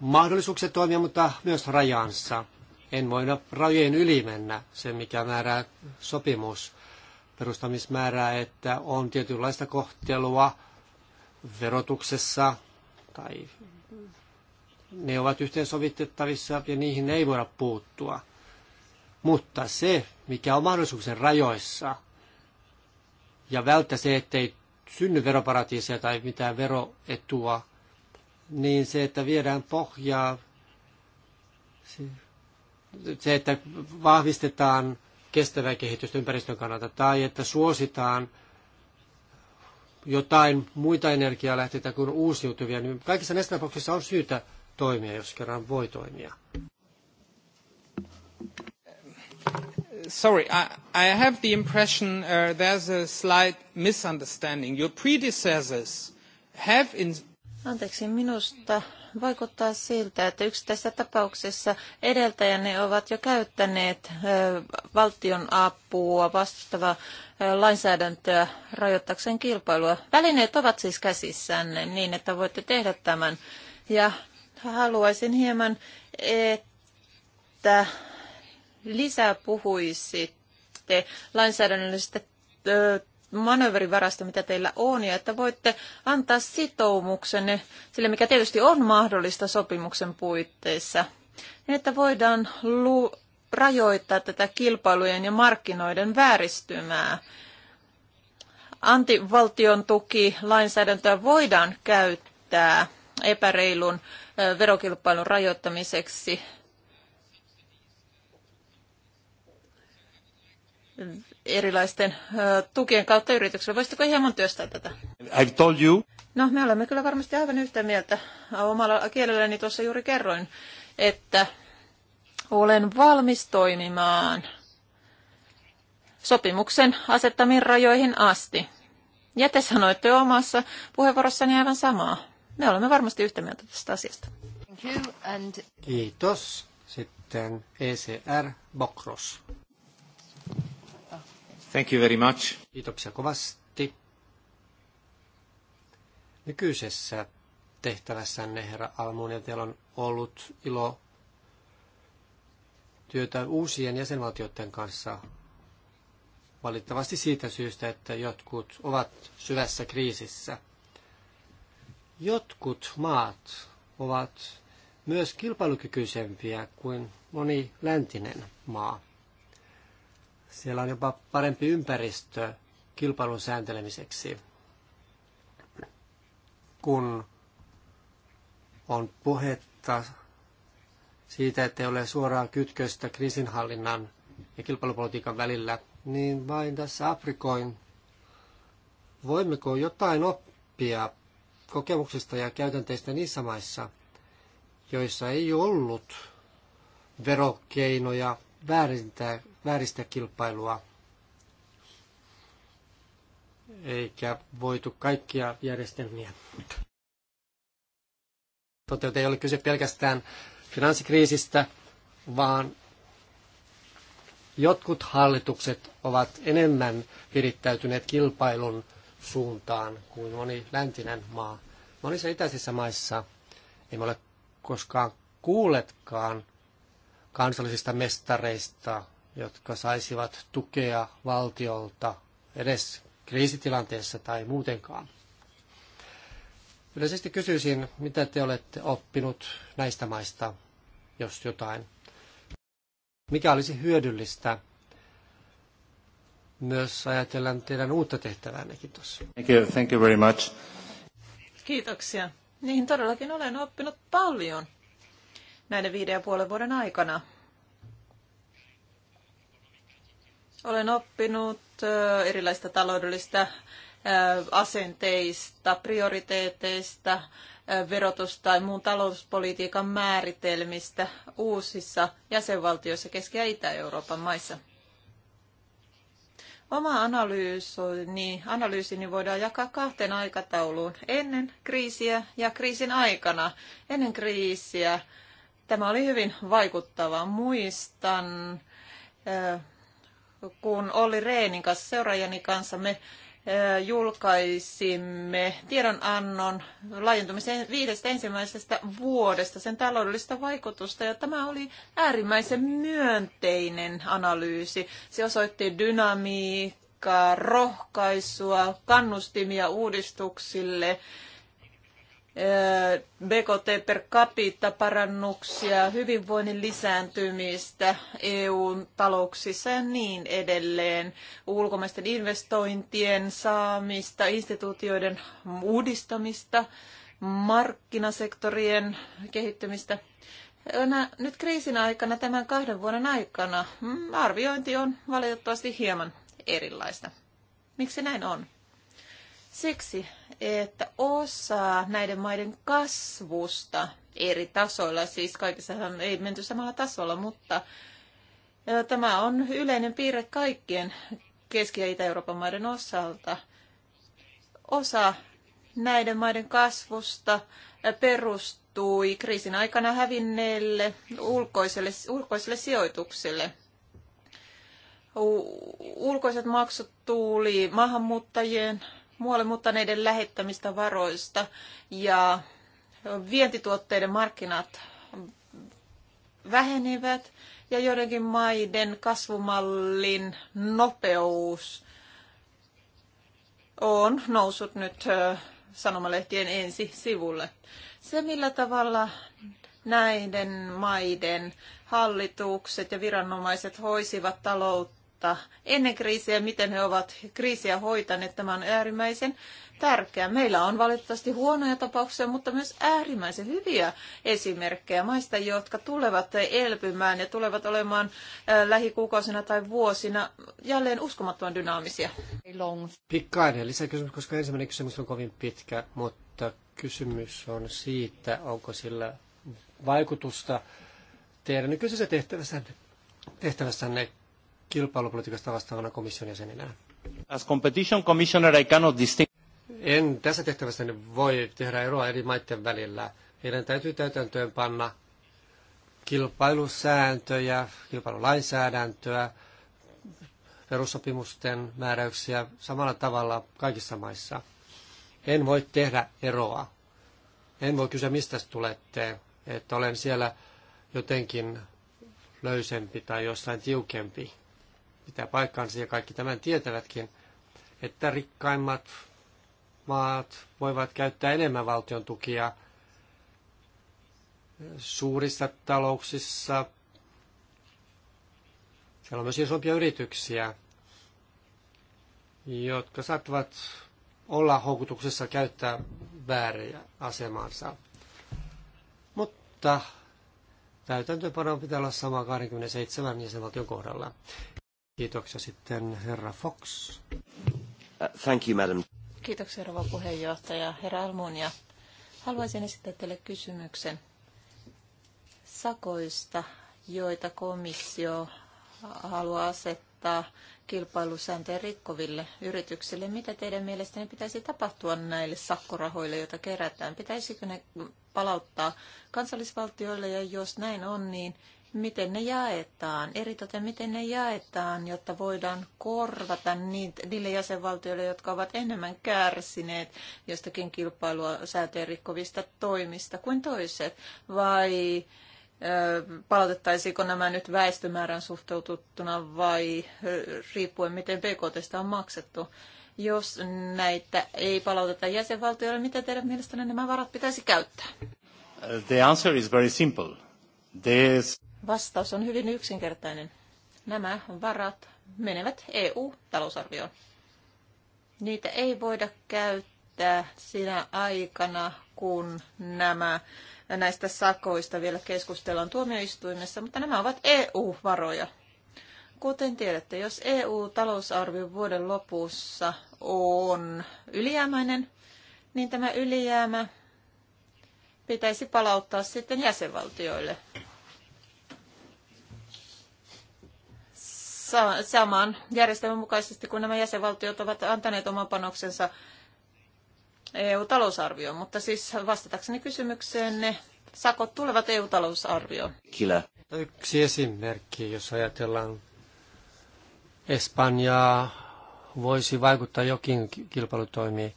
mahdollisuuksia toimia, mutta myös rajansa. En voi rajojen yli mennä, se mikä määrää sopimus. Perustamismäärää, että on tietynlaista kohtelua verotuksessa tai ne ovat yhteensovitettavissa ja niihin ei voida puuttua. Mutta se, mikä on mahdollisuuksien rajoissa, ja välttä se, ettei synny veroparatiiseja tai mitään veroetua, niin se, että viedään pohjaa, se, että vahvistetaan kestävää kehitystä ympäristön kannalta tai että suositaan jotain muita energialähteitä kuin uusiutuvia, niin kaikissa näissä tapauksissa on syytä toimia, jos kerran voi toimia? Sorry, I, I have the impression uh, there's a slight misunderstanding. Your predecessors have in... Anteeksi, minusta vaikuttaa siltä, että yksittäisissä tapauksessa edeltäjänne ovat jo käyttäneet valtion apua vastaava lainsäädäntöä rajoittakseen kilpailua. Välineet ovat siis käsissänne niin, että voitte tehdä tämän. Ja haluaisin hieman, että lisää puhuisitte lainsäädännöllisestä manöverivarasta, mitä teillä on, ja että voitte antaa sitoumuksenne sille, mikä tietysti on mahdollista sopimuksen puitteissa, niin että voidaan lu- rajoittaa tätä kilpailujen ja markkinoiden vääristymää. Antivaltion tuki lainsäädäntöä voidaan käyttää epäreilun verokilpailun rajoittamiseksi erilaisten tukien kautta yritykselle. Voisitko hieman työstää tätä? I've told you. No, me olemme kyllä varmasti aivan yhtä mieltä. Omalla kielelläni tuossa juuri kerroin, että olen valmis toimimaan sopimuksen asettamiin rajoihin asti. Ja te sanoitte omassa puheenvuorossani aivan samaa. Me olemme varmasti yhtä mieltä tästä asiasta. Kiitos. Sitten ECR Bokros. Thank you very much. Kiitoksia kovasti. Nykyisessä tehtävässänne, herra Almunia, teillä on ollut ilo työtä uusien jäsenvaltioiden kanssa valitettavasti siitä syystä, että jotkut ovat syvässä kriisissä – Jotkut maat ovat myös kilpailukykyisempiä kuin moni läntinen maa. Siellä on jopa parempi ympäristö kilpailun sääntelemiseksi, kun on puhetta siitä, että ei ole suoraa kytköstä kriisinhallinnan ja kilpailupolitiikan välillä, niin vain tässä aprikoin, voimmeko jotain oppia kokemuksista ja käytänteistä niissä maissa, joissa ei ollut verokeinoja väärintää, vääristä kilpailua, eikä voitu kaikkia järjestelmiä. Toteutu ei ole kyse pelkästään finanssikriisistä, vaan jotkut hallitukset ovat enemmän virittäytyneet kilpailun suuntaan kuin moni läntinen maa. Monissa itäisissä maissa emme ole koskaan kuulletkaan kansallisista mestareista, jotka saisivat tukea valtiolta edes kriisitilanteessa tai muutenkaan. Yleisesti kysyisin, mitä te olette oppinut näistä maista, jos jotain. Mikä olisi hyödyllistä myös ajatellaan teidän uutta tehtäväänne. Kiitos. Thank you, thank you very much. Kiitoksia. Niin todellakin olen oppinut paljon näiden viiden ja puolen vuoden aikana. Olen oppinut erilaista taloudellista asenteista, prioriteeteista, verotus- tai muun talouspolitiikan määritelmistä uusissa jäsenvaltioissa Keski- ja Itä-Euroopan maissa. Oma analyysini, analyysini voidaan jakaa kahteen aikatauluun. Ennen kriisiä ja kriisin aikana. Ennen kriisiä tämä oli hyvin vaikuttava. Muistan, äh, kun oli Reenin kanssa, seuraajani kanssa, me julkaisimme tiedonannon laajentumisen viidestä ensimmäisestä vuodesta, sen taloudellista vaikutusta, ja tämä oli äärimmäisen myönteinen analyysi. Se osoitti dynamiikkaa, rohkaisua, kannustimia uudistuksille, BKT per capita parannuksia, hyvinvoinnin lisääntymistä eu talouksissa ja niin edelleen, ulkomaisten investointien saamista, instituutioiden uudistamista, markkinasektorien kehittymistä. Nyt kriisin aikana, tämän kahden vuoden aikana, mm, arviointi on valitettavasti hieman erilaista. Miksi näin on? Siksi, että osa näiden maiden kasvusta eri tasoilla, siis kaikissa ei menty samalla tasolla, mutta tämä on yleinen piirre kaikkien Keski- ja Itä-Euroopan maiden osalta. Osa näiden maiden kasvusta perustui kriisin aikana hävinneelle ulkoiselle, ulkoiselle sijoitukselle. Ulkoiset maksut tuli maahanmuuttajien muualle muuttaneiden lähettämistä varoista ja vientituotteiden markkinat vähenivät ja joidenkin maiden kasvumallin nopeus on noussut nyt sanomalehtien ensi sivulle. Se, millä tavalla näiden maiden hallitukset ja viranomaiset hoisivat taloutta, tilannetta ennen kriisiä, miten he ovat kriisiä hoitaneet. Tämä on äärimmäisen tärkeää. Meillä on valitettavasti huonoja tapauksia, mutta myös äärimmäisen hyviä esimerkkejä maista, jotka tulevat elpymään ja tulevat olemaan lähikuukausina tai vuosina jälleen uskomattoman dynaamisia. Pikkainen lisäkysymys, koska ensimmäinen kysymys on kovin pitkä, mutta kysymys on siitä, onko sillä vaikutusta teidän nykyisessä tehtävässänne, tehtävässänne kilpailupolitiikasta vastaavana komission jäsenenä. As competition commissioner, I cannot distinguish. En tässä tehtävässä niin voi tehdä eroa eri maiden välillä. Heidän täytyy täytäntöön panna kilpailusääntöjä, kilpailulainsäädäntöä, perussopimusten määräyksiä samalla tavalla kaikissa maissa. En voi tehdä eroa. En voi kysyä, mistä tulette, että olen siellä jotenkin löysempi tai jossain tiukempi pitää paikkaansa ja kaikki tämän tietävätkin, että rikkaimmat maat voivat käyttää enemmän valtion tukia suurissa talouksissa. Siellä on myös isompia yrityksiä, jotka saattavat olla houkutuksessa käyttää vääriä asemansa. Mutta täytäntöönpanon pitää olla sama 27 jäsenvaltion kohdalla. Kiitoksia sitten herra Fox. Uh, thank you, madam. Kiitoksia rouva puheenjohtaja. Herra Almunia, haluaisin esittää teille kysymyksen sakoista, joita komissio haluaa asettaa kilpailusääntöjen rikkoville yrityksille. Mitä teidän mielestänne pitäisi tapahtua näille sakkorahoille, joita kerätään? Pitäisikö ne palauttaa kansallisvaltioille ja jos näin on, niin miten ne jaetaan, eritoten miten ne jaetaan, jotta voidaan korvata niille jäsenvaltioille, jotka ovat enemmän kärsineet jostakin kilpailua säätöjen rikkovista toimista kuin toiset, vai palautettaisiko nämä nyt väestömäärän suhteututtuna vai riippuen miten BKT on maksettu. Jos näitä ei palauteta jäsenvaltioille, miten teidän mielestänne nämä varat pitäisi käyttää? The answer is very simple. This... Vastaus on hyvin yksinkertainen. Nämä varat menevät EU-talousarvioon. Niitä ei voida käyttää sinä aikana, kun nämä näistä sakoista vielä keskustellaan tuomioistuimessa, mutta nämä ovat EU-varoja. Kuten tiedätte, jos EU-talousarvio vuoden lopussa on ylijäämäinen, niin tämä ylijäämä pitäisi palauttaa sitten jäsenvaltioille. saman järjestelmän mukaisesti, kun nämä jäsenvaltiot ovat antaneet oman panoksensa EU-talousarvioon. Mutta siis vastatakseni kysymykseen, ne sakot tulevat EU-talousarvioon. Kyllä. Yksi esimerkki, jos ajatellaan Espanjaa, voisi vaikuttaa jokin kilpailutoimi.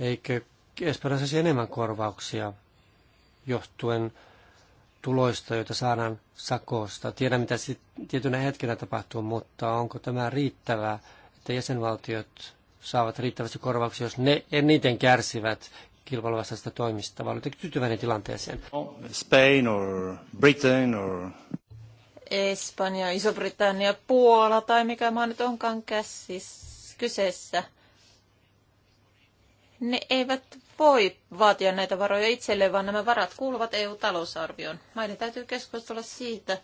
Eikö Espanjassa enemmän korvauksia johtuen tuloista, joita saadaan sakosta. Tiedän, mitä tietynä hetkenä tapahtuu, mutta onko tämä riittävää, että jäsenvaltiot saavat riittävästi korvauksia, jos ne eniten kärsivät kilpailuvastaisista toimista, vai olette tyytyväinen tilanteeseen? Spain or Britain or... Espanja, Iso-Britannia, Puola tai mikä maa nyt onkaan käsissä kyseessä. Ne eivät voi vaatia näitä varoja itselleen, vaan nämä varat kuuluvat EU-talousarvioon. Maiden täytyy keskustella siitä,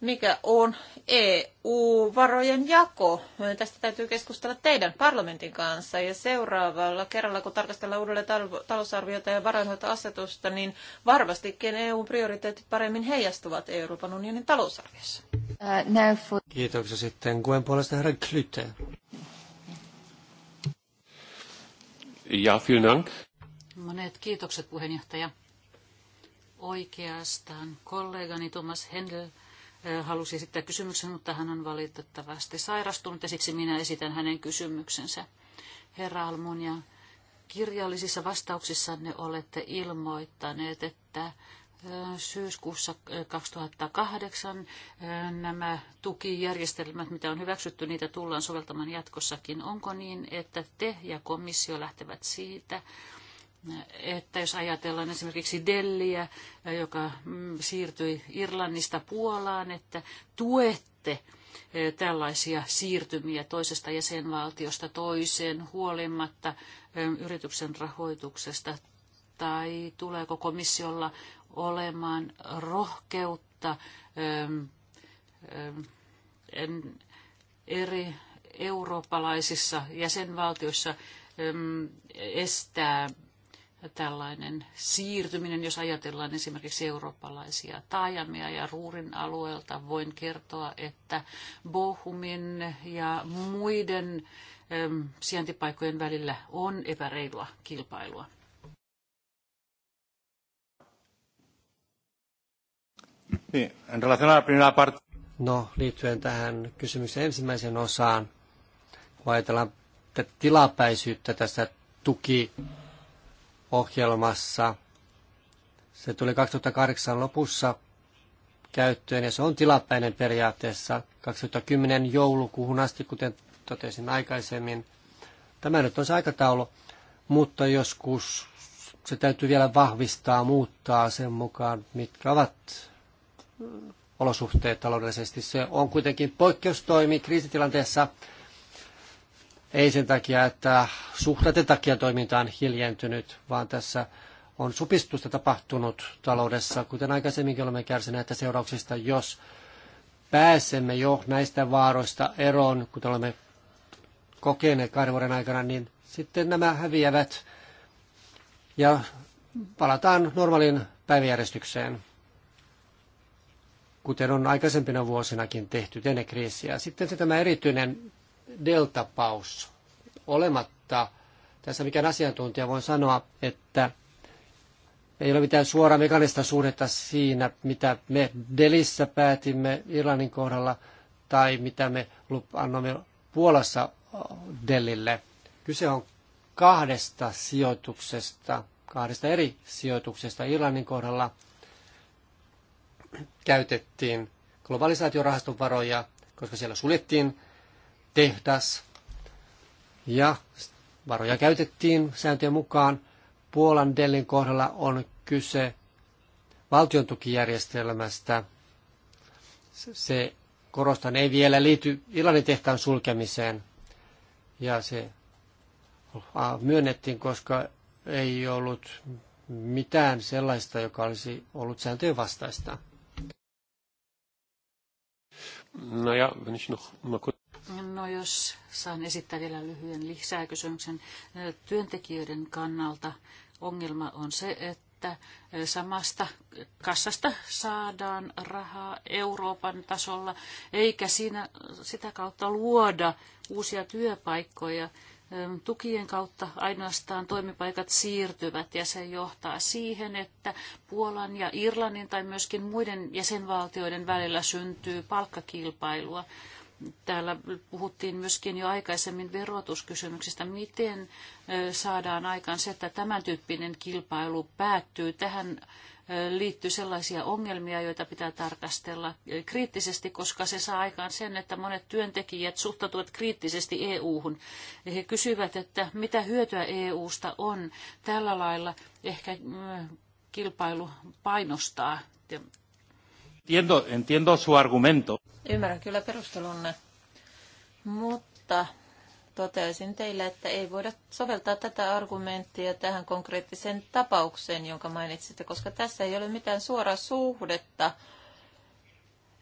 mikä on EU-varojen jako. Tästä täytyy keskustella teidän parlamentin kanssa ja seuraavalla kerralla, kun tarkastellaan uudelleen talousarviota ja varainhoitoasetusta, niin varmastikin EU-prioriteetit paremmin heijastuvat Euroopan unionin talousarviossa. Uh, for... Kiitoksia sitten Kuen puolesta herra Klyte. Ja, vielen Dank. Monet kiitokset puheenjohtaja. Oikeastaan kollegani Thomas Hendel eh, halusi esittää kysymyksen, mutta hän on valitettavasti sairastunut ja siksi minä esitän hänen kysymyksensä. Herra Almunia, kirjallisissa vastauksissanne olette ilmoittaneet, että syyskuussa 2008 nämä tukijärjestelmät, mitä on hyväksytty, niitä tullaan soveltamaan jatkossakin. Onko niin, että te ja komissio lähtevät siitä, että jos ajatellaan esimerkiksi Delliä, joka mm, siirtyi Irlannista Puolaan, että tuette e, tällaisia siirtymiä toisesta jäsenvaltiosta toiseen huolimatta e, yrityksen rahoituksesta tai tuleeko komissiolla olemaan rohkeutta ähm, ähm, eri eurooppalaisissa jäsenvaltioissa ähm, estää tällainen siirtyminen, jos ajatellaan esimerkiksi eurooppalaisia taajamia ja Ruurin alueelta, voin kertoa, että Bohumin ja muiden sijaintipaikkojen välillä on epäreilua kilpailua. No, liittyen tähän kysymyksen ensimmäiseen osaan, kun ajatellaan tilapäisyyttä tässä tukiohjelmassa, se tuli 2008 lopussa käyttöön ja se on tilapäinen periaatteessa 2010 joulukuuhun asti, kuten totesin aikaisemmin. Tämä nyt on se aikataulu, mutta joskus se täytyy vielä vahvistaa, muuttaa sen mukaan, mitkä ovat olosuhteet taloudellisesti. Se on kuitenkin poikkeustoimi kriisitilanteessa. Ei sen takia, että suhteiden takia toiminta on hiljentynyt, vaan tässä on supistusta tapahtunut taloudessa, kuten aikaisemminkin olemme kärsineet seurauksista, jos pääsemme jo näistä vaaroista eroon, kuten olemme kokeneet kahden vuoden aikana, niin sitten nämä häviävät ja palataan normaaliin päiväjärjestykseen kuten on aikaisempina vuosinakin tehty ennen kriisiä. Sitten se tämä erityinen deltapaus. Olematta tässä mikään asiantuntija voin sanoa, että ei ole mitään suoraa mekanista suhdetta siinä, mitä me Delissä päätimme Irlannin kohdalla tai mitä me annoimme Puolassa Delille. Kyse on kahdesta sijoituksesta, kahdesta eri sijoituksesta Irlannin kohdalla – käytettiin globalisaatiorahaston varoja, koska siellä suljettiin tehdas ja varoja käytettiin sääntöjen mukaan. Puolan Dellin kohdalla on kyse valtiontukijärjestelmästä. Se korostan ei vielä liity Ilanin tehtaan sulkemiseen ja se myönnettiin, koska ei ollut mitään sellaista, joka olisi ollut sääntöjen vastaista. No ja, wenn ich noch mal kurz... No jos saan esittää vielä lyhyen lisäkysymyksen. Työntekijöiden kannalta ongelma on se, että samasta kassasta saadaan rahaa Euroopan tasolla, eikä siinä sitä kautta luoda uusia työpaikkoja tukien kautta ainoastaan toimipaikat siirtyvät ja se johtaa siihen, että Puolan ja Irlannin tai myöskin muiden jäsenvaltioiden välillä syntyy palkkakilpailua. Täällä puhuttiin myöskin jo aikaisemmin verotuskysymyksistä. Miten saadaan aikaan se, että tämän tyyppinen kilpailu päättyy tähän liittyy sellaisia ongelmia, joita pitää tarkastella kriittisesti, koska se saa aikaan sen, että monet työntekijät suhtautuvat kriittisesti EU-hun. He kysyvät, että mitä hyötyä EU-sta on tällä lailla ehkä kilpailu painostaa. Entiendo, entiendo su argumento. Ymmärrän kyllä perustelunne, mutta toteaisin teille, että ei voida soveltaa tätä argumenttia tähän konkreettiseen tapaukseen, jonka mainitsitte, koska tässä ei ole mitään suoraa suhdetta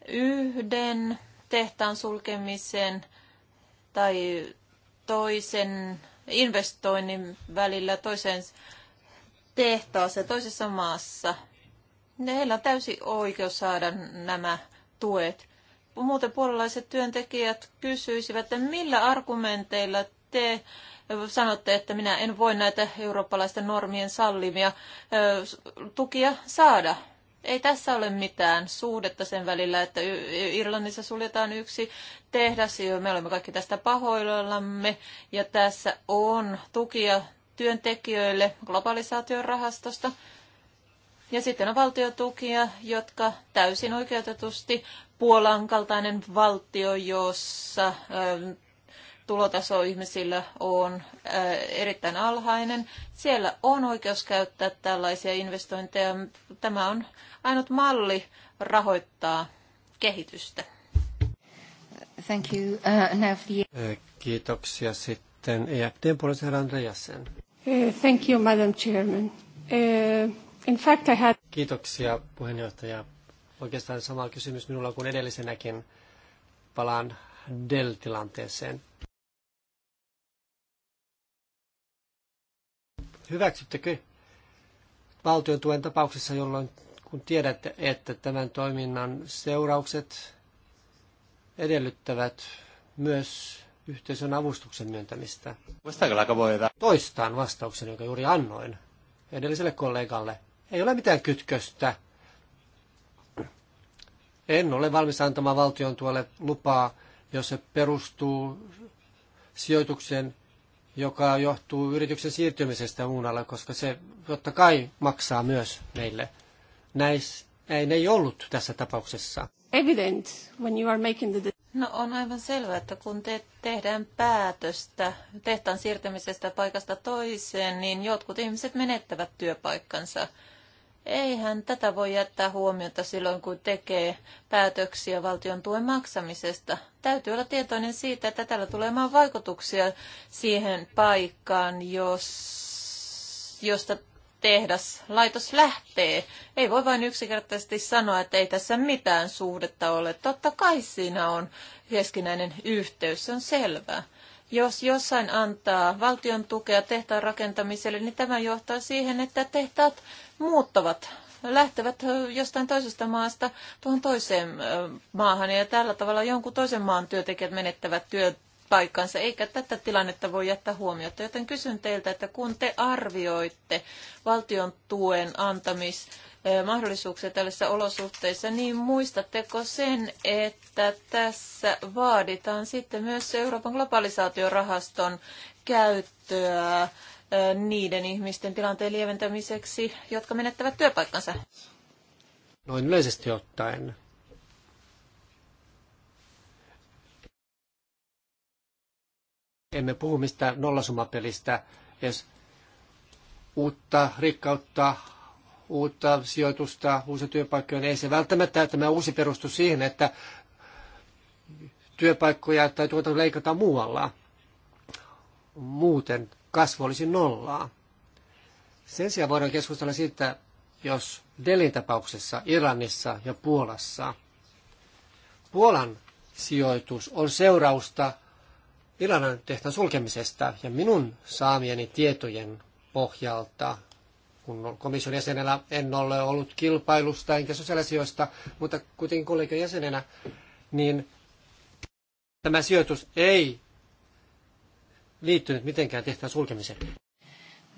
yhden tehtaan sulkemisen tai toisen investoinnin välillä toiseen tehtaaseen toisessa maassa. Heillä on täysi oikeus saada nämä tuet muuten puolalaiset työntekijät kysyisivät, että millä argumenteilla te sanotte, että minä en voi näitä eurooppalaisten normien sallimia tukia saada. Ei tässä ole mitään suhdetta sen välillä, että Irlannissa suljetaan yksi tehdas, me olemme kaikki tästä pahoillamme, ja tässä on tukia työntekijöille globalisaation rahastosta. Ja sitten on valtiotukia, jotka täysin oikeutetusti Puolan kaltainen valtio, jossa ähm, tulotaso ihmisillä on äh, erittäin alhainen. Siellä on oikeus käyttää tällaisia investointeja. Tämä on ainut malli rahoittaa kehitystä. Thank you. Uh, now the... Äh, kiitoksia sitten EFDn puolesta herra Andreasen. Uh, thank you, Madam Chairman. Uh, in fact, I had... Kiitoksia puheenjohtaja. Oikeastaan sama kysymys minulla kuin edellisenäkin. Palaan Dell-tilanteeseen. Hyväksyttekö valtion tuen tapauksessa, jolloin kun tiedätte, että tämän toiminnan seuraukset edellyttävät myös yhteisön avustuksen myöntämistä? Toistaan vastauksen, jonka juuri annoin edelliselle kollegalle. Ei ole mitään kytköstä en ole valmis antamaan valtion tuolle lupaa, jos se perustuu sijoitukseen, joka johtuu yrityksen siirtymisestä muunalle, koska se totta kai maksaa myös meille. Näis, näin ei ollut tässä tapauksessa. Evident when you are making the... No on aivan selvää, että kun te tehdään päätöstä tehtaan siirtämisestä paikasta toiseen, niin jotkut ihmiset menettävät työpaikkansa. Eihän tätä voi jättää huomiota silloin, kun tekee päätöksiä valtion tuen maksamisesta. Täytyy olla tietoinen siitä, että tällä tulee olemaan vaikutuksia siihen paikkaan, jos, josta tehdas, laitos lähtee. Ei voi vain yksinkertaisesti sanoa, että ei tässä mitään suhdetta ole. Totta kai siinä on keskinäinen yhteys, se on selvää. Jos jossain antaa valtion tukea tehtaan rakentamiselle, niin tämä johtaa siihen, että tehtaat muuttavat lähtevät jostain toisesta maasta tuohon toiseen maahan ja tällä tavalla jonkun toisen maan työntekijät menettävät työpaikkansa, eikä tätä tilannetta voi jättää huomiota. Joten kysyn teiltä, että kun te arvioitte valtion tuen antamis mahdollisuuksia tällaisissa olosuhteissa, niin muistatteko sen, että tässä vaaditaan sitten myös Euroopan globalisaatiorahaston käyttöä niiden ihmisten tilanteen lieventämiseksi, jotka menettävät työpaikkansa? Noin yleisesti ottaen. Emme puhu mistä nollasumapelistä, edes uutta rikkautta, uutta sijoitusta, uusia työpaikkoja, niin ei se välttämättä tämä uusi perustu siihen, että työpaikkoja tai tuotanto leikataan muualla. Muuten kasvu olisi nollaa. Sen sijaan voidaan keskustella siitä, jos Delin tapauksessa Iranissa ja Puolassa Puolan sijoitus on seurausta Iranan tehtaan sulkemisesta ja minun saamieni tietojen pohjalta, kun komission jäsenellä en ole ollut kilpailusta enkä sosiaalisijoista, mutta kuitenkin kollegion jäsenenä, niin tämä sijoitus ei liittynyt mitenkään tehtävän sulkemiseen.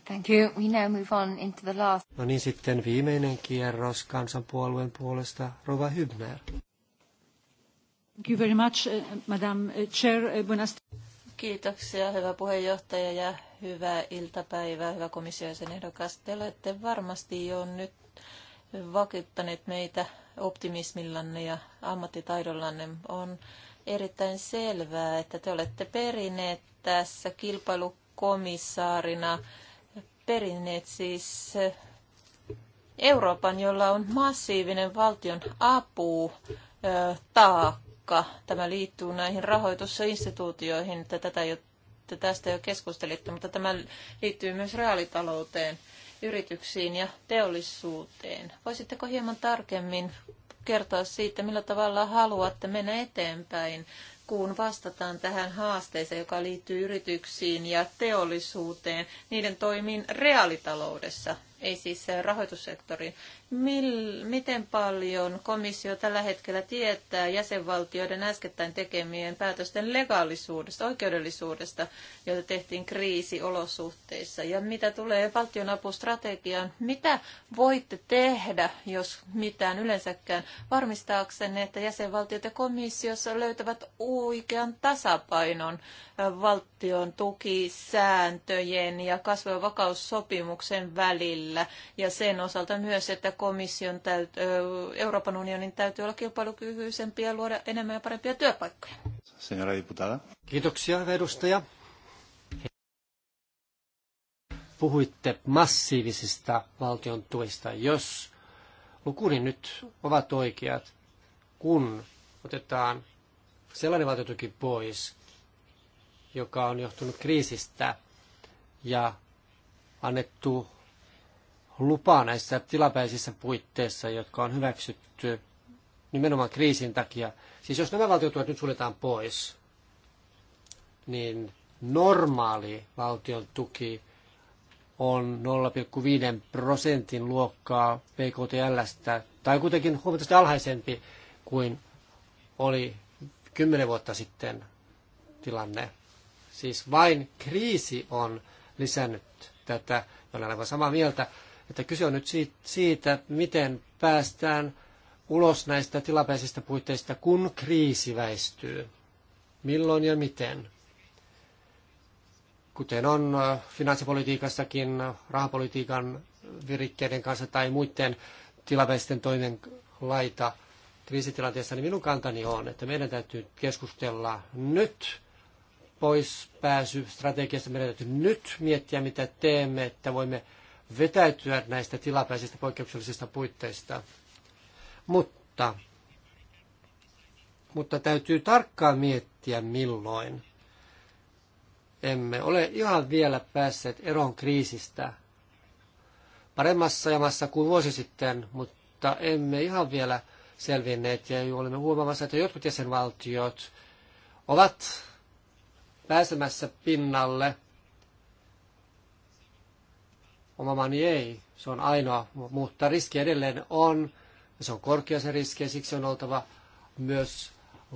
Thank you. We now move on into the last. No niin, sitten viimeinen kierros kansanpuolueen puolesta. Rova Hübner. Thank you very much, uh, Madam uh, Chair. Uh, Kiitoksia, hyvä puheenjohtaja ja hyvää iltapäivää, hyvä komission ehdokas. Te olette varmasti jo nyt vakuuttaneet meitä optimismillanne ja ammattitaidollanne. On erittäin selvää, että te olette perineet tässä kilpailukomissaarina, perineet siis Euroopan, jolla on massiivinen valtion apu, taakka. Tämä liittyy näihin rahoitusinstituutioihin, että tätä jo, te tästä jo keskustelitte, mutta tämä liittyy myös reaalitalouteen, yrityksiin ja teollisuuteen. Voisitteko hieman tarkemmin kertoa siitä, millä tavalla haluatte mennä eteenpäin, kun vastataan tähän haasteeseen, joka liittyy yrityksiin ja teollisuuteen, niiden toimiin reaalitaloudessa ei siis rahoitussektoriin. Mil, miten paljon komissio tällä hetkellä tietää jäsenvaltioiden äskettäin tekemien päätösten legaalisuudesta, oikeudellisuudesta, joita tehtiin kriisiolosuhteissa? Ja mitä tulee valtionapustrategiaan, mitä voitte tehdä, jos mitään yleensäkään, varmistaaksenne, että jäsenvaltiot ja komissiossa löytävät oikean tasapainon valtion tukisääntöjen ja kasvojen ja vakaussopimuksen välillä? välillä ja sen osalta myös, että komission täyt, Euroopan unionin täytyy olla kilpailukykyisempi ja luoda enemmän ja parempia työpaikkoja. Senora diputada. Kiitoksia edustaja. Puhuitte massiivisista valtion tuista. Jos lukuni nyt ovat oikeat, kun otetaan sellainen valtiotuki pois, joka on johtunut kriisistä ja annettu lupaa näissä tilapäisissä puitteissa, jotka on hyväksytty nimenomaan kriisin takia. Siis jos nämä valtiotuet nyt suljetaan pois, niin normaali valtion tuki on 0,5 prosentin luokkaa PKTLstä, tai kuitenkin huomattavasti alhaisempi kuin oli kymmenen vuotta sitten tilanne. Siis vain kriisi on lisännyt tätä, olen aivan samaa mieltä että kyse on nyt siitä, miten päästään ulos näistä tilapäisistä puitteista, kun kriisi väistyy. Milloin ja miten? Kuten on äh, finanssipolitiikassakin, äh, rahapolitiikan virikkeiden kanssa tai muiden tilapäisten toimien laita kriisitilanteessa, niin minun kantani on, että meidän täytyy keskustella nyt pois pääsy strategiasta. Meidän täytyy nyt miettiä, mitä teemme, että voimme vetäytyä näistä tilapäisistä poikkeuksellisista puitteista. Mutta, mutta täytyy tarkkaan miettiä milloin. Emme ole ihan vielä päässeet eron kriisistä paremmassa jamassa kuin vuosi sitten, mutta emme ihan vielä selvinneet ja olemme huomaamassa, että jotkut jäsenvaltiot ovat pääsemässä pinnalle – Omamani ei. Se on ainoa, mutta riski edelleen on. Se on korkea se riski ja siksi on oltava myös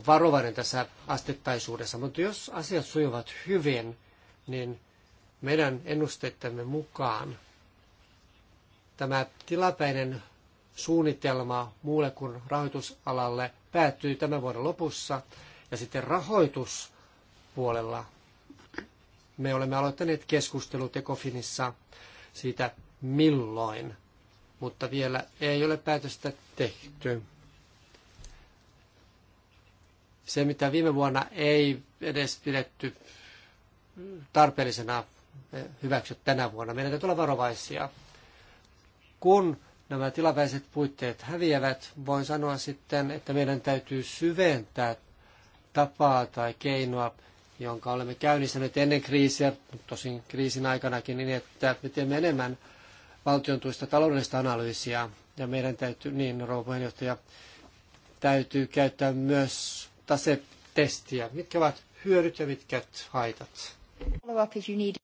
varovainen tässä astettaisuudessa. Mutta jos asiat sujuvat hyvin, niin meidän ennusteittemme mukaan tämä tilapäinen suunnitelma muulle kuin rahoitusalalle päättyy tämän vuoden lopussa. Ja sitten rahoituspuolella me olemme aloittaneet keskustelut ekofinissa siitä milloin, mutta vielä ei ole päätöstä tehty. Se, mitä viime vuonna ei edes pidetty tarpeellisena hyväksyä tänä vuonna. Meidän täytyy olla varovaisia. Kun nämä tilapäiset puitteet häviävät, voin sanoa sitten, että meidän täytyy syventää tapaa tai keinoa jonka olemme käynnistäneet ennen kriisiä, tosin kriisin aikanakin, niin että me teemme enemmän valtion tuista taloudellista analyysiä. Ja meidän täytyy, niin rouva puheenjohtaja, täytyy käyttää myös tasetestiä. Mitkä ovat hyödyt ja mitkä haitat?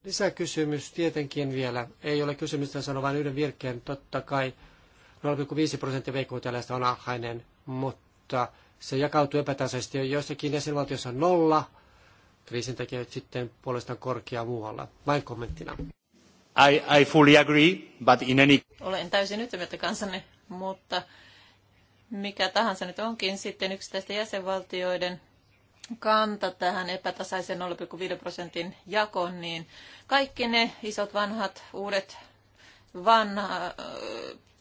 Lisäkysymys tietenkin vielä. Ei ole kysymystä sanoa vain yhden virkkeen. Totta kai 0,5 prosenttia VKT on alhainen, mutta se jakautuu epätasaisesti. Joissakin jäsenvaltioissa on nolla, kriisin tekijät sitten puolestaan korkea muualla. Vain kommenttina. I, I fully agree, but in any... Olen täysin yhtä mieltä kansanne, mutta mikä tahansa nyt onkin sitten yksittäisten jäsenvaltioiden kanta tähän epätasaisen 0,5 prosentin jakoon, niin kaikki ne isot vanhat, uudet, vanha, äh,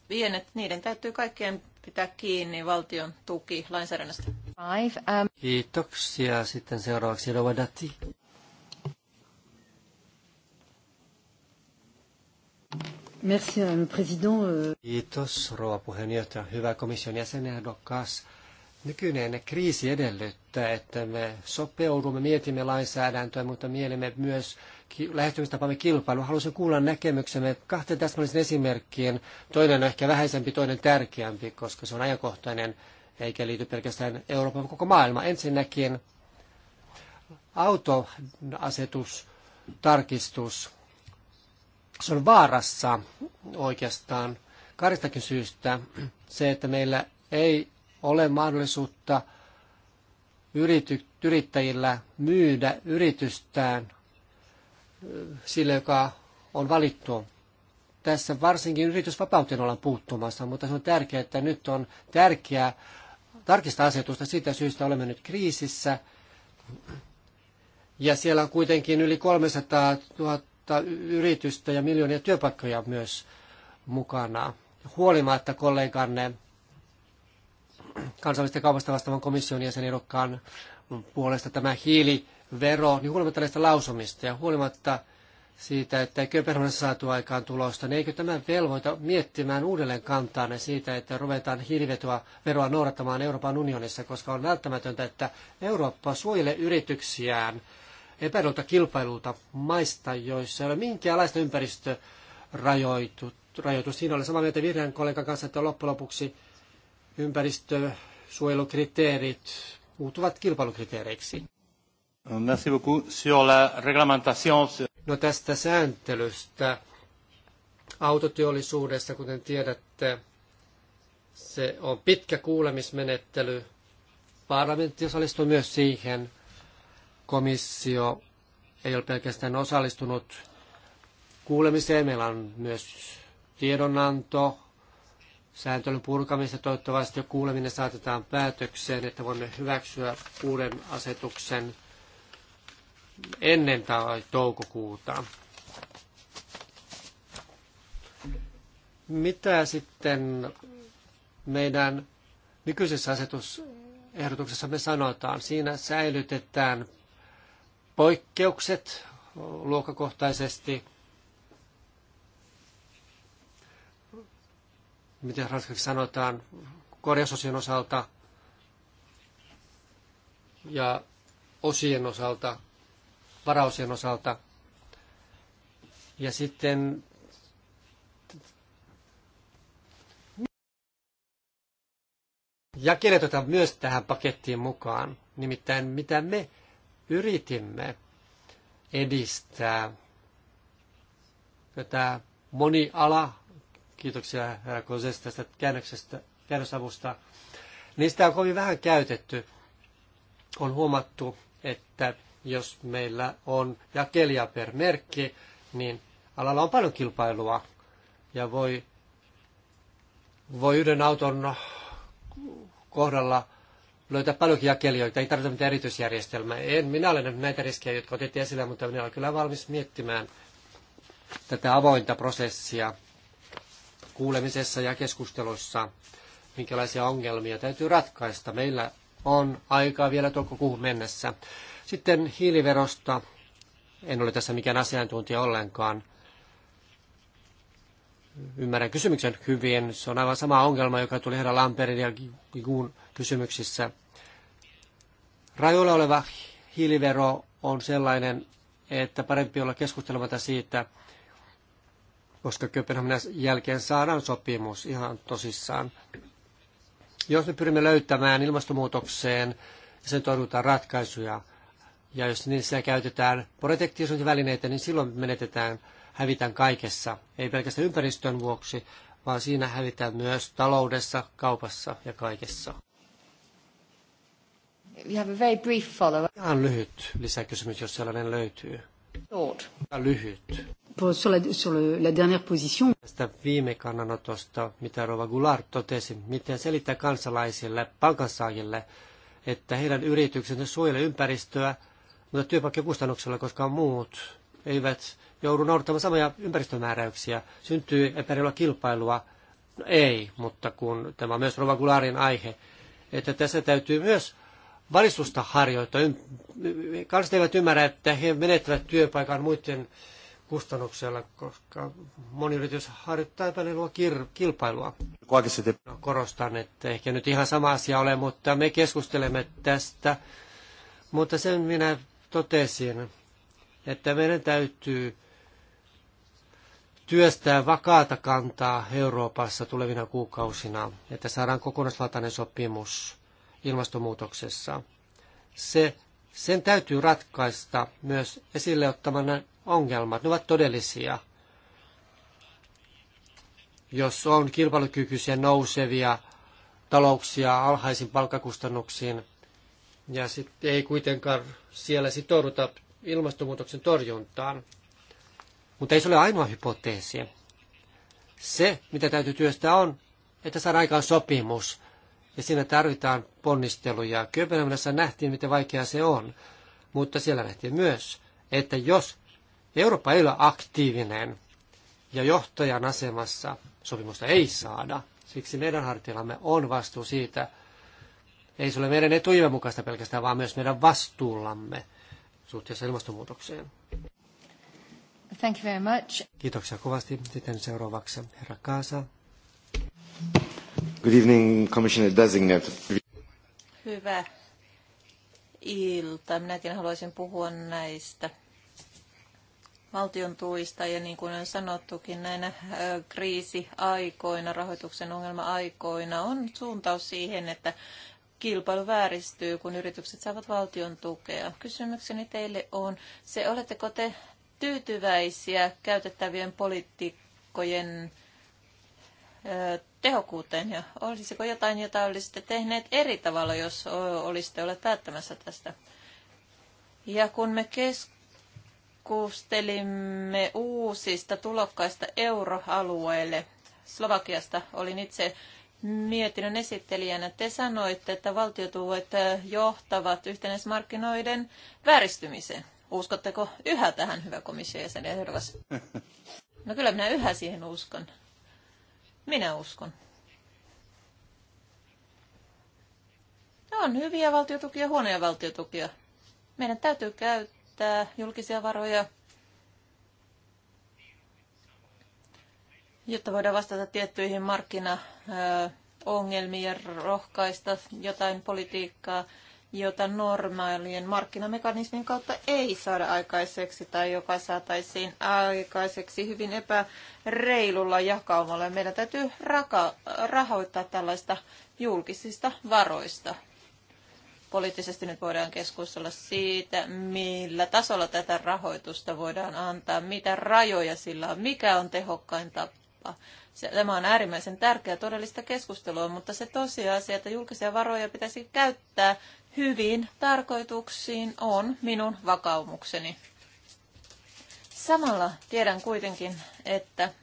pienet, niiden täytyy kaikkien pitää kiinni valtion tuki lainsäädännöstä. Um, Kiitoksia. Sitten seuraavaksi Rova Merci, président. Kiitos, rouva puheenjohtaja. Hyvä komission jäsenehdokas. Nykyinen kriisi edellyttää, että me sopeudumme, mietimme lainsäädäntöä, mutta mielimme myös lähestymistapamme kilpailu. Haluaisin kuulla näkemyksemme kahteen täsmällisen esimerkkiin. Toinen on ehkä vähäisempi, toinen tärkeämpi, koska se on ajankohtainen eikä liity pelkästään Euroopan koko maailma. Ensinnäkin autoasetus, tarkistus, se on vaarassa oikeastaan karistakin syystä se, että meillä ei ole mahdollisuutta yrity, yrittäjillä myydä yritystään sille, joka on valittu. Tässä varsinkin yritysvapauteen ollaan puuttumassa, mutta se on tärkeää, että nyt on tärkeää Tarkista asetusta. Siitä syystä olemme nyt kriisissä. Ja siellä on kuitenkin yli 300 000 yritystä ja miljoonia työpaikkoja myös mukana. Huolimatta kolleganne kansainvälistä kaupasta vastaavan komission jäsenehdokkaan puolesta tämä hiilivero, niin huolimatta näistä lausumista ja huolimatta siitä, että eikö saatu aikaan tulosta, niin eikö tämä velvoita miettimään uudelleen kantaanne siitä, että ruvetaan hiilivetoa veroa noudattamaan Euroopan unionissa, koska on välttämätöntä, että Eurooppa suojelee yrityksiään epäilulta kilpailulta maista, joissa ei ole minkäänlaista ympäristörajoitus. Siinä oli samaa mieltä vihreän kollegan kanssa, että loppujen lopuksi ympäristösuojelukriteerit muuttuvat kilpailukriteereiksi. Merci beaucoup. Sur la réglementation, No tästä sääntelystä autoteollisuudessa, kuten tiedätte, se on pitkä kuulemismenettely. Parlamentti osallistui myös siihen. Komissio ei ole pelkästään osallistunut kuulemiseen. Meillä on myös tiedonanto sääntelyn purkamista. Toivottavasti jo kuuleminen saatetaan päätökseen, että voimme hyväksyä uuden asetuksen ennen tai toukokuuta. Mitä sitten meidän nykyisessä me sanotaan? Siinä säilytetään poikkeukset luokkakohtaisesti. Miten ranskaksi sanotaan korjausosien osalta ja osien osalta varausien osalta. Ja sitten ja kenet otetaan myös tähän pakettiin mukaan, nimittäin mitä me yritimme edistää tätä moniala, kiitoksia herra Kosesta tästä käännöksestä, käännösavusta, niin sitä on kovin vähän käytetty. On huomattu, että jos meillä on jakelija per merkki, niin alalla on paljon kilpailua ja voi, voi yhden auton kohdalla löytää paljon jakelijoita, ei tarvita mitään erityisjärjestelmää. En minä ole näitä riskejä, jotka otettiin esille, mutta minä olen kyllä valmis miettimään tätä avointa prosessia kuulemisessa ja keskustelussa, minkälaisia ongelmia täytyy ratkaista. Meillä on aikaa vielä toukokuuhun mennessä. Sitten hiiliverosta. En ole tässä mikään asiantuntija ollenkaan. Ymmärrän kysymyksen hyvin. Se on aivan sama ongelma, joka tuli herra Lamperin ja Gigun kysymyksissä. Rajoilla oleva hiilivero on sellainen, että parempi olla keskustelematta siitä, koska Kööpenhaminan jälkeen saadaan sopimus ihan tosissaan. Jos me pyrimme löytämään ilmastonmuutokseen ja sen torjuntaan ratkaisuja, ja jos niissä käytetään protektiivisuusvälineitä, niin silloin menetetään, hävitään kaikessa. Ei pelkästään ympäristön vuoksi, vaan siinä hävitään myös taloudessa, kaupassa ja kaikessa. We have a very brief follow-up. Ihan lyhyt lisäkysymys, jos sellainen löytyy. Short. Lyhyt. Sur la, sur la dernière position. Tästä viime kannanotosta, mitä Rova Goulart totesi, miten selittää kansalaisille, palkansaajille, että heidän yrityksensä suojelee ympäristöä mutta työpaikkakustannuksella, koska muut eivät joudu noudattamaan samoja ympäristömääräyksiä. Syntyy epäreilua kilpailua. No ei, mutta kun tämä on myös Rovagularin aihe, että tässä täytyy myös valistusta harjoittaa. Kansat eivät ymmärrä, että he menettävät työpaikan muiden kustannuksella, koska moni yritys harjoittaa epäreilua kilpailua. No, korostan, että ehkä nyt ihan sama asia ole, mutta me keskustelemme tästä. Mutta sen minä totesin, että meidän täytyy työstää vakaata kantaa Euroopassa tulevina kuukausina, että saadaan kokonaisvaltainen sopimus ilmastonmuutoksessa. Se, sen täytyy ratkaista myös esille ottamana ongelmat. Ne ovat todellisia. Jos on kilpailukykyisiä nousevia talouksia alhaisin palkkakustannuksiin, ja sit ei kuitenkaan siellä sitouduta ilmastonmuutoksen torjuntaan. Mutta ei se ole ainoa hypoteesi. Se, mitä täytyy työstää, on, että saadaan aikaan sopimus. Ja siinä tarvitaan ponnisteluja. Kööpenhaminassa nähtiin, miten vaikeaa se on. Mutta siellä nähtiin myös, että jos Eurooppa ei ole aktiivinen ja johtajan asemassa sopimusta ei saada, siksi meidän hartilamme on vastuu siitä, ei se ole meidän etujemme mukaista pelkästään, vaan myös meidän vastuullamme suhteessa ilmastonmuutokseen. Thank you very much. Kiitoksia kovasti. Sitten seuraavaksi herra Kaasa. Good evening, Commissioner Designate. Hyvä ilta. Minäkin haluaisin puhua näistä valtion tuista ja niin kuin on sanottukin näinä kriisiaikoina, rahoituksen ongelma-aikoina on suuntaus siihen, että kilpailu vääristyy, kun yritykset saavat valtion tukea. Kysymykseni teille on se, oletteko te tyytyväisiä käytettävien poliitikkojen tehokkuuteen ja olisiko jotain, jota olisitte tehneet eri tavalla, jos olisitte olleet päättämässä tästä. Ja kun me keskustelimme uusista tulokkaista euroalueelle, Slovakiasta olin itse mietinnön esittelijänä. Te sanoitte, että valtiotuet johtavat yhtenäismarkkinoiden vääristymiseen. Uskotteko yhä tähän, hyvä komission jäsen ehdokas? No kyllä minä yhä siihen uskon. Minä uskon. Ne no on hyviä valtiotukia, huonoja valtiotukia. Meidän täytyy käyttää julkisia varoja jotta voidaan vastata tiettyihin markkinaongelmiin ja rohkaista jotain politiikkaa, jota normaalien markkinamekanismin kautta ei saada aikaiseksi tai joka saataisiin aikaiseksi hyvin epäreilulla jakaumalla. Meidän täytyy raka- rahoittaa tällaista julkisista varoista. Poliittisesti nyt voidaan keskustella siitä, millä tasolla tätä rahoitusta voidaan antaa, mitä rajoja sillä on, mikä on tehokkain tapa se, Tämä on äärimmäisen tärkeä todellista keskustelua, mutta se tosiasia, että julkisia varoja pitäisi käyttää hyvin tarkoituksiin, on minun vakaumukseni. Samalla tiedän kuitenkin, että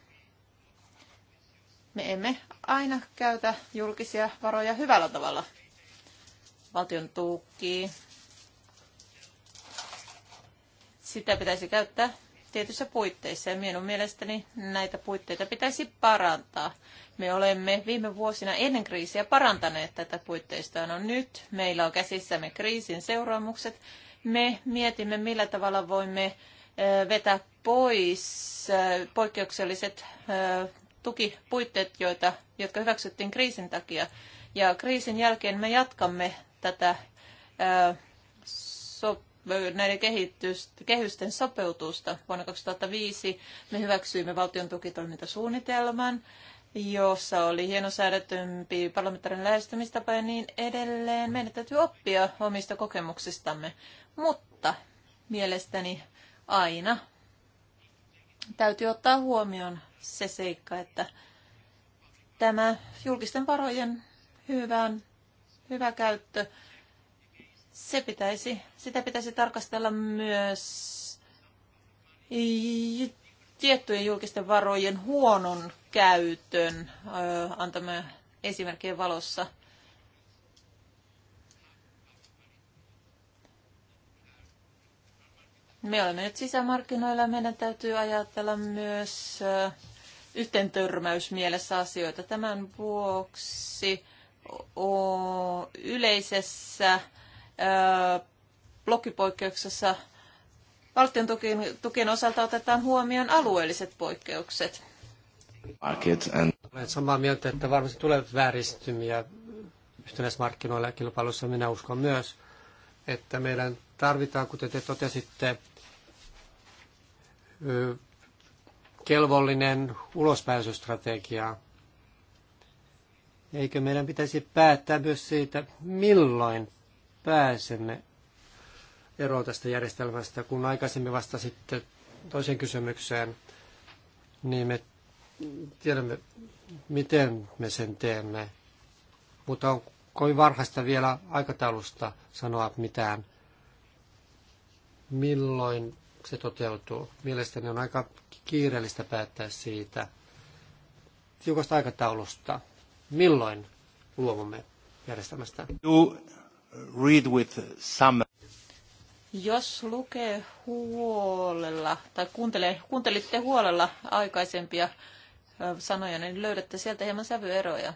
me emme aina käytä julkisia varoja hyvällä tavalla. Valtion tuki, sitä pitäisi käyttää tietyissä puitteissa ja minun mielestäni näitä puitteita pitäisi parantaa. Me olemme viime vuosina ennen kriisiä parantaneet tätä puitteista. No nyt meillä on käsissämme kriisin seuraamukset. Me mietimme, millä tavalla voimme vetää pois poikkeukselliset tukipuitteet, joita, jotka hyväksyttiin kriisin takia. Ja kriisin jälkeen me jatkamme tätä sop- näiden kehysten sopeutusta. Vuonna 2005 me hyväksyimme valtion tukitoimintasuunnitelman, jossa oli hienosäädetympi parlamentaarinen lähestymistapa ja niin edelleen. Meidän täytyy oppia omista kokemuksistamme, mutta mielestäni aina täytyy ottaa huomioon se seikka, että tämä julkisten varojen hyvän, hyvä käyttö – se pitäisi, sitä pitäisi tarkastella myös tiettyjen julkisten varojen huonon käytön antamme esimerkkien valossa. Me olemme nyt sisämarkkinoilla. Meidän täytyy ajatella myös yhteen törmäys mielessä asioita. Tämän vuoksi yleisessä blokkipoikkeuksessa valtion tukien, tukien osalta otetaan huomioon alueelliset poikkeukset. Olen samaa mieltä, että varmasti tulee vääristymiä yhtenäismarkkinoilla ja kilpailussa. Minä uskon myös, että meidän tarvitaan, kuten te totesitte, kelvollinen ulospääsystrategia. Eikö meidän pitäisi päättää myös siitä, milloin pääsemme eroon tästä järjestelmästä. Kun aikaisemmin vastasitte sitten toiseen kysymykseen, niin me tiedämme, miten me sen teemme. Mutta on kovin varhaista vielä aikataulusta sanoa mitään, milloin se toteutuu. Mielestäni on aika kiireellistä päättää siitä tiukasta aikataulusta. Milloin luovumme järjestelmästä? Juu read with some jos lukee huolella tai kuuntelee, kuuntelitte huolella aikaisempia sanoja, niin löydätte sieltä hieman sävyeroja.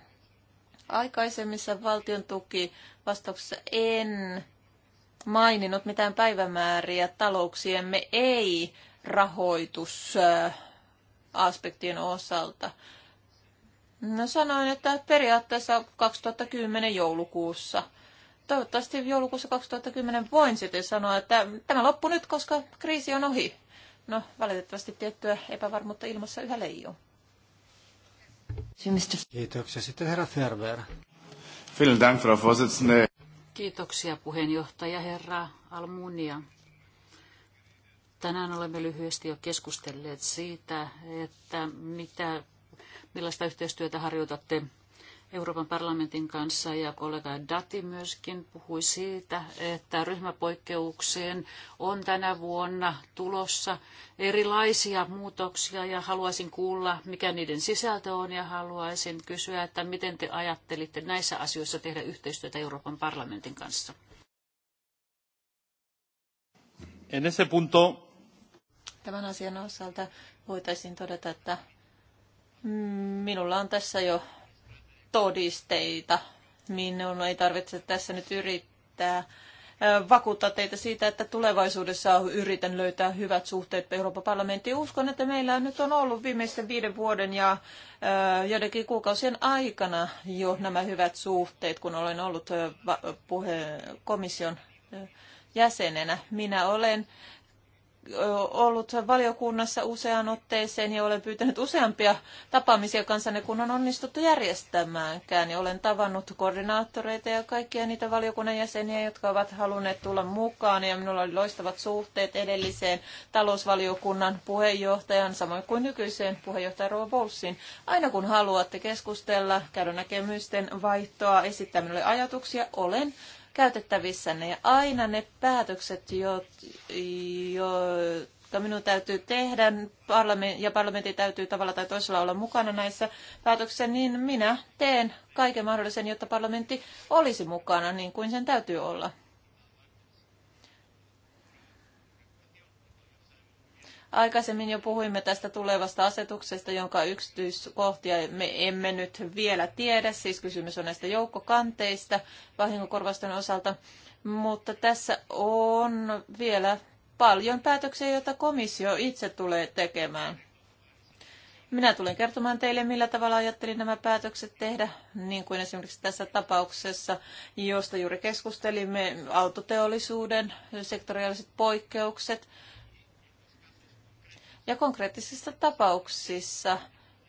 Aikaisemmissa valtion tuki vastauksissa en maininnut mitään päivämääriä talouksiemme ei rahoitusaspektien osalta. No sanoin, että periaatteessa 2010 joulukuussa – toivottavasti joulukuussa 2010 voin sitten sanoa, että tämä loppu nyt, koska kriisi on ohi. No, valitettavasti tiettyä epävarmuutta ilmassa yhä leijuu. Kiitoksia. Sitten herra Ferber. Kiitoksia puheenjohtaja herra Almunia. Tänään olemme lyhyesti jo keskustelleet siitä, että mitä, millaista yhteistyötä harjoitatte Euroopan parlamentin kanssa ja kollega Dati myöskin puhui siitä, että ryhmäpoikkeukseen on tänä vuonna tulossa erilaisia muutoksia ja haluaisin kuulla, mikä niiden sisältö on ja haluaisin kysyä, että miten te ajattelitte näissä asioissa tehdä yhteistyötä Euroopan parlamentin kanssa. En ese punto tämän asian osalta voitaisiin todeta, että minulla on tässä jo todisteita. Minun ei tarvitse tässä nyt yrittää vakuuttaa teitä siitä, että tulevaisuudessa yritän löytää hyvät suhteet Euroopan parlamenttiin. Uskon, että meillä nyt on ollut viimeisten viiden vuoden ja joidenkin kuukausien aikana jo nämä hyvät suhteet, kun olen ollut komission jäsenenä. Minä olen ollut valiokunnassa useaan otteeseen ja olen pyytänyt useampia tapaamisia kanssanne, kun on onnistuttu järjestämäänkään. Ja olen tavannut koordinaattoreita ja kaikkia niitä valiokunnan jäseniä, jotka ovat halunneet tulla mukaan. Ja minulla oli loistavat suhteet edelliseen talousvaliokunnan puheenjohtajan, samoin kuin nykyiseen puheenjohtajan Rova Bolsin. Aina kun haluatte keskustella, käydä näkemysten vaihtoa, esittää minulle ajatuksia, olen käytettävissäni. ja aina ne päätökset, jotka minun täytyy tehdä ja parlamentti täytyy tavalla tai toisella olla mukana näissä päätöksissä, niin minä teen kaiken mahdollisen, jotta parlamentti olisi mukana niin kuin sen täytyy olla. Aikaisemmin jo puhuimme tästä tulevasta asetuksesta, jonka yksityiskohtia me emme nyt vielä tiedä. Siis kysymys on näistä joukkokanteista vahingonkorvausten osalta. Mutta tässä on vielä paljon päätöksiä, joita komissio itse tulee tekemään. Minä tulen kertomaan teille, millä tavalla ajattelin nämä päätökset tehdä, niin kuin esimerkiksi tässä tapauksessa, josta juuri keskustelimme, autoteollisuuden sektoriaaliset poikkeukset ja konkreettisissa tapauksissa,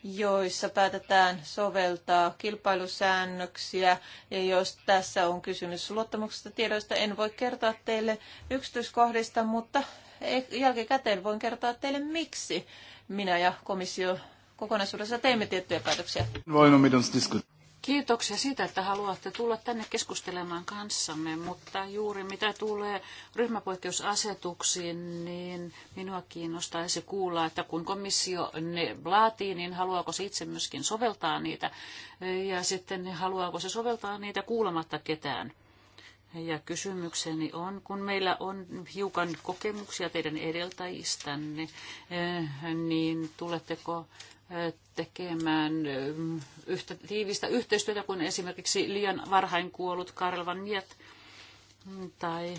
joissa päätetään soveltaa kilpailusäännöksiä. Ja jos tässä on kysymys luottamuksesta tiedoista, en voi kertoa teille yksityiskohdista, mutta e- jälkikäteen voin kertoa teille, miksi minä ja komissio kokonaisuudessa teimme tiettyjä päätöksiä. Kiitoksia siitä, että haluatte tulla tänne keskustelemaan kanssamme, mutta juuri mitä tulee ryhmäpoikkeusasetuksiin, niin minua kiinnostaisi kuulla, että kun komissio ne laatii, niin haluaako se itse myöskin soveltaa niitä ja sitten haluaako se soveltaa niitä kuulematta ketään. Ja kysymykseni on, kun meillä on hiukan kokemuksia teidän edeltäjistänne, eh, niin tuletteko tekemään yhtä tiivistä yhteistyötä kuin esimerkiksi liian varhain kuollut Karel van Niet, tai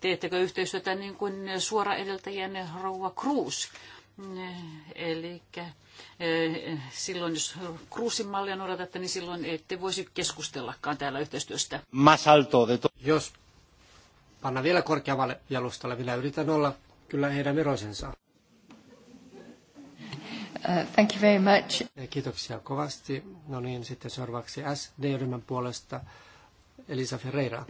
teettekö yhteistyötä niin kuin suora edeltäjien Rouva Cruz. Eli silloin, jos Cruzin mallia noudatatte, niin silloin ette voisi keskustellakaan täällä yhteistyöstä. Jos panna vielä korkeavalle jalustalle, minä yritän olla kyllä heidän eroisensa. Uh, thank you very much. Kiitoksia kovasti. No niin, sitten seuraavaksi SD-ryhmän puolesta Elisa Ferreira.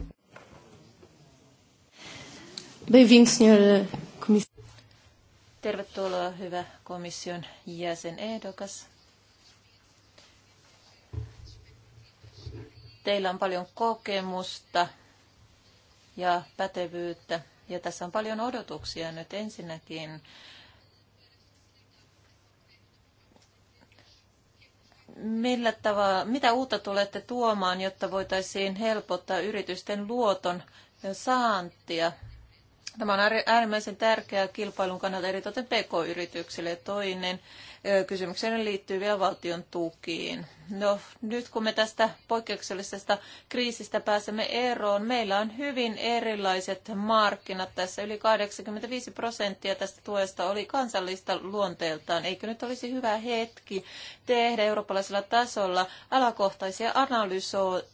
Tervetuloa, hyvä komission jäsenehdokas. Teillä on paljon kokemusta ja pätevyyttä ja tässä on paljon odotuksia nyt ensinnäkin millä tavalla, mitä uutta tulette tuomaan, jotta voitaisiin helpottaa yritysten luoton saantia? Tämä on äärimmäisen tärkeää kilpailun kannalta eritoten pk-yrityksille. Toinen kysymykseen liittyy vielä valtion tukiin. No nyt kun me tästä poikkeuksellisesta kriisistä pääsemme eroon, meillä on hyvin erilaiset markkinat tässä. Yli 85 prosenttia tästä tuesta oli kansallista luonteeltaan. Eikö nyt olisi hyvä hetki tehdä eurooppalaisella tasolla alakohtaisia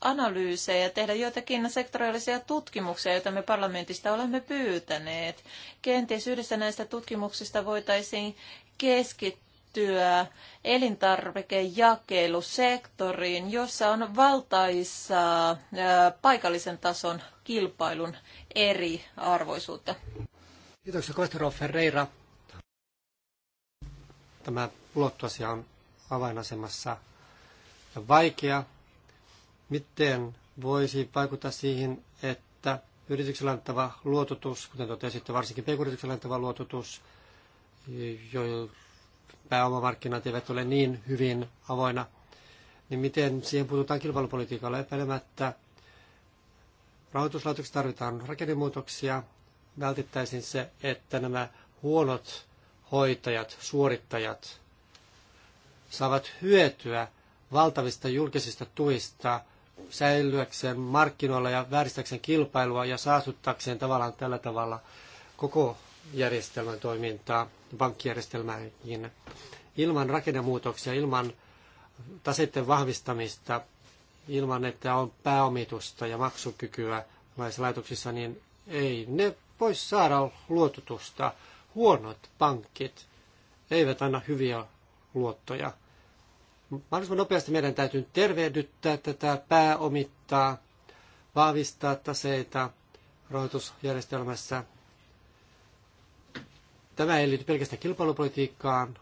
analyysejä, tehdä joitakin sektoriallisia tutkimuksia, joita me parlamentista olemme pyytäneet. Kenties yhdessä näistä tutkimuksista voitaisiin keskittyä siirtyä elintarvikejakelusektoriin, jossa on valtaissa paikallisen tason kilpailun eriarvoisuutta. Kiitoksia Kostero Ferreira. Tämä ulottuasia on avainasemassa ja vaikea. Miten voisi vaikuttaa siihen, että yrityksellä annettava luototus, kuten totesitte, varsinkin pk-yrityksellä annettava luototus, pääomamarkkinat eivät ole niin hyvin avoina, niin miten siihen puututaan kilpailupolitiikalla epäilemättä. Rahoituslaitoksessa tarvitaan rakennemuutoksia. Vältettäisiin se, että nämä huonot hoitajat, suorittajat saavat hyötyä valtavista julkisista tuista säilyäkseen markkinoilla ja vääristäkseen kilpailua ja saastuttaakseen tavallaan tällä tavalla koko järjestelmän toimintaa pankkijärjestelmäänkin. Ilman rakennemuutoksia, ilman taseiden vahvistamista, ilman että on pääomitusta ja maksukykyä näissä laitoksissa, niin ei ne voi saada luototusta. Huonot pankit eivät anna hyviä luottoja. Mahdollisimman nopeasti meidän täytyy tervehdyttää tätä, pääomittaa, vahvistaa taseita rahoitusjärjestelmässä Tämä ei liity pelkästään kilpailupolitiikkaan,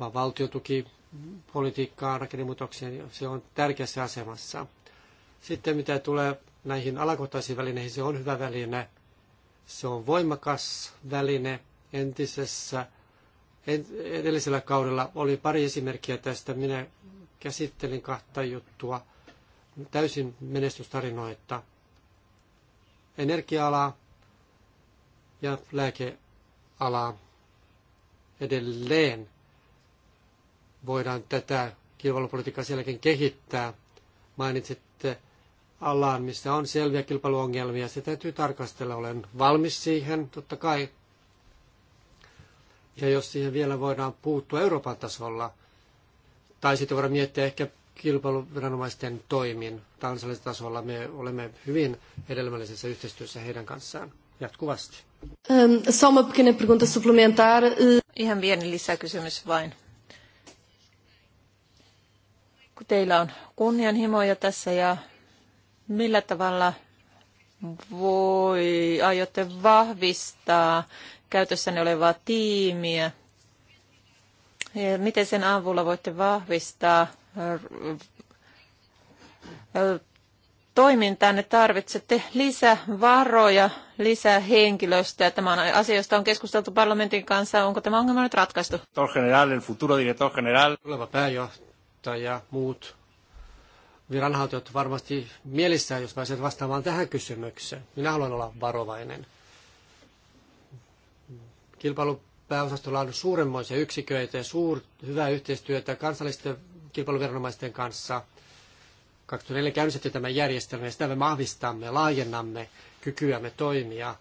vaan valtiotukipolitiikkaan, rakennemuutokseen. Se on tärkeässä asemassa. Sitten mitä tulee näihin alakohtaisiin välineihin, se on hyvä väline. Se on voimakas väline entisessä edellisellä kaudella oli pari esimerkkiä tästä. Minä käsittelin kahta juttua, täysin menestystarinoita. Energia-ala ja lääkealaa edelleen voidaan tätä kilpailupolitiikkaa sielläkin kehittää. Mainitsitte alaan, missä on selviä kilpailuongelmia. Se täytyy tarkastella. Olen valmis siihen, totta kai. Ja jos siihen vielä voidaan puuttua Euroopan tasolla, tai sitten voidaan miettiä ehkä kilpailuviranomaisten toimin kansallisella tasolla. Me olemme hyvin hedelmällisessä yhteistyössä heidän kanssaan jatkuvasti. Só uma pequena pergunta suplementar. Eh, Ihan pieni lisäkysymys vain. Kun teillä on kunnianhimoja tässä ja millä tavalla voi, aiotte vahvistaa käytössänne olevaa tiimiä? Ja miten sen avulla voitte vahvistaa toimintaanne tarvitsette lisävaroja, lisää henkilöstöä. Tämä on asia, josta on keskusteltu parlamentin kanssa. Onko tämä ongelma nyt ratkaistu? General, el futuro director general. Oleva pääjohtaja, muut viranhaltijat varmasti mielissään, jos pääset vastaamaan tähän kysymykseen. Minä haluan olla varovainen. Kilpailupääosastolla on suuremmoisia yksiköitä ja suur, hyvää yhteistyötä kansallisten kilpailuviranomaisten kanssa – 2004 käynnistettiin tämä järjestelmä ja sitä me vahvistamme, laajennamme kykyämme toimia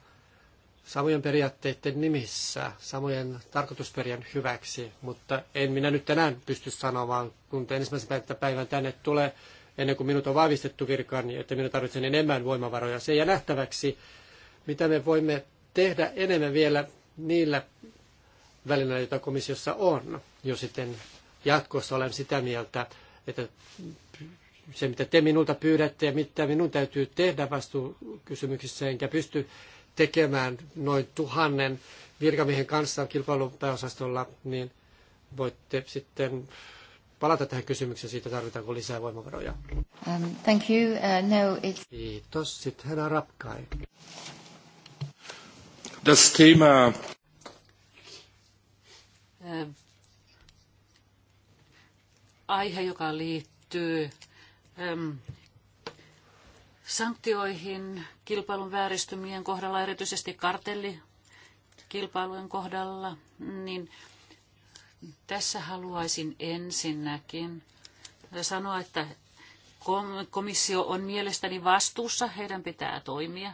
samojen periaatteiden nimissä, samojen tarkoitusperien hyväksi, mutta en minä nyt tänään pysty sanomaan, kun ensimmäisen päivän tänne tulee, ennen kuin minut on vahvistettu virkaan, niin että minä tarvitsen enemmän voimavaroja. Se jää nähtäväksi, mitä me voimme tehdä enemmän vielä niillä välineillä, joita komissiossa on. jos sitten jatkossa olen sitä mieltä, että se, mitä te minulta pyydätte ja mitä minun täytyy tehdä vastuukysymyksissä, enkä pysty tekemään noin tuhannen virkamiehen kanssa kilpailupääosastolla, niin voitte sitten palata tähän kysymykseen siitä, tarvitaanko lisää voimavaroja. Um, thank you. Uh, no, it's... Kiitos. Sitten herra Rapkai. Das Thema... Aihe, joka liittyy äm, sanktioihin kilpailun vääristymien kohdalla, erityisesti kartellikilpailujen kohdalla, niin tässä haluaisin ensinnäkin sanoa, että komissio on mielestäni vastuussa, heidän pitää toimia.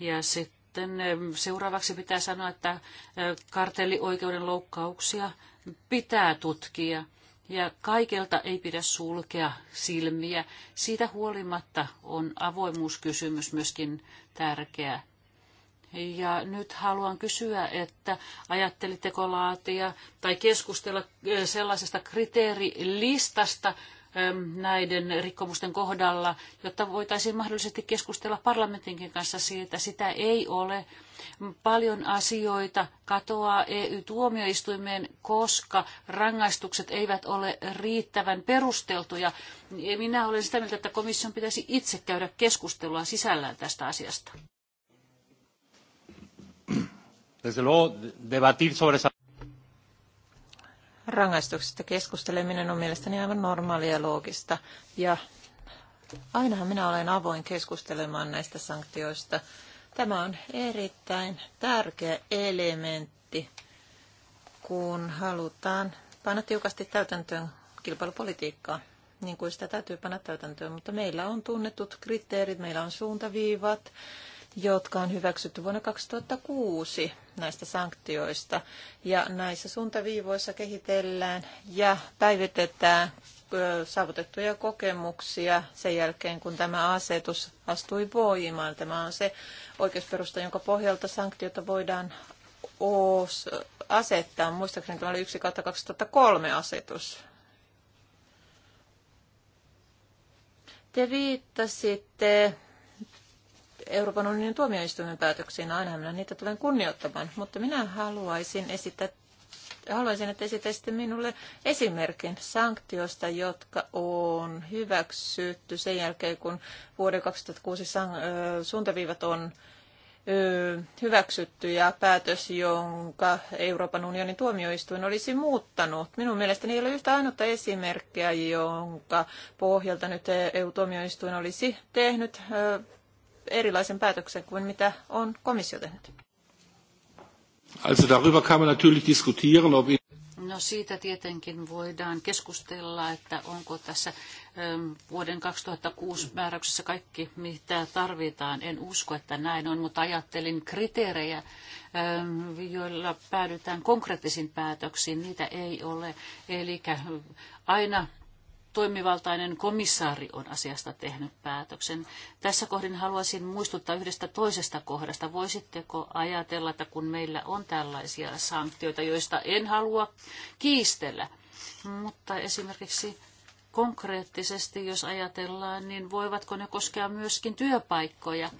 Ja sitten seuraavaksi pitää sanoa, että kartellioikeuden loukkauksia pitää tutkia – ja kaikelta ei pidä sulkea silmiä. Siitä huolimatta on avoimuuskysymys myöskin tärkeä. Ja nyt haluan kysyä, että ajatteliteko laatia tai keskustella sellaisesta kriteerilistasta näiden rikkomusten kohdalla, jotta voitaisiin mahdollisesti keskustella parlamentinkin kanssa siitä. Sitä ei ole Paljon asioita katoaa EU-tuomioistuimeen, koska rangaistukset eivät ole riittävän perusteltuja. Minä olen sitä mieltä, että komission pitäisi itse käydä keskustelua sisällään tästä asiasta. Rangaistuksista keskusteleminen on mielestäni aivan normaalia ja loogista. Ja ainahan minä olen avoin keskustelemaan näistä sanktioista Tämä on erittäin tärkeä elementti, kun halutaan panna tiukasti täytäntöön kilpailupolitiikkaa, niin kuin sitä täytyy panna täytäntöön. Mutta meillä on tunnetut kriteerit, meillä on suuntaviivat, jotka on hyväksytty vuonna 2006 näistä sanktioista. Ja näissä suuntaviivoissa kehitellään ja päivitetään saavutettuja kokemuksia sen jälkeen, kun tämä asetus astui voimaan. Tämä on se oikeusperusta, jonka pohjalta sanktiota voidaan asettaa. Muistaakseni tämä oli 1 2003 asetus. Te viittasitte Euroopan unionin tuomioistuimen päätöksiin, aina minä niitä tulen kunnioittamaan, mutta minä haluaisin esittää haluaisin, että esittäisitte minulle esimerkin sanktioista, jotka on hyväksytty sen jälkeen, kun vuoden 2006 suuntaviivat on hyväksytty ja päätös, jonka Euroopan unionin tuomioistuin olisi muuttanut. Minun mielestäni ei ole yhtä ainutta esimerkkiä, jonka pohjalta nyt EU-tuomioistuin olisi tehnyt erilaisen päätöksen kuin mitä on komissio tehnyt. Also darüber kann man natürlich diskutieren, ob No siitä tietenkin voidaan keskustella, että onko tässä ähm, vuoden 2006 määräyksessä kaikki, mitä tarvitaan. En usko, että näin on, mutta ajattelin kriteerejä, ähm, joilla päädytään konkreettisiin päätöksiin. Niitä ei ole. Eli aina toimivaltainen komissaari on asiasta tehnyt päätöksen. Tässä kohdin haluaisin muistuttaa yhdestä toisesta kohdasta. Voisitteko ajatella, että kun meillä on tällaisia sanktioita, joista en halua kiistellä, mutta esimerkiksi konkreettisesti, jos ajatellaan, niin voivatko ne koskea myöskin työpaikkoja?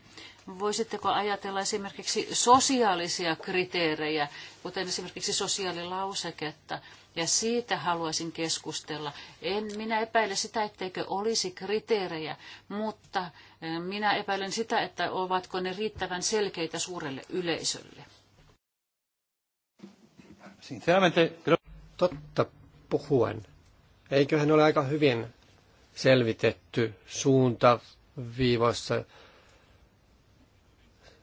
Voisitteko ajatella esimerkiksi sosiaalisia kriteerejä, kuten esimerkiksi sosiaalilauseketta? ja siitä haluaisin keskustella. En minä epäile sitä, etteikö olisi kriteerejä, mutta minä epäilen sitä, että ovatko ne riittävän selkeitä suurelle yleisölle. Totta puhuen, eiköhän ole aika hyvin selvitetty suunta viivoissa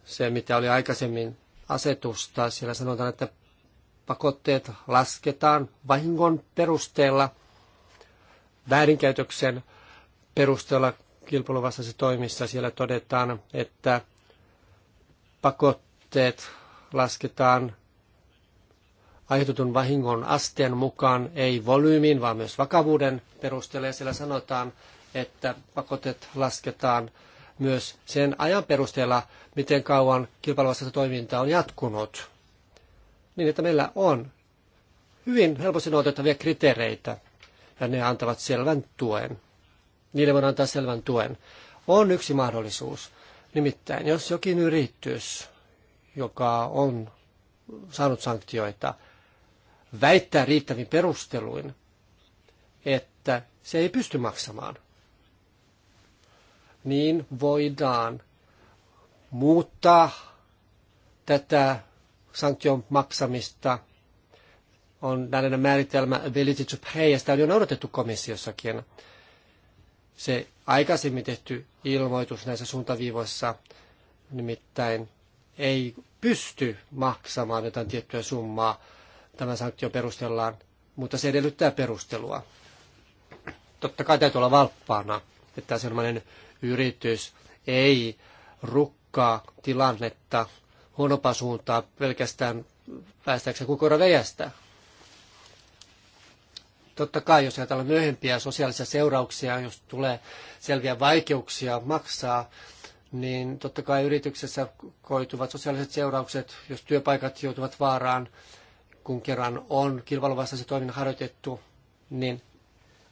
se, mitä oli aikaisemmin asetusta. Siellä sanotaan, että pakotteet lasketaan vahingon perusteella, väärinkäytöksen perusteella kilpailuvastaisessa toimissa. Siellä todetaan, että pakotteet lasketaan aiheutetun vahingon asteen mukaan, ei volyymin, vaan myös vakavuuden perusteella. Ja siellä sanotaan, että pakotet lasketaan myös sen ajan perusteella, miten kauan kilpailuvastaista toiminta on jatkunut niin että meillä on hyvin helposti noudatettavia kriteereitä, ja ne antavat selvän tuen. Niille voidaan antaa selvän tuen. On yksi mahdollisuus. Nimittäin, jos jokin yritys, joka on saanut sanktioita, väittää riittävin perusteluin, että se ei pysty maksamaan, niin voidaan muuttaa tätä sanktion maksamista. On tällainen määritelmä ability to pay, ja sitä on jo noudatettu komissiossakin. Se aikaisemmin tehty ilmoitus näissä suuntaviivoissa nimittäin ei pysty maksamaan jotain tiettyä summaa. Tämä sanktio perustellaan, mutta se edellyttää perustelua. Totta kai täytyy olla valppaana, että sellainen yritys ei rukkaa tilannetta huonompaa suuntaa pelkästään päästäkseen kukura vejästä. Totta kai, jos ajatellaan myöhempiä sosiaalisia seurauksia, jos tulee selviä vaikeuksia maksaa, niin totta kai yrityksessä koituvat sosiaaliset seuraukset, jos työpaikat joutuvat vaaraan, kun kerran on kilpailuvastaisen toiminnan harjoitettu, niin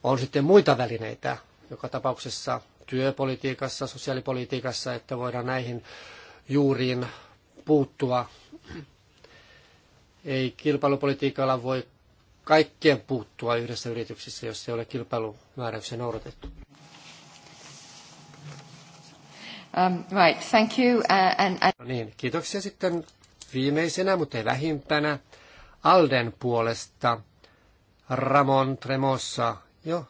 on sitten muita välineitä, joka tapauksessa työpolitiikassa, sosiaalipolitiikassa, että voidaan näihin juuriin puuttua. Ei kilpailupolitiikalla voi kaikkien puuttua yhdessä yrityksessä, jos ei ole kilpailumääräyksiä noudatettu. Um, right, thank you. Uh, and, and... No niin, kiitoksia sitten viimeisenä, mutta ei vähimpänä, Alden puolesta Ramon Tremossa jo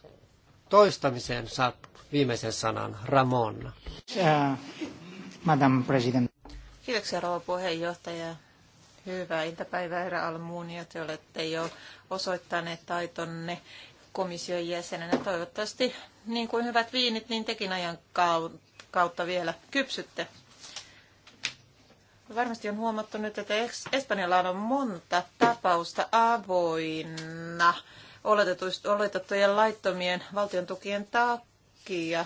toistamiseen saa viimeisen sanan Ramon. Uh, Madam President. Kiitoksia rouva puheenjohtaja. Hyvää iltapäivää, herra Almuunia. Te olette jo osoittaneet taitonne komission jäsenenä. Toivottavasti niin kuin hyvät viinit, niin tekin ajan kautta vielä kypsytte. Varmasti on huomattu nyt, että Espanjalla on monta tapausta avoinna oletettujen laittomien valtion tukien takia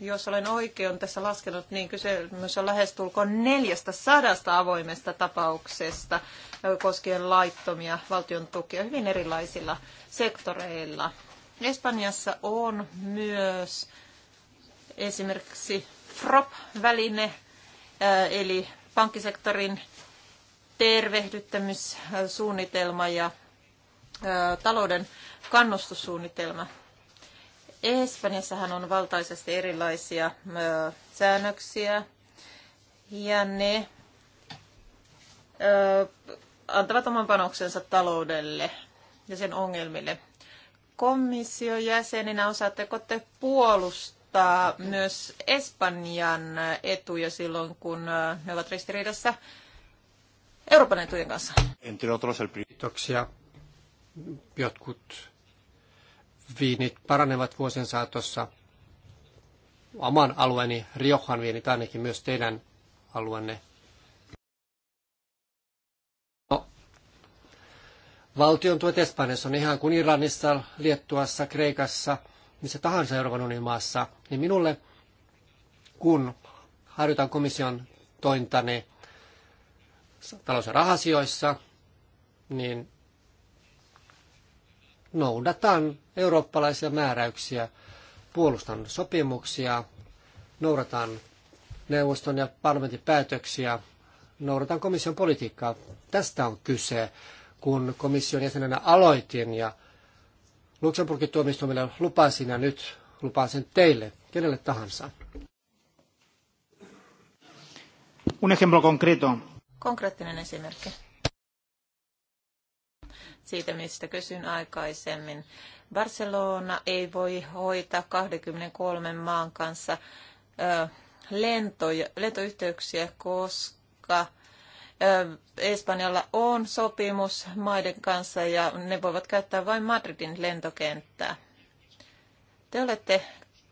jos olen oikein tässä laskenut, niin kysymys on lähestulkoon 400 avoimesta tapauksesta koskien laittomia valtion tukia hyvin erilaisilla sektoreilla. Espanjassa on myös esimerkiksi FROP-väline, äh, eli pankkisektorin tervehdyttämissuunnitelma ja äh, talouden kannustussuunnitelma. Espanjassahan on valtaisesti erilaisia ö, säännöksiä ja ne ö, antavat oman panoksensa taloudelle ja sen ongelmille. Komission jäseninä osaatteko te puolustaa myös Espanjan etuja silloin, kun ne ovat ristiriidassa Euroopan etujen kanssa? Kiitoksia. Jotkut viinit paranevat vuosien saatossa. Oman alueeni Riohan viinit ainakin myös teidän alueenne. No, valtion tuet Espanjassa on ihan kuin Iranissa, Liettuassa, Kreikassa, missä tahansa Euroopan unionin maassa, niin minulle, kun harjoitan komission tointani talous- ja rahasioissa, niin noudatan eurooppalaisia määräyksiä, puolustan sopimuksia, noudatan neuvoston ja parlamentin päätöksiä, noudatan komission politiikkaa. Tästä on kyse, kun komission jäsenenä aloitin ja Luxemburgin tuomistuomille lupasin ja nyt lupaan sen teille, kenelle tahansa. Un ejemplo concreto. Konkreettinen esimerkki siitä, mistä kysyin aikaisemmin. Barcelona ei voi hoitaa 23 maan kanssa lentoja, lentoyhteyksiä, koska Espanjalla on sopimus maiden kanssa ja ne voivat käyttää vain Madridin lentokenttää. Te olette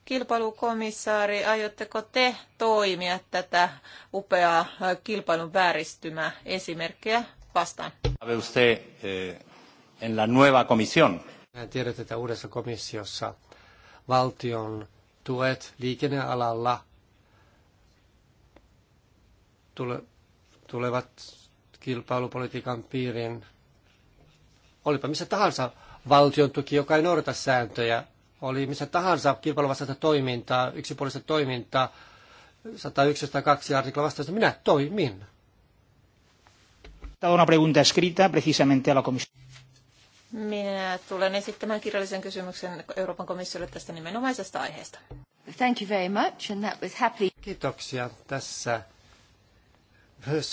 kilpailukomissaari, aiotteko te toimia tätä upeaa kilpailun vääristymää esimerkkejä vastaan? Usted, eh, en la nueva comisión. Tiedät, että uudessa komissiossa valtion tuet liikennealalla tule, tulevat kilpailupolitiikan piiriin. Olipa missä tahansa valtion tuki, joka ei noudata sääntöjä. Oli missä tahansa kilpailuvastaista toimintaa, yksipuolista toimintaa, 101-102 artikla vastaista. Minä toimin. Una pregunta escrita precisamente a la komissio. Minä tulen esittämään kirjallisen kysymyksen Euroopan komissiolle tästä nimenomaisesta aiheesta. Thank you very much, and that was happy. Kiitoksia. Tässä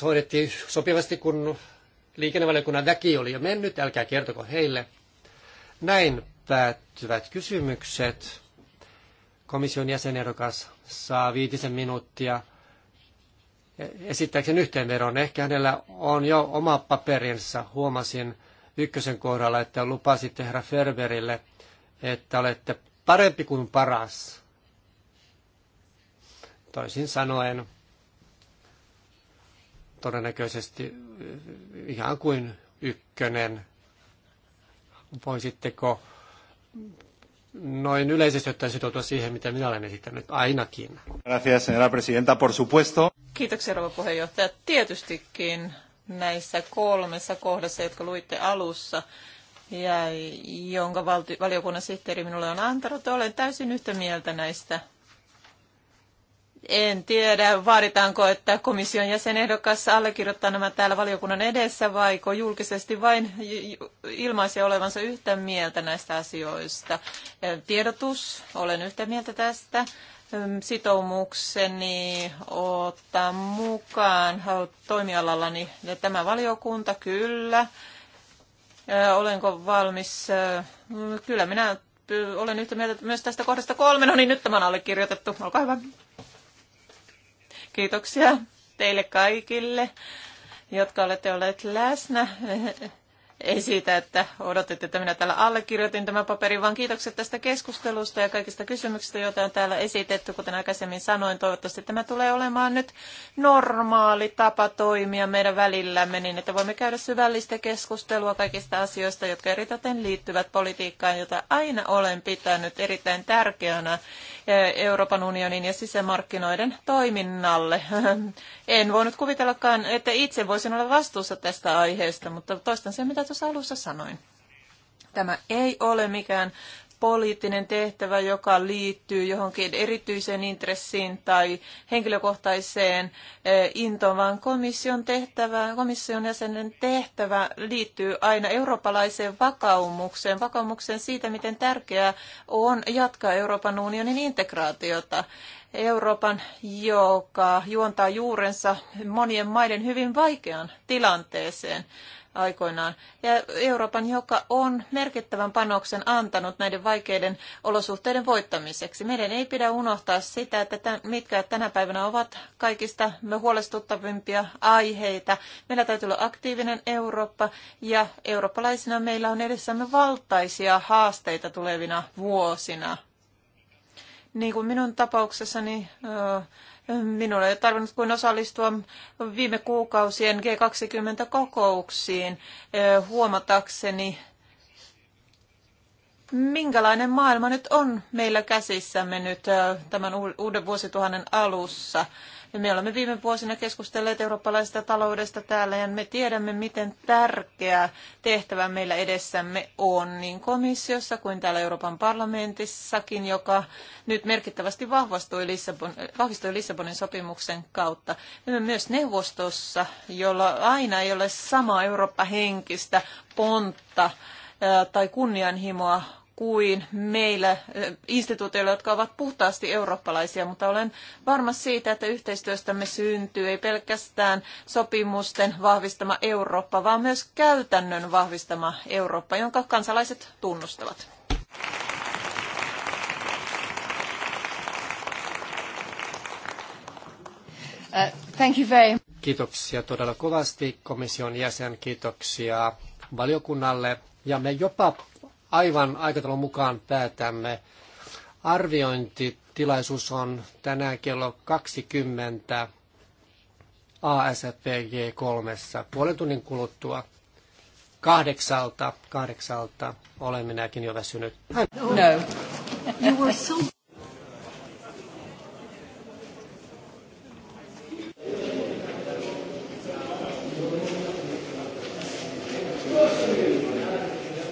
hoidettiin sopivasti, kun liikennevaliokunnan väki oli jo mennyt. Älkää kertoko heille. Näin päättyvät kysymykset. Komission jäsenehdokas saa viitisen minuuttia esittääkseen yhteenveron. Ehkä hänellä on jo oma paperinsa, huomasin ykkösen kohdalla, että lupasitte herra Ferberille, että olette parempi kuin paras. Toisin sanoen, todennäköisesti ihan kuin ykkönen. Voisitteko noin yleisesti ottaen sitoutua siihen, mitä minä olen esittänyt ainakin? Gracias, señora presidenta, por supuesto. Kiitoksia, rouva puheenjohtaja. Tietystikin näissä kolmessa kohdassa, jotka luitte alussa, ja jonka valti- valiokunnan sihteeri minulle on antanut. Olen täysin yhtä mieltä näistä. En tiedä, vaaditaanko, että komission jäsenehdokas allekirjoittaa nämä täällä valiokunnan edessä vaiko julkisesti vain ilmaisee olevansa yhtä mieltä näistä asioista. Tiedotus, olen yhtä mieltä tästä sitoumukseni ottaa mukaan toimialallani tämä valiokunta, kyllä. Olenko valmis? Kyllä, minä olen yhtä mieltä myös tästä kohdasta kolme. No niin, nyt tämä on allekirjoitettu. Olkaa hyvä. Kiitoksia teille kaikille, jotka olette olleet läsnä. Ei siitä, että odotitte, että minä täällä allekirjoitin tämän paperin, vaan kiitokset tästä keskustelusta ja kaikista kysymyksistä, joita on täällä esitetty. Kuten aikaisemmin sanoin, toivottavasti tämä tulee olemaan nyt normaali tapa toimia meidän välillämme, niin että voimme käydä syvällistä keskustelua kaikista asioista, jotka eritoten liittyvät politiikkaan, jota aina olen pitänyt erittäin tärkeänä eh, Euroopan unionin ja sisämarkkinoiden toiminnalle. En voinut kuvitellakaan, että itse voisin olla vastuussa tästä aiheesta, mutta toistan sen, mitä tuossa alussa sanoin. Tämä ei ole mikään poliittinen tehtävä, joka liittyy johonkin erityiseen intressiin tai henkilökohtaiseen e, intoon, vaan komission, tehtävä, komission jäsenen tehtävä liittyy aina eurooppalaiseen vakaumukseen, vakaumukseen siitä, miten tärkeää on jatkaa Euroopan unionin integraatiota. Euroopan, joka juontaa juurensa monien maiden hyvin vaikeaan tilanteeseen aikoinaan. Ja Euroopan, joka on merkittävän panoksen antanut näiden vaikeiden olosuhteiden voittamiseksi. Meidän ei pidä unohtaa sitä, että tämän, mitkä tänä päivänä ovat kaikista me huolestuttavimpia aiheita. Meillä täytyy olla aktiivinen Eurooppa ja eurooppalaisina meillä on edessämme valtaisia haasteita tulevina vuosina. Niin kuin minun tapauksessani Minun ei tarvinnut kuin osallistua viime kuukausien G20-kokouksiin eh, huomatakseni, minkälainen maailma nyt on meillä käsissämme nyt eh, tämän uuden vuosituhannen alussa. Me olemme viime vuosina keskustelleet eurooppalaisesta taloudesta täällä ja me tiedämme, miten tärkeä tehtävä meillä edessämme on niin komissiossa kuin täällä Euroopan parlamentissakin, joka nyt merkittävästi vahvistui, Lissabon, vahvistui Lissabonin sopimuksen kautta. Me myös neuvostossa, jolla aina ei ole sama Eurooppa-henkistä pontta tai kunnianhimoa kuin meillä instituutioilla, jotka ovat puhtaasti eurooppalaisia, mutta olen varma siitä, että yhteistyöstämme syntyy ei pelkästään sopimusten vahvistama Eurooppa, vaan myös käytännön vahvistama Eurooppa, jonka kansalaiset tunnustavat. Uh, thank you very Kiitoksia todella kovasti komission jäsen, kiitoksia valiokunnalle ja me jopa aivan aikataulun mukaan päätämme. Arviointitilaisuus on tänään kello 20 ASFPG 3 puolen tunnin kuluttua. Kahdeksalta, kahdeksalta olen minäkin jo väsynyt. No. no. You were so